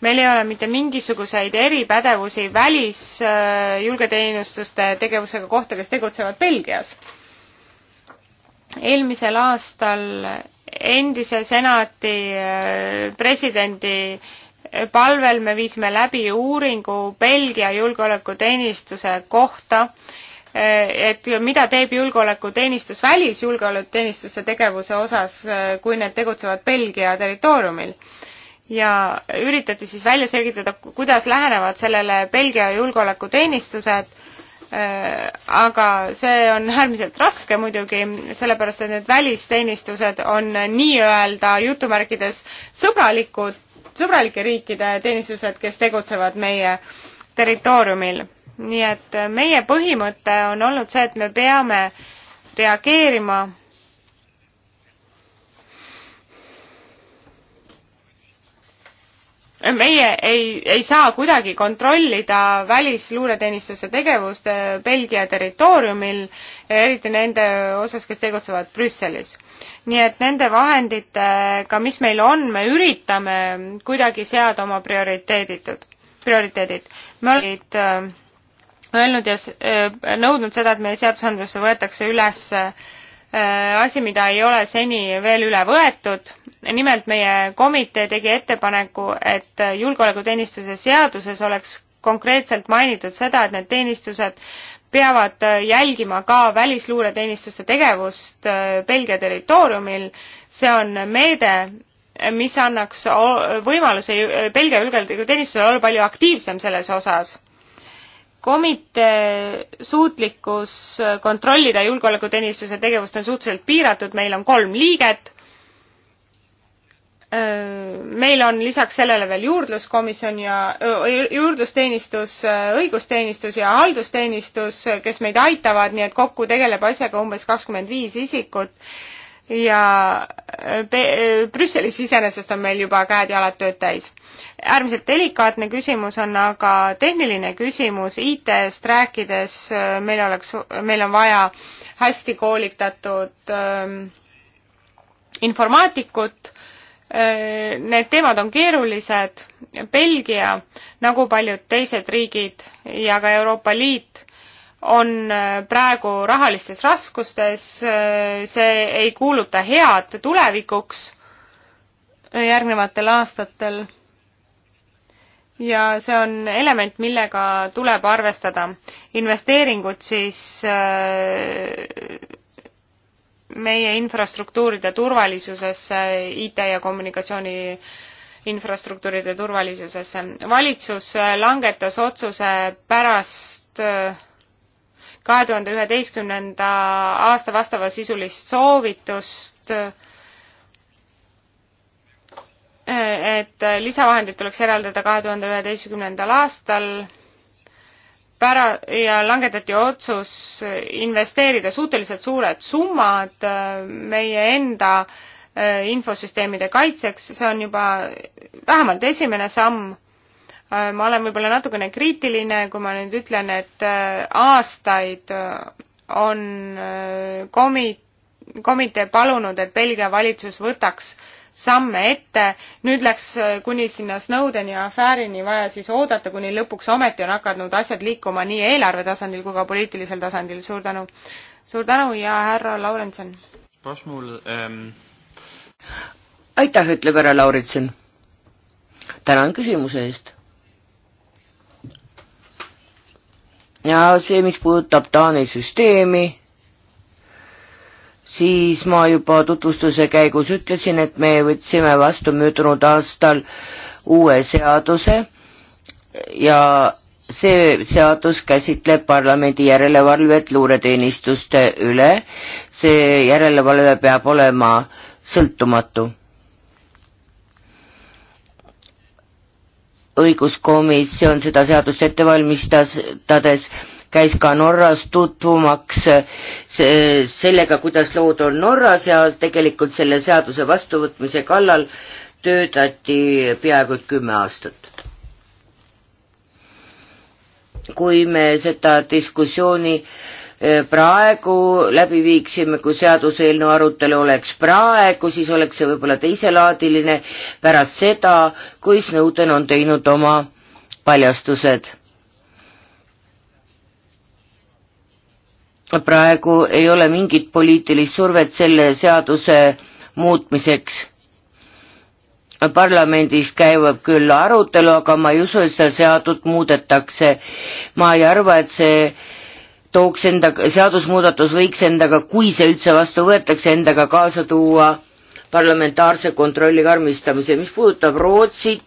meil ei ole mitte mingisuguseid eripädevusi välisjulgeteenistuste äh, tegevusega kohta, kes tegutsevad Belgias. eelmisel aastal endise senati presidendi palvel me viisime läbi uuringu Belgia julgeolekuteenistuse kohta, eh, et mida teeb julgeolekuteenistus välisjulgeolekuteenistuse tegevuse osas, eh, kui need tegutsevad Belgia territooriumil. ja üritati siis välja selgitada, kuidas lähenevad sellele Belgia julgeolekuteenistused, eh, aga see on äärmiselt raske muidugi, sellepärast et need välisteenistused on nii-öelda jutumärkides sõbralikud sõbralike riikide teenistused, kes tegutsevad meie territooriumil. nii et meie põhimõte on olnud see, et me peame reageerima meie ei, ei saa kuidagi kontrollida välisluureteenistuse tegevust äh, Belgia territooriumil, eriti nende osas, kes tegutsevad Brüsselis. nii et nende vahenditega, mis meil on, me üritame kuidagi seada oma prioriteeditud, prioriteedid. me oleme äh, öelnud ja äh, nõudnud seda, et meie seadusandlusse võetakse üles asi, mida ei ole seni veel üle võetud nimelt meie komitee tegi ettepaneku, et julgeolekuteenistuse seaduses oleks konkreetselt mainitud seda, et need teenistused peavad jälgima ka välisluureteenistuste tegevust äh, Belgia territooriumil. see on meede, mis annaks võimaluse Belgia julgeolekuteenistusele olla palju aktiivsem selles osas. komitee suutlikkus kontrollida julgeolekuteenistuse tegevust on suhteliselt piiratud, meil on kolm liiget meil on lisaks sellele veel juurdluskomisjon ja juurdlusteenistus, õigusteenistus ja haldusteenistus, kes meid aitavad, nii et kokku tegeleb asjaga umbes kakskümmend viis isikut ja Brüsselis iseenesest on meil juba käed-jalad tööd täis. äärmiselt delikaatne küsimus on aga tehniline küsimus, IT-st rääkides meil oleks, meil on vaja hästi koolitatud ähm, informaatikut äh,, Need teemad on keerulised, Belgia, nagu paljud teised riigid ja ka Euroopa Liit, on äh, praegu rahalistes raskustes, äh, see ei kuuluta head tulevikuks järgnevatel aastatel. ja see on element, millega tuleb arvestada. investeeringud siis äh, meie infrastruktuuride turvalisusesse, IT ja kommunikatsiooni infrastruktuuride turvalisusesse. valitsus langetas otsuse pärast äh, kahe tuhande üheteistkümnenda aasta vastavasisulist soovitust, äh, et lisavahendid tuleks eraldada kahe tuhande üheteistkümnendal aastal pära- ja langetati otsus investeerida suhteliselt suured summad äh, meie enda äh, infosüsteemide kaitseks, see on juba vähemalt esimene samm. Äh, ma olen võib-olla natukene kriitiline, kui ma nüüd ütlen, et aastaid on komi-, komitee palunud, et Belgia valitsus võtaks äh, samme ette. nüüd läks äh, kuni sinna Snowdeni afäärini vaja siis oodata, kuni lõpuks ometi on hakanud asjad liikuma nii eelarve tasandil kui ka poliitilisel tasandil. suur tänu. suur tänu ja härra Laurenson. Ähm... aitäh, ütleb härra Lauritsen. tänan küsimuse eest. ja see, mis puudutab Taani süsteemi siis ma juba tutvustuse käigus ütlesin, et me võtsime vastu möödunud aastal uue seaduse ja see seadus käsitleb parlamendi järelevalvet luureteenistuste üle. see järelevalve peab olema sõltumatu. õiguskomisjon seda seadust ette valmistades käis ka Norras tutvumaks sellega, kuidas lood on Norras ja tegelikult selle seaduse vastuvõtmise kallal töötati peaaegu kümme aastat kui me seda diskussiooni e, praegu läbi viiksime, kui seaduseelnõu arutelu oleks praegu, siis oleks see võib-olla teiselaadiline pärast seda, kui Snowden on teinud oma paljastused praegu ei ole mingit poliitilist survet selle seaduse muutmiseks. parlamendis käib küll arutelu, aga ma ei usu, et seda seadut muudetakse. ma ei arva, et see tooks enda, seadusmuudatus võiks endaga, kui see üldse vastu võetakse, endaga kaasa tuua parlamentaarse kontrolli karmistamise. mis puudutab Rootsit,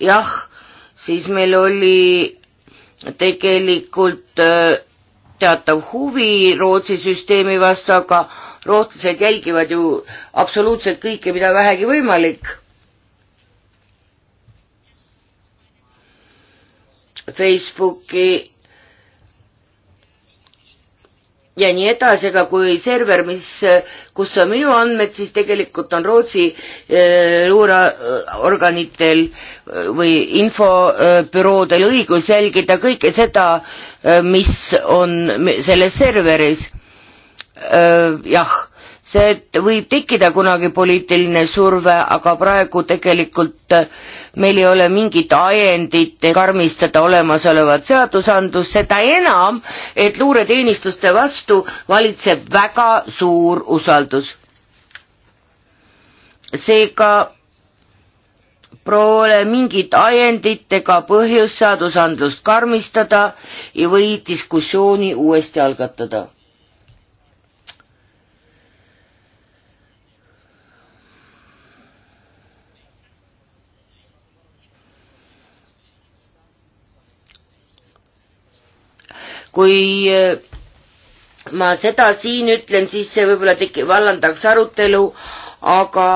jah, siis meil oli tegelikult äh, teatav huvi Rootsi süsteemi vastu, aga rootslased jälgivad ju absoluutselt kõike, mida vähegi võimalik. Facebooki ja nii edasi, aga kui server, mis, kus on minu andmed, siis tegelikult on Rootsi eh, luureorganitel eh, või infobüroodel õigus jälgida kõike seda, eh, mis on selles serveris. jah see võib tekkida kunagi poliitiline surve, aga praegu tegelikult äh, meil ei ole mingit ajendit karmistada olemasolevat seadusandlust, seda enam, et luureteenistuste vastu valitseb väga suur usaldus. seega pole mingit ajendit ega põhjust seadusandlust karmistada või diskussiooni uuesti algatada kui eh, ma seda siin ütlen, siis see võib-olla tekib, vallandaks arutelu, aga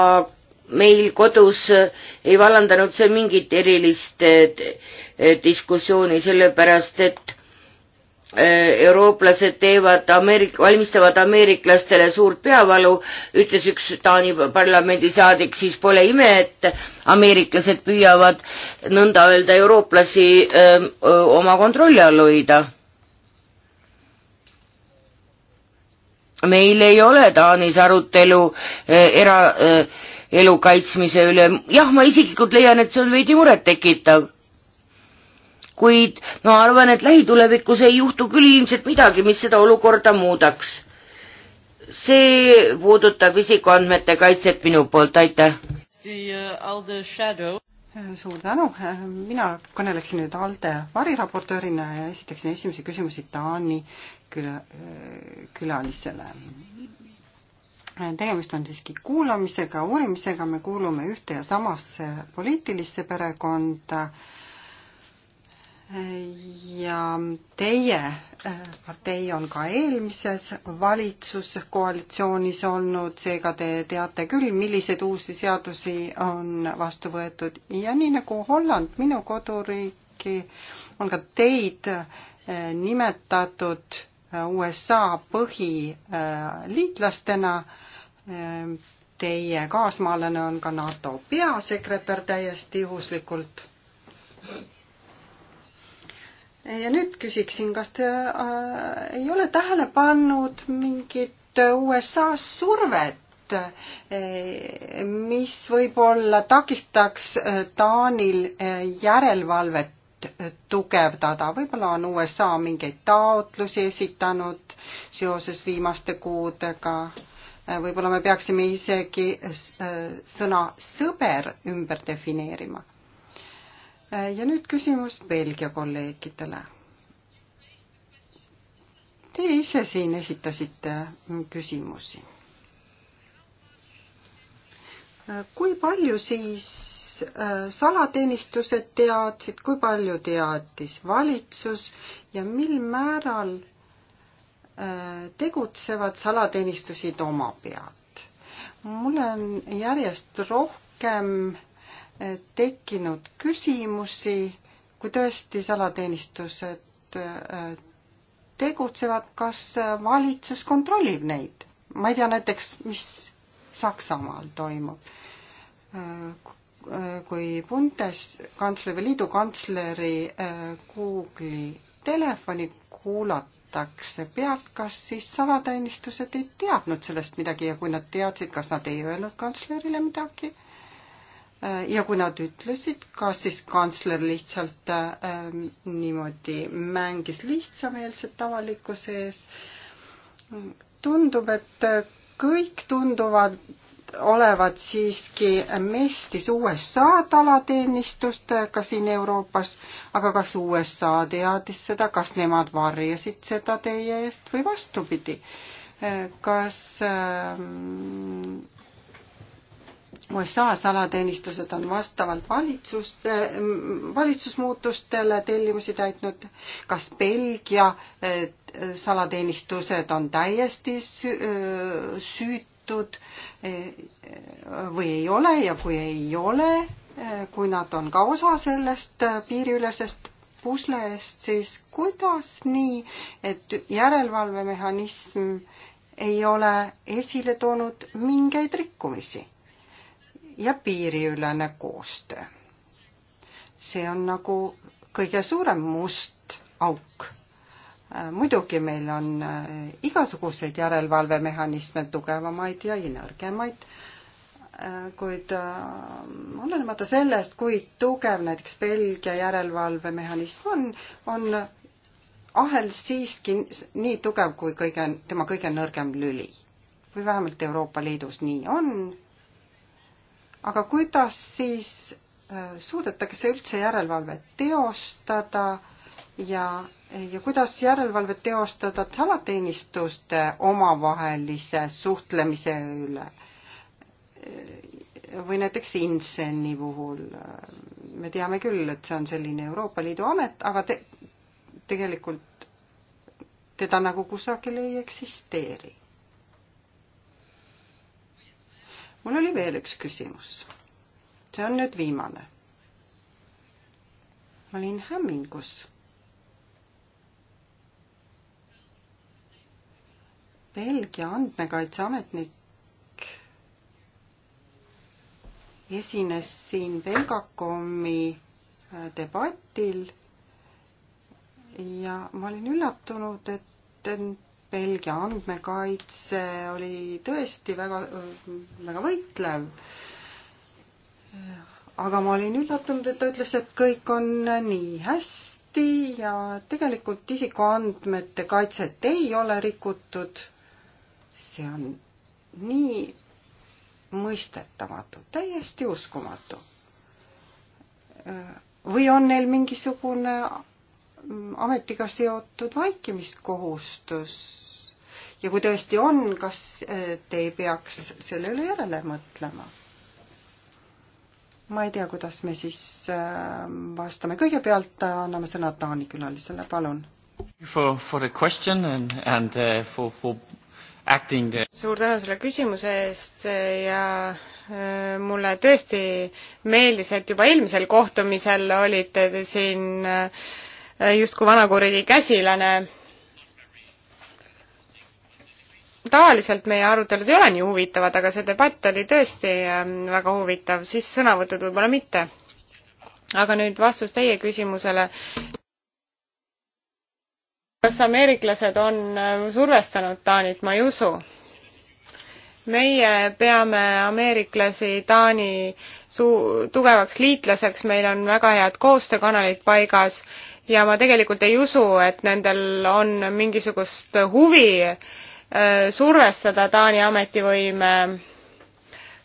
meil kodus eh, ei vallandanud see mingit erilist eh, diskussiooni, sellepärast et eurooplased teevad Ameerik-, valmistavad ameeriklastele suurt peavalu, ütles üks Taani parlamendisaadik, siis pole ime, et ameeriklased püüavad nõnda öelda eurooplasi öö, oma kontrolli all hoida meil ei ole Taanis arutelu äh, eh, eraelu eh, äh, kaitsmise üle, jah, ma isiklikult leian, et see on veidi murettekitav. kuid ma arvan, et lähitulevikus ei juhtu küll ilmselt midagi, mis seda olukorda muudaks. see puudutab isikuandmete kaitset minu poolt, aitäh. suur tänu, mina kõneleksin nüüd ALDE variraportöörina ja esitaksin esimese küsimuse Taani küla, külalisele. tegemist on siiski kuulamisega, uurimisega, me kuulume ühte ja samasse poliitilisse perekonda ja teie äh, partei on ka eelmises valitsuskoalitsioonis olnud, seega te teate küll, milliseid uusi seadusi on vastu võetud ja nii nagu Holland, minu koduriiki, on ka teid äh, nimetatud USA põhiliitlastena. Teie kaasmaalane on ka NATO peasekretär täiesti juhuslikult. ja nüüd küsiksin, kas te äh, ei ole tähele pannud mingit USA survet äh, mis võib-olla takistaks äh, Taanil äh, järelevalvet tugevdada, võib-olla on USA mingeid taotlusi esitanud seoses viimaste kuudega, võib-olla me peaksime isegi äh, sõna sõber ümber defineerima. Äh, ja nüüd küsimus Belgia kolleegidele. Te ise siin esitasite küsimusi. Äh, kui palju siis salateenistused teadsid, kui palju teadis valitsus ja mil määral äh, tegutsevad salateenistused oma pealt. mul on järjest rohkem äh, tekkinud küsimusi, kui tõesti salateenistused äh, tegutsevad, kas valitsus kontrollib neid? ma ei tea näiteks, mis Saksamaal toimub Äh, kui Bundeskantsleri või liidu kantsleri äh, Google'i telefoni kuulatakse pealt, kas siis salateenistused ei teadnud sellest midagi ja kui nad teadsid, kas nad ei öelnud kantslerile midagi? Äh, ja kui nad ütlesid, kas siis kantsler lihtsalt äh, niimoodi mängis lihtsameelset avalikkuse ees? tundub, et kõik tunduvad olevat siiski mestis USA talateenistustega siin Euroopas, aga kas USA teadis seda, kas nemad varjasid seda teie eest või vastupidi? kas ähm, USA salateenistused on vastavalt valitsust, valitsusmuutustele tellimusi täitnud, kas Belgia äh, salateenistused on täiesti äh, süütud? tehtud eh, või ei ole ja kui ei ole, eh, kui nad on ka osa sellest eh, piiriülesest puslest, siis kuidas nii, et järelevalvemehhanism ei ole esile toonud mingeid rikkumisi ja piiriülene koostöö. see on nagu kõige suurem must auk Äh, muidugi meil on äh, igasuguseid järelevalvemehhanisme, tugevamaid ja nõrgemaid, äh, kuid olenemata sellest, kui tugev näiteks Belgia järelevalvemehhanism on, on ahel siiski nii tugev kui kõige, tema kõige nõrgem lüli. või vähemalt Euroopa Liidus nii on. aga kuidas siis suudetakse üldse järelevalvet teostada ja, ja kuidas järelevalvet teostada salateenistuste omavahelise suhtlemise üle? või näiteks Inseni puhul, me teame küll, et see on selline Euroopa Liidu amet, aga te, tegelikult teda nagu kusagil ei eksisteeri. mul oli veel üks küsimus. see on nüüd viimane. ma olin hämmingus Belgia andmekaitseametnik esines siin Belgakomi äh, debatil ja ma olin üllatunud, et Belgia andmekaitse oli tõesti väga, väga võitlev. aga ma olin üllatunud, et ta ütles, et kõik on nii hästi ja tegelikult isikuandmete kaitset ei ole rikutud see on nii mõistetamatu, täiesti uskumatu. või on neil mingisugune ametiga seotud vaikimiskohustus? ja kui tõesti on, kas te ei peaks selle üle järele mõtlema? ma ei tea, kuidas me siis ähm, vastame. kõigepealt anname sõna Taani külalisele, palun. For, for the question and, and äh, for, for acting suur tänu selle küsimuse eest ja äh, mulle tõesti meeldis, et juba eelmisel kohtumisel olite te siin äh, justkui vanakuridi käsilane. tavaliselt meie arutelud ei ole nii huvitavad, aga see debatt oli tõesti ähm, väga huvitav, siis sõnavõtud võib-olla mitte. aga nüüd vastus teie küsimusele kas ameeriklased on äh, survestanud Taanit, ma ei usu. meie peame ameeriklasi Taani suu-, tugevaks liitlaseks, meil on väga head koostöökanalid paigas ja ma tegelikult ei usu, et nendel on mingisugust huvi äh, survestada Taani ametivõime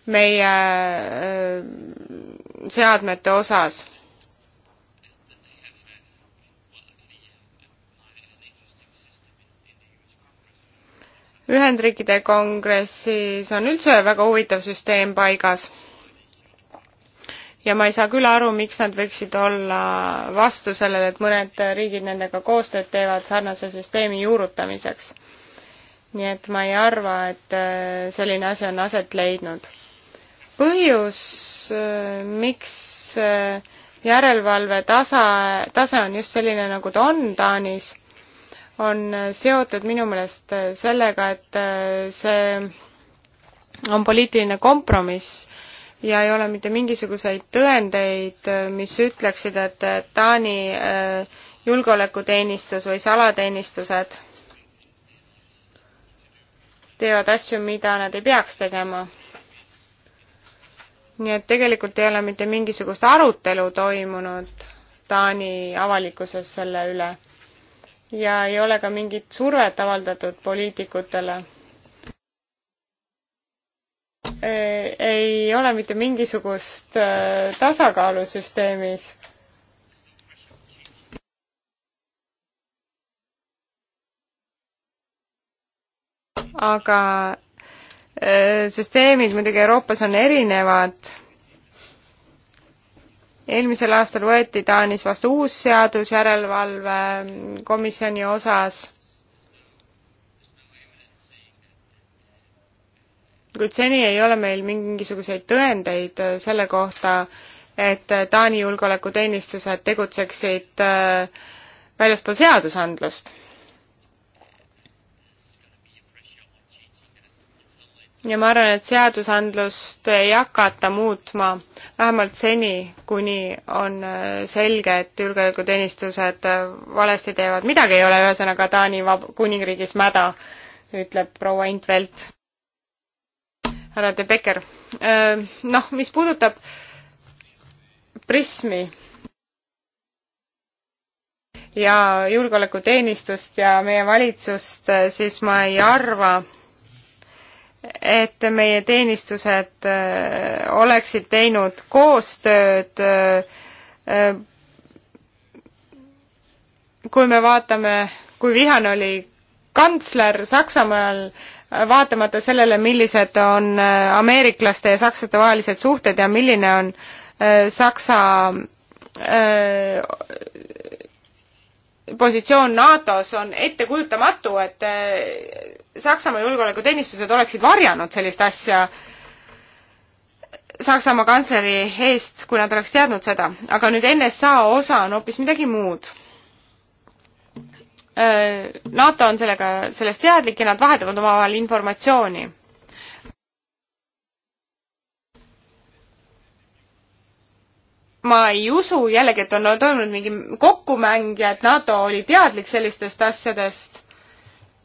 meie äh, seadmete osas Ühendriikide kongressis on üldse väga huvitav süsteem paigas ja ma ei saa küll aru, miks nad võiksid olla vastu sellele, et mõned riigid nendega koostööd teevad sarnase süsteemi juurutamiseks. nii et ma ei arva, et äh, selline asi on aset leidnud. põhjus, äh, miks äh, järelevalve tasa, tase on just selline, nagu ta on Taanis, on seotud minu meelest sellega, et see on poliitiline kompromiss ja ei ole mitte mingisuguseid tõendeid, mis ütleksid, et Taani äh, julgeolekuteenistus või salateenistused teevad asju, mida nad ei peaks tegema. nii et tegelikult ei ole mitte mingisugust arutelu toimunud Taani avalikkuses selle üle ja ei ole ka mingit survet avaldatud poliitikutele. ei ole mitte mingisugust äh, tasakaalu süsteemis. aga äh, süsteemid muidugi Euroopas on erinevad eelmisel aastal võeti Taanis vastu uus seadus järelevalve komisjoni osas. kuid seni ei ole meil mingisuguseid tõendeid selle kohta, et Taani julgeolekuteenistused tegutseksid äh, väljaspool seadusandlust ja ma arvan, et seadusandlust ei hakata muutma, vähemalt seni, kuni on äh, selge, et julgeolekuteenistused äh, valesti teevad. midagi ei ole ühesõnaga Taani vab-, kuningriigis mäda, ütleb proua Intvelt. härra De Becker, äh, noh, mis puudutab prismi ja julgeolekuteenistust ja meie valitsust, siis ma ei arva, et meie teenistused äh, oleksid teinud koostööd. Äh, äh, kui me vaatame, kui vihane oli kantsler Saksamaal, vaatamata sellele, millised on ameeriklaste ja sakslaste vahelised suhted ja milline on Saksa positsioon NATO-s on ettekujutamatu, et eh, Saksamaa julgeolekuteenistused oleksid varjanud sellist asja Saksamaa kantsleri eest, kui nad oleks teadnud seda. aga nüüd NSA osa on hoopis midagi muud. Eh, NATO on sellega, sellest teadlik ja nad vahetavad omavahel informatsiooni ma ei usu jällegi, et on toimunud mingi kokkumäng ja et NATO oli teadlik sellistest asjadest.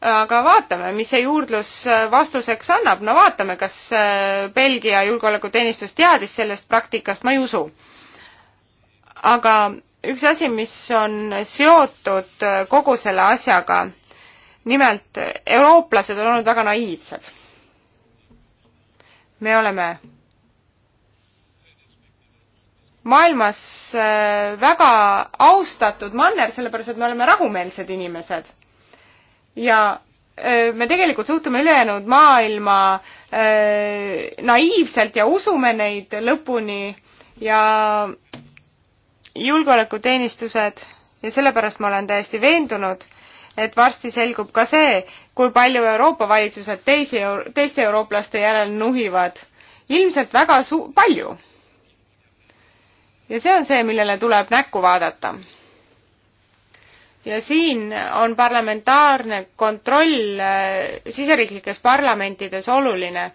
aga vaatame, mis see juurdlus äh, vastuseks annab, no vaatame, kas äh, Belgia julgeolekuteenistus teadis sellest praktikast, ma ei usu. aga üks asi, mis on seotud äh, kogu selle asjaga, nimelt eurooplased on olnud väga naiivsed. me oleme maailmas äh, väga austatud manner, sellepärast et me oleme rahumeelsed inimesed. ja äh, me tegelikult suhtume ülejäänud maailma äh, naiivselt ja usume neid lõpuni ja julgeolekuteenistused ja sellepärast ma olen täiesti veendunud, et varsti selgub ka see, kui palju Euroopa valitsused teisi, teiste eurooplaste järel nuhivad. ilmselt väga su-, palju ja see on see, millele tuleb näkku vaadata. ja siin on parlamentaarne kontroll äh, siseriiklikes parlamentides oluline,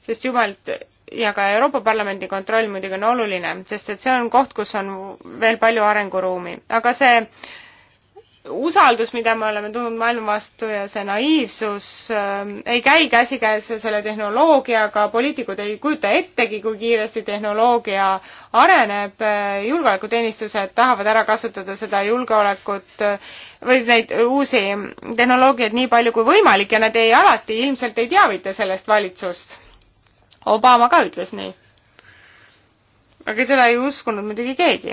sest jumalt, ja ka Euroopa Parlamendi kontroll muidugi on oluline, sest et see on koht, kus on veel palju arenguruumi, aga see usaldus, mida me oleme tundnud maailma vastu ja see naiivsus äh, ei käi käsikäes selle tehnoloogiaga, poliitikud ei kujuta ettegi, kui kiiresti tehnoloogia areneb, julgeolekuteenistused tahavad ära kasutada seda julgeolekut äh, või neid uusi tehnoloogiaid nii palju kui võimalik ja nad ei alati ilmselt ei teavita sellest valitsust. Obama ka ütles nii. aga seda ei uskunud muidugi keegi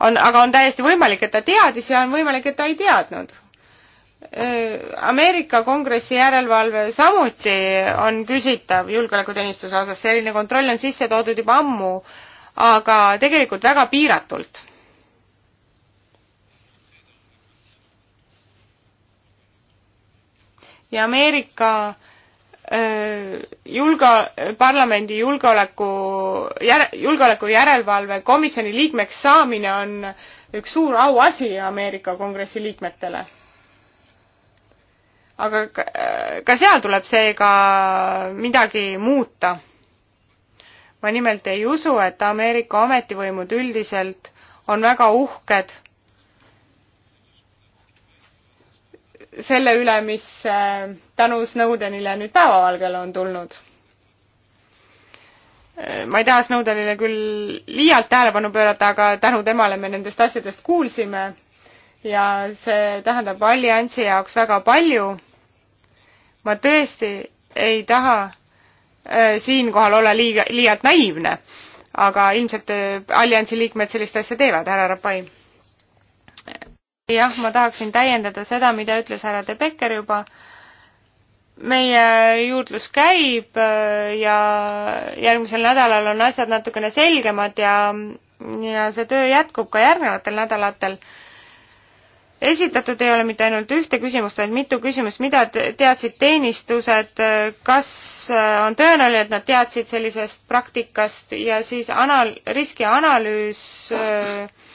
on, aga on täiesti võimalik, et ta teadis ja on võimalik, et ta ei teadnud. Äh, Ameerika Kongressi järelevalve samuti on küsitav julgeolekuteenistuse osas, selline kontroll on sisse toodud juba ammu, aga tegelikult väga piiratult. ja Ameerika äh, Äh, julge-, parlamendi julgeoleku, julgeoleku järelevalve komisjoni liikmeks saamine on üks suur auasi Ameerika Kongressi liikmetele. aga äh, ka seal tuleb seega midagi muuta. ma nimelt ei usu, et Ameerika ametivõimud üldiselt on väga uhked selle üle, mis äh, tänu Snowdenile nüüd päevavalgele on tulnud. Äh, ma ei taha Snowdenile küll liialt tähelepanu pöörata, aga tänu temale me nendest asjadest kuulsime ja see tähendab alliansi jaoks väga palju. ma tõesti ei taha äh, siinkohal olla liiga, liialt naiivne, aga ilmselt alliansi liikmed sellist asja teevad, härra Rapai jah, ma tahaksin täiendada seda, mida ütles härra De Becker juba. meie juurdlus käib äh, ja järgmisel nädalal on asjad natukene selgemad ja, ja see töö jätkub ka järgnevatel nädalatel. esitatud ei ole mitte ainult ühte küsimust, vaid mitu küsimust, mida teadsid teenistused, kas äh, on tõenäoline, et nad teadsid sellisest praktikast ja siis anal-, riskianalüüs öö, äh,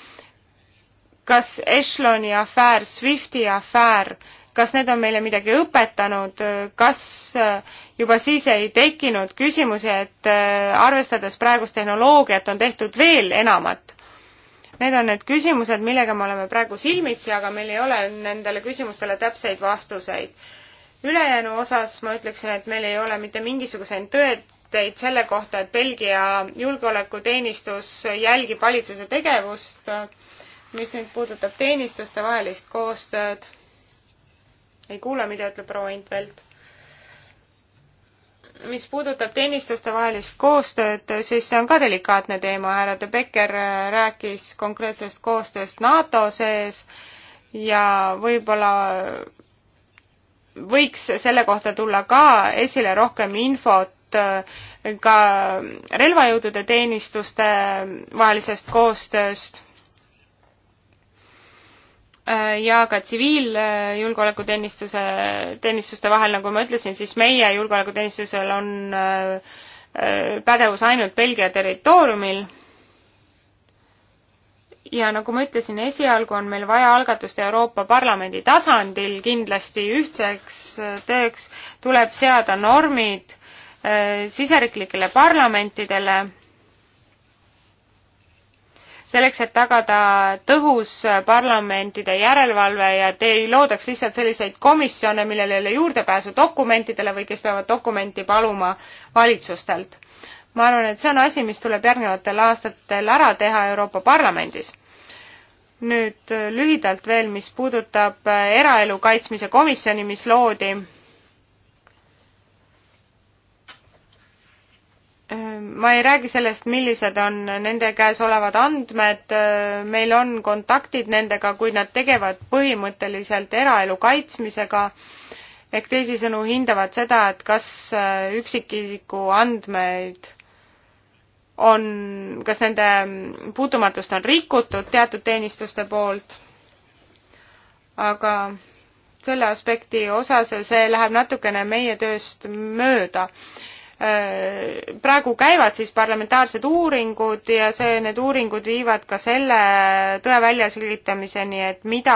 kas Echeloni afäär, Swifti afäär, kas need on meile midagi õpetanud, kas äh, juba siis ei tekkinud küsimusi, et äh, arvestades praegust tehnoloogiat, on tehtud veel enamat? Need on need küsimused, millega me oleme praegu silmitsi, aga meil ei ole nendele küsimustele täpseid vastuseid. ülejäänu osas ma ütleksin, et meil ei ole mitte mingisuguseid tõeteid selle kohta, et Belgia julgeolekuteenistus jälgib valitsuse tegevust mis nüüd puudutab teenistuste vahelist koostööd. ei kuule, mida ütleb proua Intvelt. mis puudutab teenistuste vahelist koostööd, siis see on ka delikaatne teema, härra De Becker äh, rääkis konkreetsest koostööst NATO sees ja võib-olla võiks selle kohta tulla ka esile rohkem infot äh, ka relvajõudude teenistuste vahelisest koostööst Äh, ja ka tsiviiljulgeolekuteenistuse, teenistuste vahel, nagu ma ütlesin, siis meie julgeolekuteenistusel on äh, äh, pädevus ainult Belgia territooriumil. ja nagu ma ütlesin, esialgu on meil vaja algatust Euroopa Parlamendi tasandil kindlasti ühtseks tööks tuleb seada normid siseriiklikele parlamentidele selleks, et tagada tõhus parlamentide järelevalve ja et ei loodaks lihtsalt selliseid komisjone, millel ei ole juurdepääsu dokumentidele või kes peavad dokumenti paluma valitsustelt. ma arvan, et see on asi, mis tuleb järgnevatel aastatel ära teha Euroopa Parlamendis. nüüd lühidalt veel, mis puudutab eraelu kaitsmise komisjoni, mis loodi Ehm, ma ei räägi sellest, millised on nende käes olevad andmed, ehm, meil on kontaktid nendega, kuid nad tegevad põhimõtteliselt eraelu kaitsmisega, ehk teisisõnu hindavad seda, et kas ehm, üksikisiku andmeid on, kas nende puutumatust on rikutud teatud teenistuste poolt, aga selle aspekti osas see läheb natukene meie tööst mööda praegu käivad siis parlamentaarsed uuringud ja see, need uuringud viivad ka selle tõe väljaselgitamiseni, et mida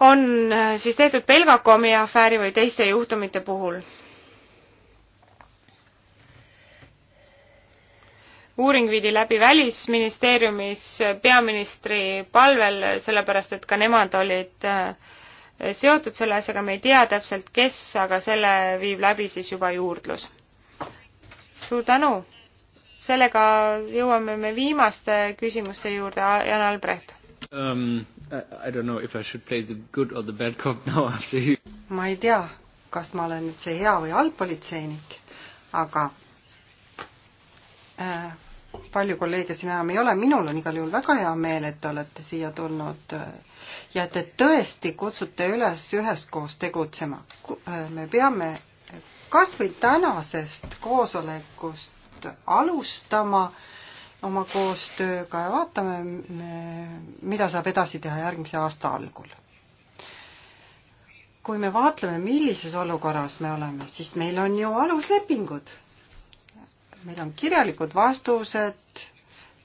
on siis tehtud Belgacomi afääri või teiste juhtumite puhul. uuring viidi läbi Välisministeeriumis peaministri palvel, sellepärast et ka nemad olid äh, seotud selle asjaga, me ei tea täpselt, kes, aga selle viib läbi siis juba juurdlus. suur tänu! sellega jõuame me viimaste küsimuste juurde, Jan Albrecht um,. I, I don't know if I should play the good or the bad cop now after you. ma ei tea, kas ma olen nüüd see hea või halb politseinik, aga äh, palju kolleege siin enam ei ole, minul on igal juhul väga hea meel, et te olete siia tulnud äh, ja te tõesti kutsute üles üheskoos tegutsema. Äh, me peame kas või tänasest koosolekust alustama oma koostööga ja vaatame, mida saab edasi teha järgmise aasta algul. kui me vaatleme, millises olukorras me oleme, siis meil on ju aluslepingud. meil on kirjalikud vastused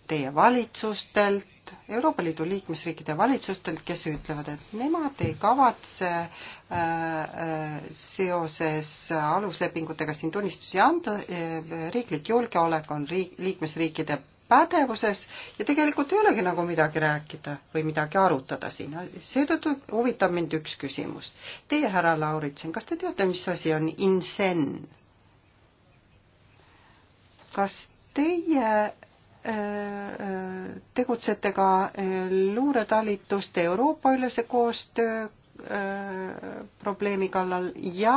teie valitsustelt, Euroopa Liidu liikmesriikide valitsustelt, kes ütlevad, et nemad ei kavatse äh, äh, seoses aluslepingutega siin tunnistusi anda, äh, riiklik julgeolek on riik, liikmesriikide pädevuses ja tegelikult ei olegi nagu midagi rääkida või midagi arutada siin. seetõttu huvitab mind üks küsimus. Teie, härra Lauritsen, kas te teate, mis asi on insen? kas teie Äh, äh, tegutsete ka äh, luuretalituste Euroopa-ülese koostöö probleemi kallal ja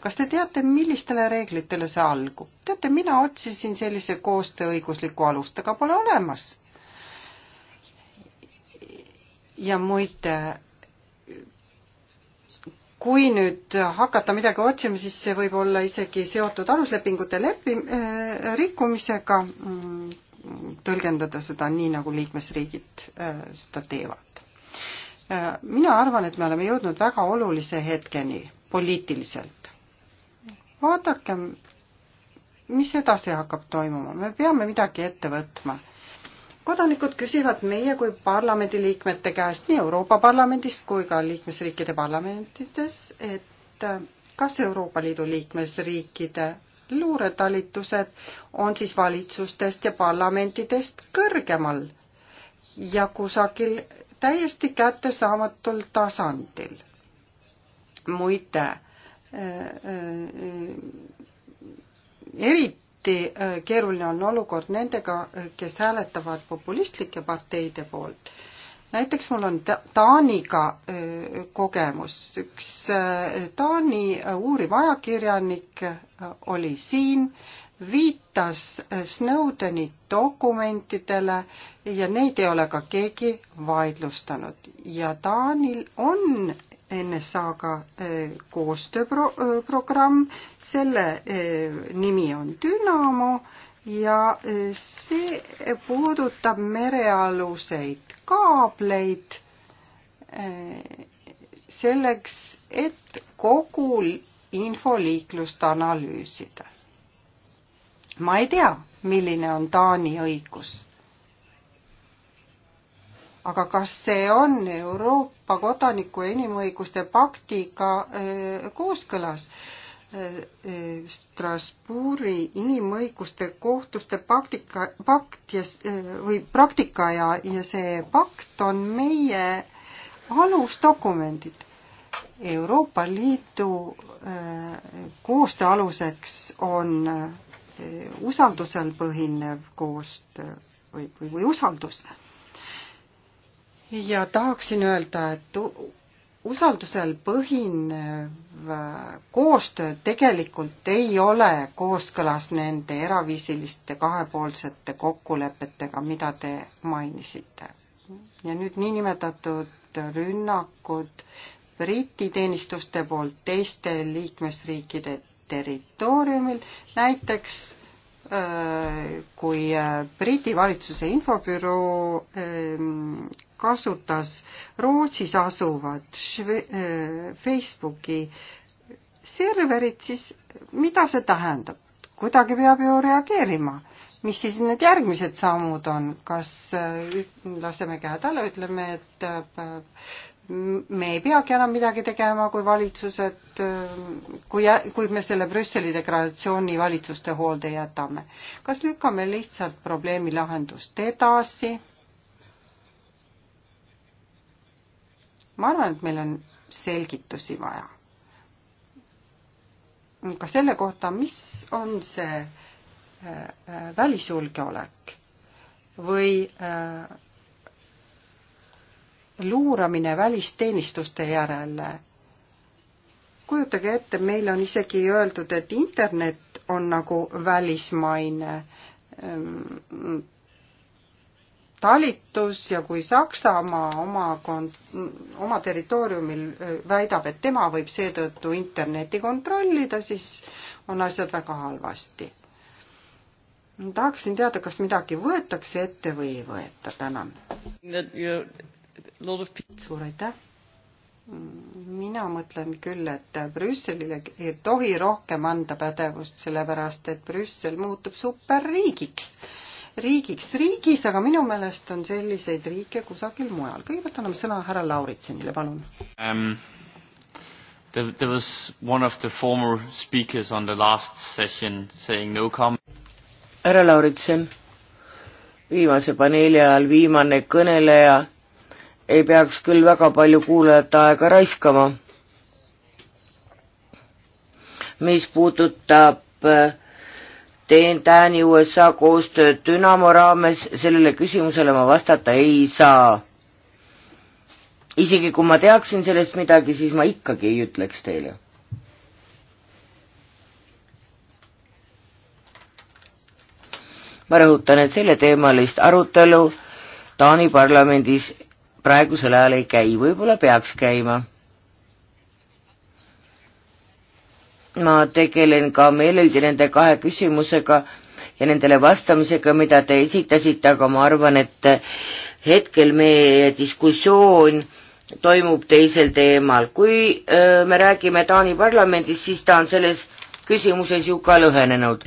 kas te teate, millistele reeglitele see algub? teate, mina otsisin sellise koostöö õiguslikku alust, aga pole olemas. ja muide, kui nüüd hakata midagi otsima, siis see võib olla isegi seotud aluslepingute lepi- äh,, rikkumisega mm tõlgendada seda nii, nagu liikmesriigid äh, seda teevad. Äh, mina arvan, et me oleme jõudnud väga olulise hetkeni poliitiliselt. vaadake, mis edasi hakkab toimuma, me peame midagi ette võtma. kodanikud küsivad meie kui parlamendiliikmete käest nii Euroopa Parlamendist kui ka liikmesriikide parlamentides, et äh, kas Euroopa Liidu liikmesriikide luuretalitused on siis valitsustest ja parlamentidest kõrgemal ja kusagil täiesti kättesaamatul tasandil. muide äh, äh, eriti äh, keeruline on olukord nendega, kes hääletavad populistlike parteide poolt näiteks mul on Taaniga kogemus, üks Taani uuriv ajakirjanik oli siin, viitas Snowdeni dokumentidele ja neid ei ole ka keegi vaidlustanud ja Taanil on NSA-ga koostööprogramm, selle nimi on Dünamo ja e, see puudutab merealuseid kaableid e, selleks, et kogu infoliiklust analüüsida. ma ei tea, milline on Taani õigus. aga kas see on Euroopa kodaniku ja inimõiguste paktiga e, kooskõlas? Strasbourgi inimõiguste kohtuste praktika, pakt ja, või praktika ja, ja see pakt on meie alusdokumendid. Euroopa Liidu äh, koostöö aluseks on äh, usaldusel põhinev koostöö või, või, või usaldus. ja tahaksin öelda, et usaldusel põhinev koostöö tegelikult ei ole kooskõlas nende eraviisiliste kahepoolsete kokkulepetega, mida te mainisite. ja nüüd niinimetatud rünnakud Briti teenistuste poolt teiste liikmesriikide territooriumil, näiteks äh, kui äh, Briti valitsuse infobüroo ähm, kasutas Rootsis asuvad äh, Facebooki serverid, siis mida see tähendab? kuidagi peab ju reageerima. mis siis need järgmised sammud on, kas äh, laseme käed alla, ütleme, et äh, me ei peagi enam midagi tegema, kui valitsused, kui, kui me selle Brüsseli deklaratsiooni valitsuste hoolde jätame. kas lükkame lihtsalt probleemi lahendust edasi? ma arvan, et meil on selgitusi vaja. ka selle kohta, mis on see äh, äh, välisjulgeolek või äh, luuramine välisteenistuste järele. kujutage ette, meil on isegi öeldud, et internet on nagu välismaine talitus ja kui Saksamaa oma kont-, oma territooriumil väidab, et tema võib seetõttu Internetti kontrollida, siis on asjad väga halvasti. tahaksin teada, kas midagi võetakse ette või ei võeta, tänan. suur aitäh. mina mõtlen küll, et Brüsselile ei tohi rohkem anda pädevust, sellepärast et Brüssel muutub superriigiks riigiks riigis, aga minu meelest on selliseid riike kusagil mujal. kõigepealt anname sõna härra Lauritsenile, palun um,. There, there was one of the former speakers on the last session saying no comment. härra Lauritsen, viimase paneeli ajal viimane kõneleja ei peaks küll väga palju kuulajate aega raiskama mis puudutab äh, teen Tääni USA koostööd Dünamo raames, sellele küsimusele ma vastata ei saa. isegi kui ma teaksin sellest midagi, siis ma ikkagi ei ütleks teile. ma rõhutan, et selleteemalist arutelu Taani parlamendis praegusel ajal ei käi, võib-olla peaks käima ma tegelen ka meeleldi nende kahe küsimusega ja nendele vastamisega, mida te esitasite, aga ma arvan, et hetkel meie diskussioon toimub teisel teemal. kui öö, äh, me räägime Taani parlamendist, siis ta on selles küsimuses ju ka lõhenenud.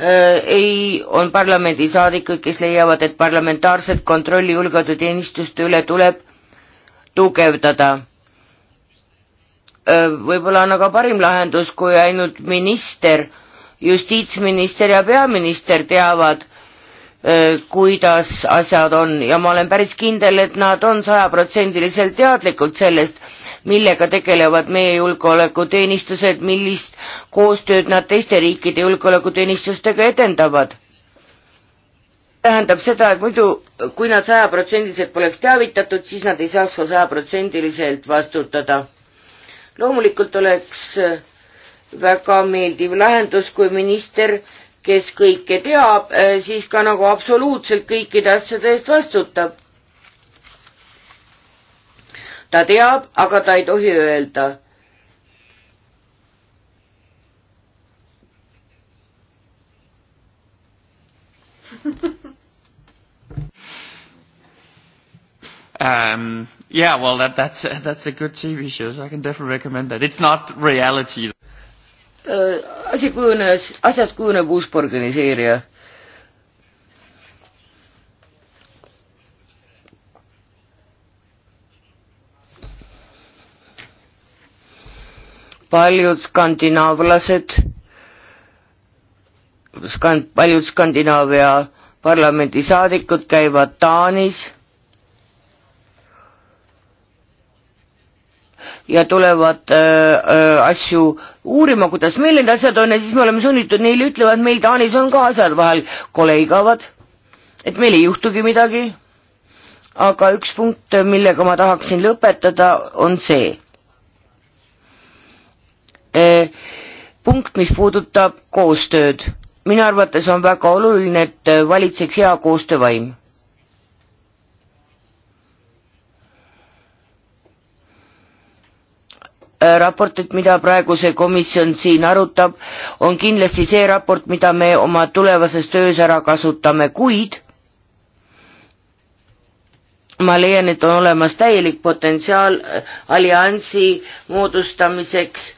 Äh, ei, on parlamendisaadikud, kes leiavad, et parlamentaarset kontrolli julgeolekuteenistuste üle tuleb tugevdada Äh, võib-olla on aga parim lahendus, kui ainult minister, justiitsminister ja peaminister teavad, äh, kuidas asjad on ja ma olen päris kindel, et nad on sajaprotsendiliselt teadlikud sellest, millega tegelevad meie julgeolekuteenistused, millist koostööd nad teiste riikide julgeolekuteenistustega edendavad. tähendab seda, et muidu, kui nad sajaprotsendiliselt poleks teavitatud, siis nad ei saaks ka sajaprotsendiliselt vastutada loomulikult oleks äh, väga meeldiv lahendus, kui minister, kes kõike teab, äh, siis ka nagu absoluutselt kõikide asjade eest vastutab. ta teab, aga ta ei tohi öelda um, Yeah, well, that, that's, uh, that's a good TV show, so I can definitely recommend that. It's not reality. Uh, asi kujunes, asjast kujuneb uus organiseerija. paljud skandinaavlased, skand-, paljud Skandinaavia parlamendisaadikud käivad Taanis ja tulevad öö, äh, äh, asju uurima, kuidas meil need asjad on ja siis me oleme sunnitud neile ütlema, et meil Taanis on ka asjad vahel kole igavad, et meil ei juhtugi midagi. aga üks punkt, millega ma tahaksin lõpetada, on see e,. punkt, mis puudutab koostööd. minu arvates on väga oluline, et valitseks hea koostöövaim Äh, raportit, mida praegu see komisjon siin arutab, on kindlasti see raport, mida me oma tulevases töös ära kasutame, kuid ma leian, et on olemas täielik potentsiaal äh, alliansi moodustamiseks,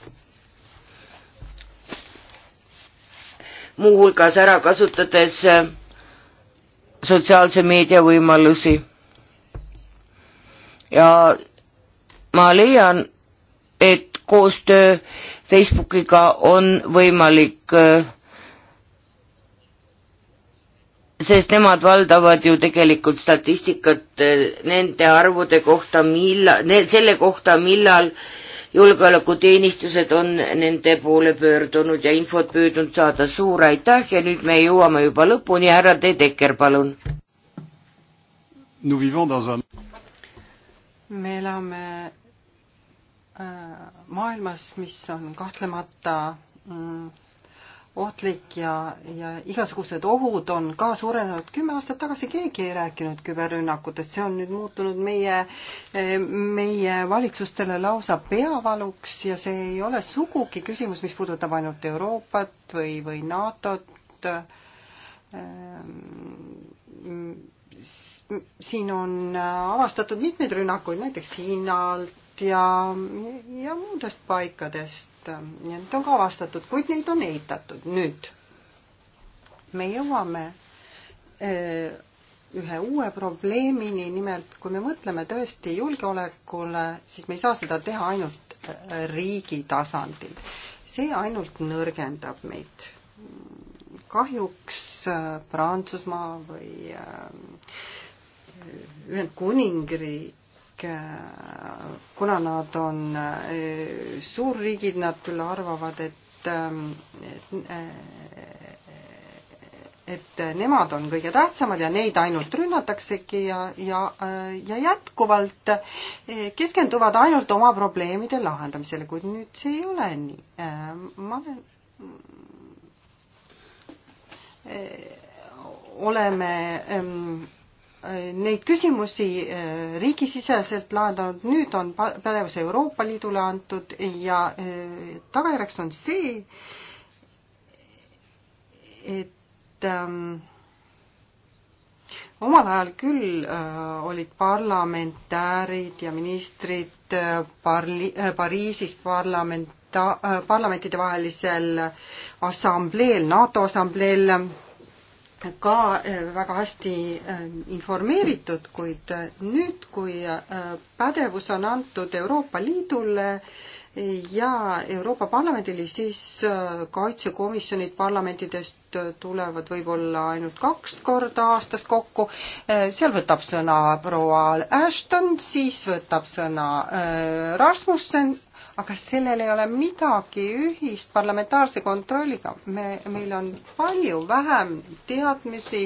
muuhulgas ära kasutades äh, sotsiaalse meedia võimalusi. ja ma leian, et koostöö Facebookiga on võimalik, äh, sest nemad valdavad ju tegelikult statistikat äh, nende arvude kohta, millal, selle kohta, millal julgeolekuteenistused on nende poole pöördunud ja infot püüdnud saada. suur aitäh ja nüüd me jõuame juba lõpuni, härra T. Tekker, palun. me elame Äh, maailmas, mis on kahtlemata mm, ohtlik ja, ja igasugused ohud on ka suurenenud. kümme aastat tagasi keegi ei rääkinud küberrünnakutest, see on nüüd muutunud meie, äh, meie valitsustele lausa peavaluks ja see ei ole sugugi küsimus, mis puudutab ainult Euroopat või, või NATO-t. Ähm, siin on avastatud mitmeid rünnakuid, näiteks Hiinalt, ja, ja muudest paikadest. Need on kavastatud, kuid neid on eitatud. nüüd me jõuame äh, ühe uue probleemini, nimelt kui me mõtleme tõesti julgeolekule, siis me ei saa seda teha ainult äh, riigi tasandil. see ainult nõrgendab meid. kahjuks äh, Prantsusmaa või Ühendkuningriik kuna nad on eh, suurriigid, nad küll arvavad, et, et eh, et nemad on kõige tähtsamad ja neid ainult rünnataksegi ja, ja, ja jätkuvalt eh, keskenduvad ainult oma probleemide lahendamisele, kuid nüüd see ei ole nii. ma olen oleme ähm, neid küsimusi äh, riigisiseselt lahendanud, nüüd on pädevus Euroopa Liidule antud ja äh, tagajärjeks on see, et ähm, omal ajal küll äh, olid parlamentäärid ja ministrid äh, parli, äh, Pariisis parlamenta- äh,, parlamentidevahelisel assambleel, NATO assambleel äh, ka äh, väga hästi äh, informeeritud, kuid äh, nüüd, kui pädevus on antud Euroopa Liidule ja Euroopa Parlamendile, siis kaitsekomisjonid parlamentidest tulevad võib-olla ainult kaks korda aastas kokku. seal võtab sõna proua Ashton, siis võtab sõna Rasmussen aga sellel ei ole midagi ühist parlamentaarse kontrolliga. me, meil on palju vähem teadmisi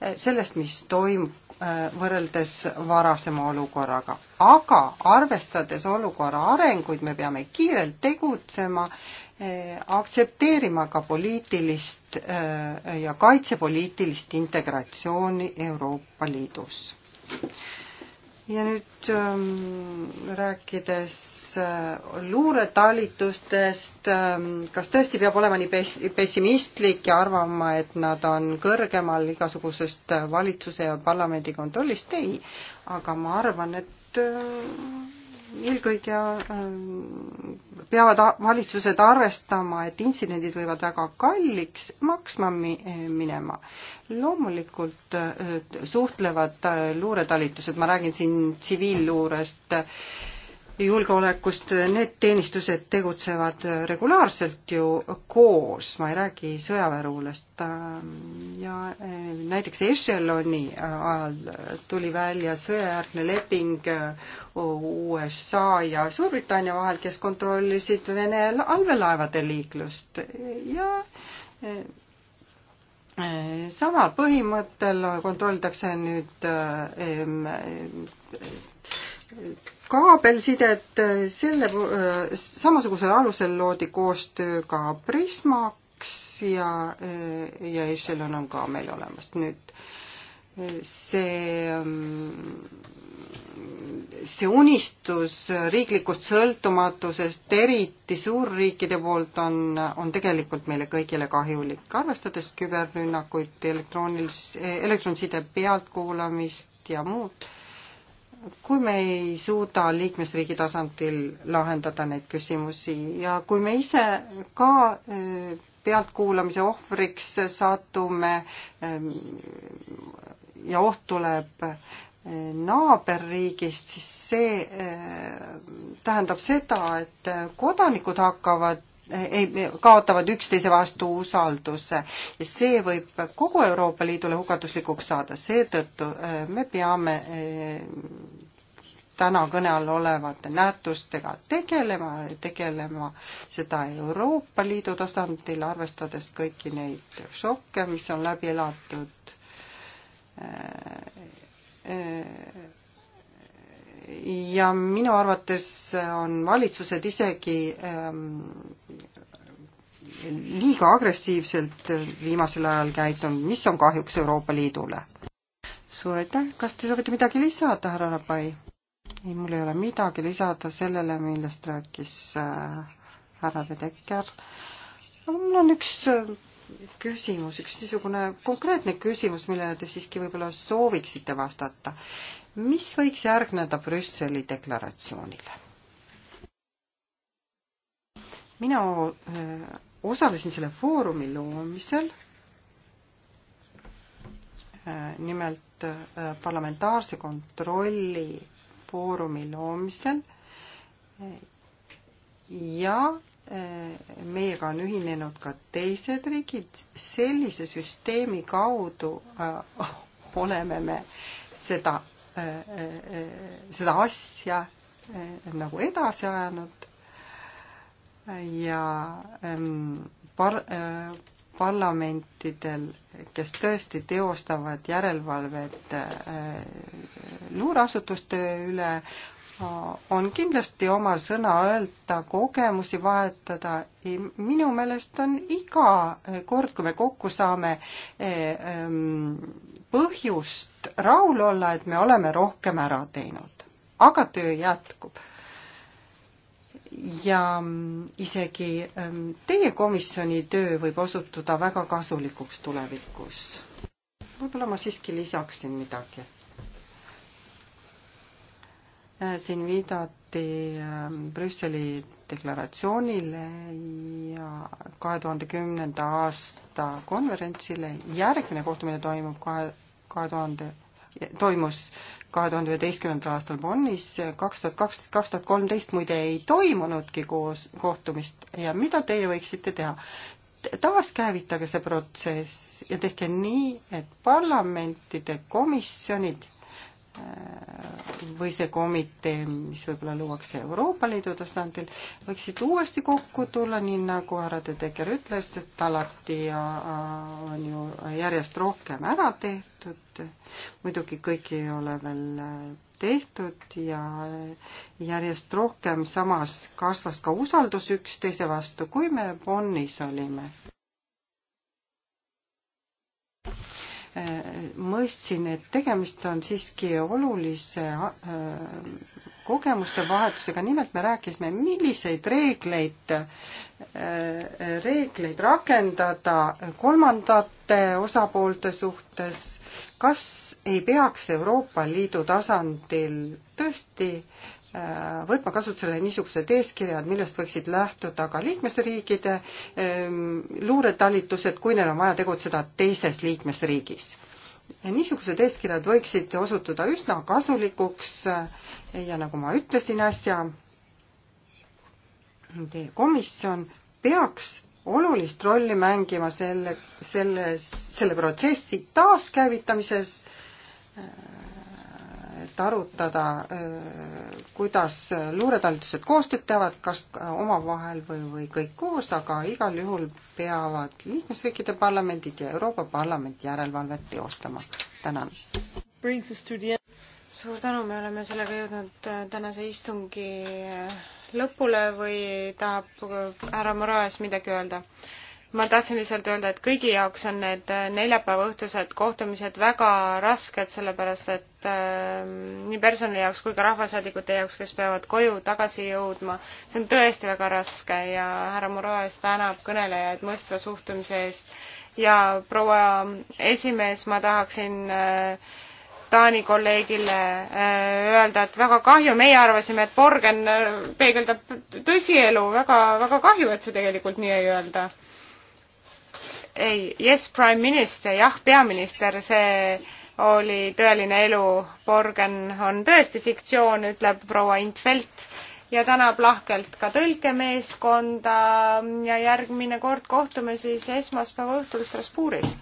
eh, sellest, mis toimub eh, võrreldes varasema olukorraga. aga arvestades olukorra arenguid, me peame kiirelt tegutsema, eh, aktsepteerima ka poliitilist ja kaitsepoliitilist integratsiooni Euroopa Liidus ja nüüd ähm, rääkides äh, luuretalitustest ähm,, kas tõesti peab olema nii pes-, pessimistlik ja arvama, et nad on kõrgemal igasugusest valitsuse ja parlamendi kontrollist, ei. aga ma arvan, et äh, eelkõige ähm, peavad valitsused arvestama, et intsidendid võivad väga kalliks maksma eh, minema. loomulikult äh, suhtlevad äh, luuretalitused, ma räägin siin tsiviilluurest, julgeolekust, need teenistused tegutsevad regulaarselt ju koos, ma ei räägi sõjaväeruulest. ja eh, näiteks Echeloni ajal tuli välja sõjajärgne leping eh, USA ja Suurbritannia vahel, kes kontrollisid Vene allveelaevade liiklust ja eh, samal põhimõttel kontrollitakse nüüd kaabelsidet, selle, samasugusel alusel loodi koostöö ka Prismaks ja, ja Echelon on ka meil olemas. nüüd see, see unistus riiklikust sõltumatusest, eriti suurriikide poolt, on, on tegelikult meile kõigile kahjulik. arvestades küberrünnakuid, elektroonilis-, elektronside pealtkuulamist ja muud kui me ei suuda liikmesriigi tasandil lahendada neid küsimusi ja kui me ise ka eh, pealtkuulamise ohvriks satume eh, ja oht tuleb eh, naaberriigist, siis see tähendab seda, et kodanikud hakkavad ei, kaotavad üksteise vastu usalduse ja see võib kogu Euroopa Liidule hukatuslikuks saada, seetõttu äh, me peame äh, täna kõne all olevate nähtustega tegelema, tegelema seda Euroopa Liidu tasandil, arvestades kõiki neid šokke, mis on läbi elatud äh, ja minu arvates on valitsused isegi ähm, liiga agressiivselt viimasel ajal käitunud, mis on kahjuks Euroopa Liidule. suur aitäh, kas te soovite midagi lisada, härra Rabai? ei, mul ei ole midagi lisada sellele, millest rääkis äh, härra De Decker. mul on üks äh, küsimus, üks niisugune konkreetne küsimus, millele te siiski võib-olla sooviksite vastata mis võiks järgneda Brüsseli deklaratsioonile? mina äh, osalesin selle foorumi loomisel äh, nimelt äh, parlamentaarse kontrolli foorumi loomisel ja meiega on ühinenud ka teised riigid. sellise süsteemi kaudu oleme me seda Äh, äh, seda asja äh, nagu edasi ajanud ja ähm, par-, parlamentidel, kes tõesti teostavad järelevalvet luureasutuste üle, on kindlasti oma sõna öelda, kogemusi vahetada. minu meelest on iga kord, kui me kokku saame, ähm, põhjust rahul olla, et me oleme rohkem ära teinud. aga töö jätkub. ja mm, isegi mm, teie komisjoni töö võib osutuda väga kasulikuks tulevikus. võib-olla ma siiski lisaksin midagi. Äh, siin viidati mm, Brüsseli deklaratsioonile ja kahe tuhande kümnenda aasta konverentsile. järgmine kohtumine toimub kahe, kahe tuhande toimus kahe tuhande üheteistkümnendal aastal Bonnis, kaks tuhat kaksteist, kaks tuhat kolmteist muide ei toimunudki koos kohtumist ja mida teie võiksite teha? taaskäivitage see protsess ja tehke nii, et parlamentide komisjonid Äh, või see komitee, mis võib-olla luuakse Euroopa Liidu tasandil, võiksid uuesti kokku tulla, nii nagu härra De Decker ütles, et alati äh, on ju järjest rohkem ära tehtud. muidugi kõik ei ole veel äh, tehtud ja järjest rohkem samas kasvas ka usaldus üksteise vastu, kui me Bonnis olime mõistsin, et tegemist on siiski olulise äh, kogemuste vahetusega, nimelt me rääkisime, milliseid reegleid, äh, reegleid rakendada kolmandate osapoolte suhtes, kas ei peaks Euroopa Liidu tasandil tõesti Äh, võtma kasutusele niisugused eeskirjad, millest võiksid lähtuda ka liikmesriikide ähm, luuretalitused, kui neil on vaja tegutseda teises liikmesriigis. niisugused eeskirjad võiksid osutuda üsna kasulikuks äh, ja nagu ma ütlesin äsja, teie komisjon peaks olulist rolli mängima selle, selles, selle protsessi taaskäivitamises äh, et arutada, äh, kuidas luuretalitused koostööd teevad, kas omavahel või, või kõik koos, aga igal juhul peavad liikmesriikide parlamendid ja Euroopa Parlament järelevalvet teostama. tänan. suur tänu, me oleme sellega jõudnud äh, tänase istungi äh, lõpule või tahab härra Moraes midagi öelda? ma tahtsin lihtsalt öelda, et kõigi jaoks on need äh, neljapäeva õhtused kohtumised väga rasked, sellepärast et äh, nii personali jaoks kui ka rahvasaadikute jaoks, kes peavad koju tagasi jõudma, see on tõesti väga raske ja härra Moroes tänab kõnelejaid mõistva suhtumise eest. ja proua esimees, ma tahaksin äh, Taani kolleegile äh, öelda, et väga kahju, meie arvasime, et Borgen äh, peegeldab tõsielu, väga, väga kahju, et see tegelikult nii ei öelda ei, Yes Prime Minister, jah, peaminister, see oli tõeline elu, Borgen on tõesti fiktsioon, ütleb proua Intfeldt ja tänab lahkelt ka tõlkemeeskonda ja järgmine kord kohtume siis esmaspäeva õhtul Strasbourgis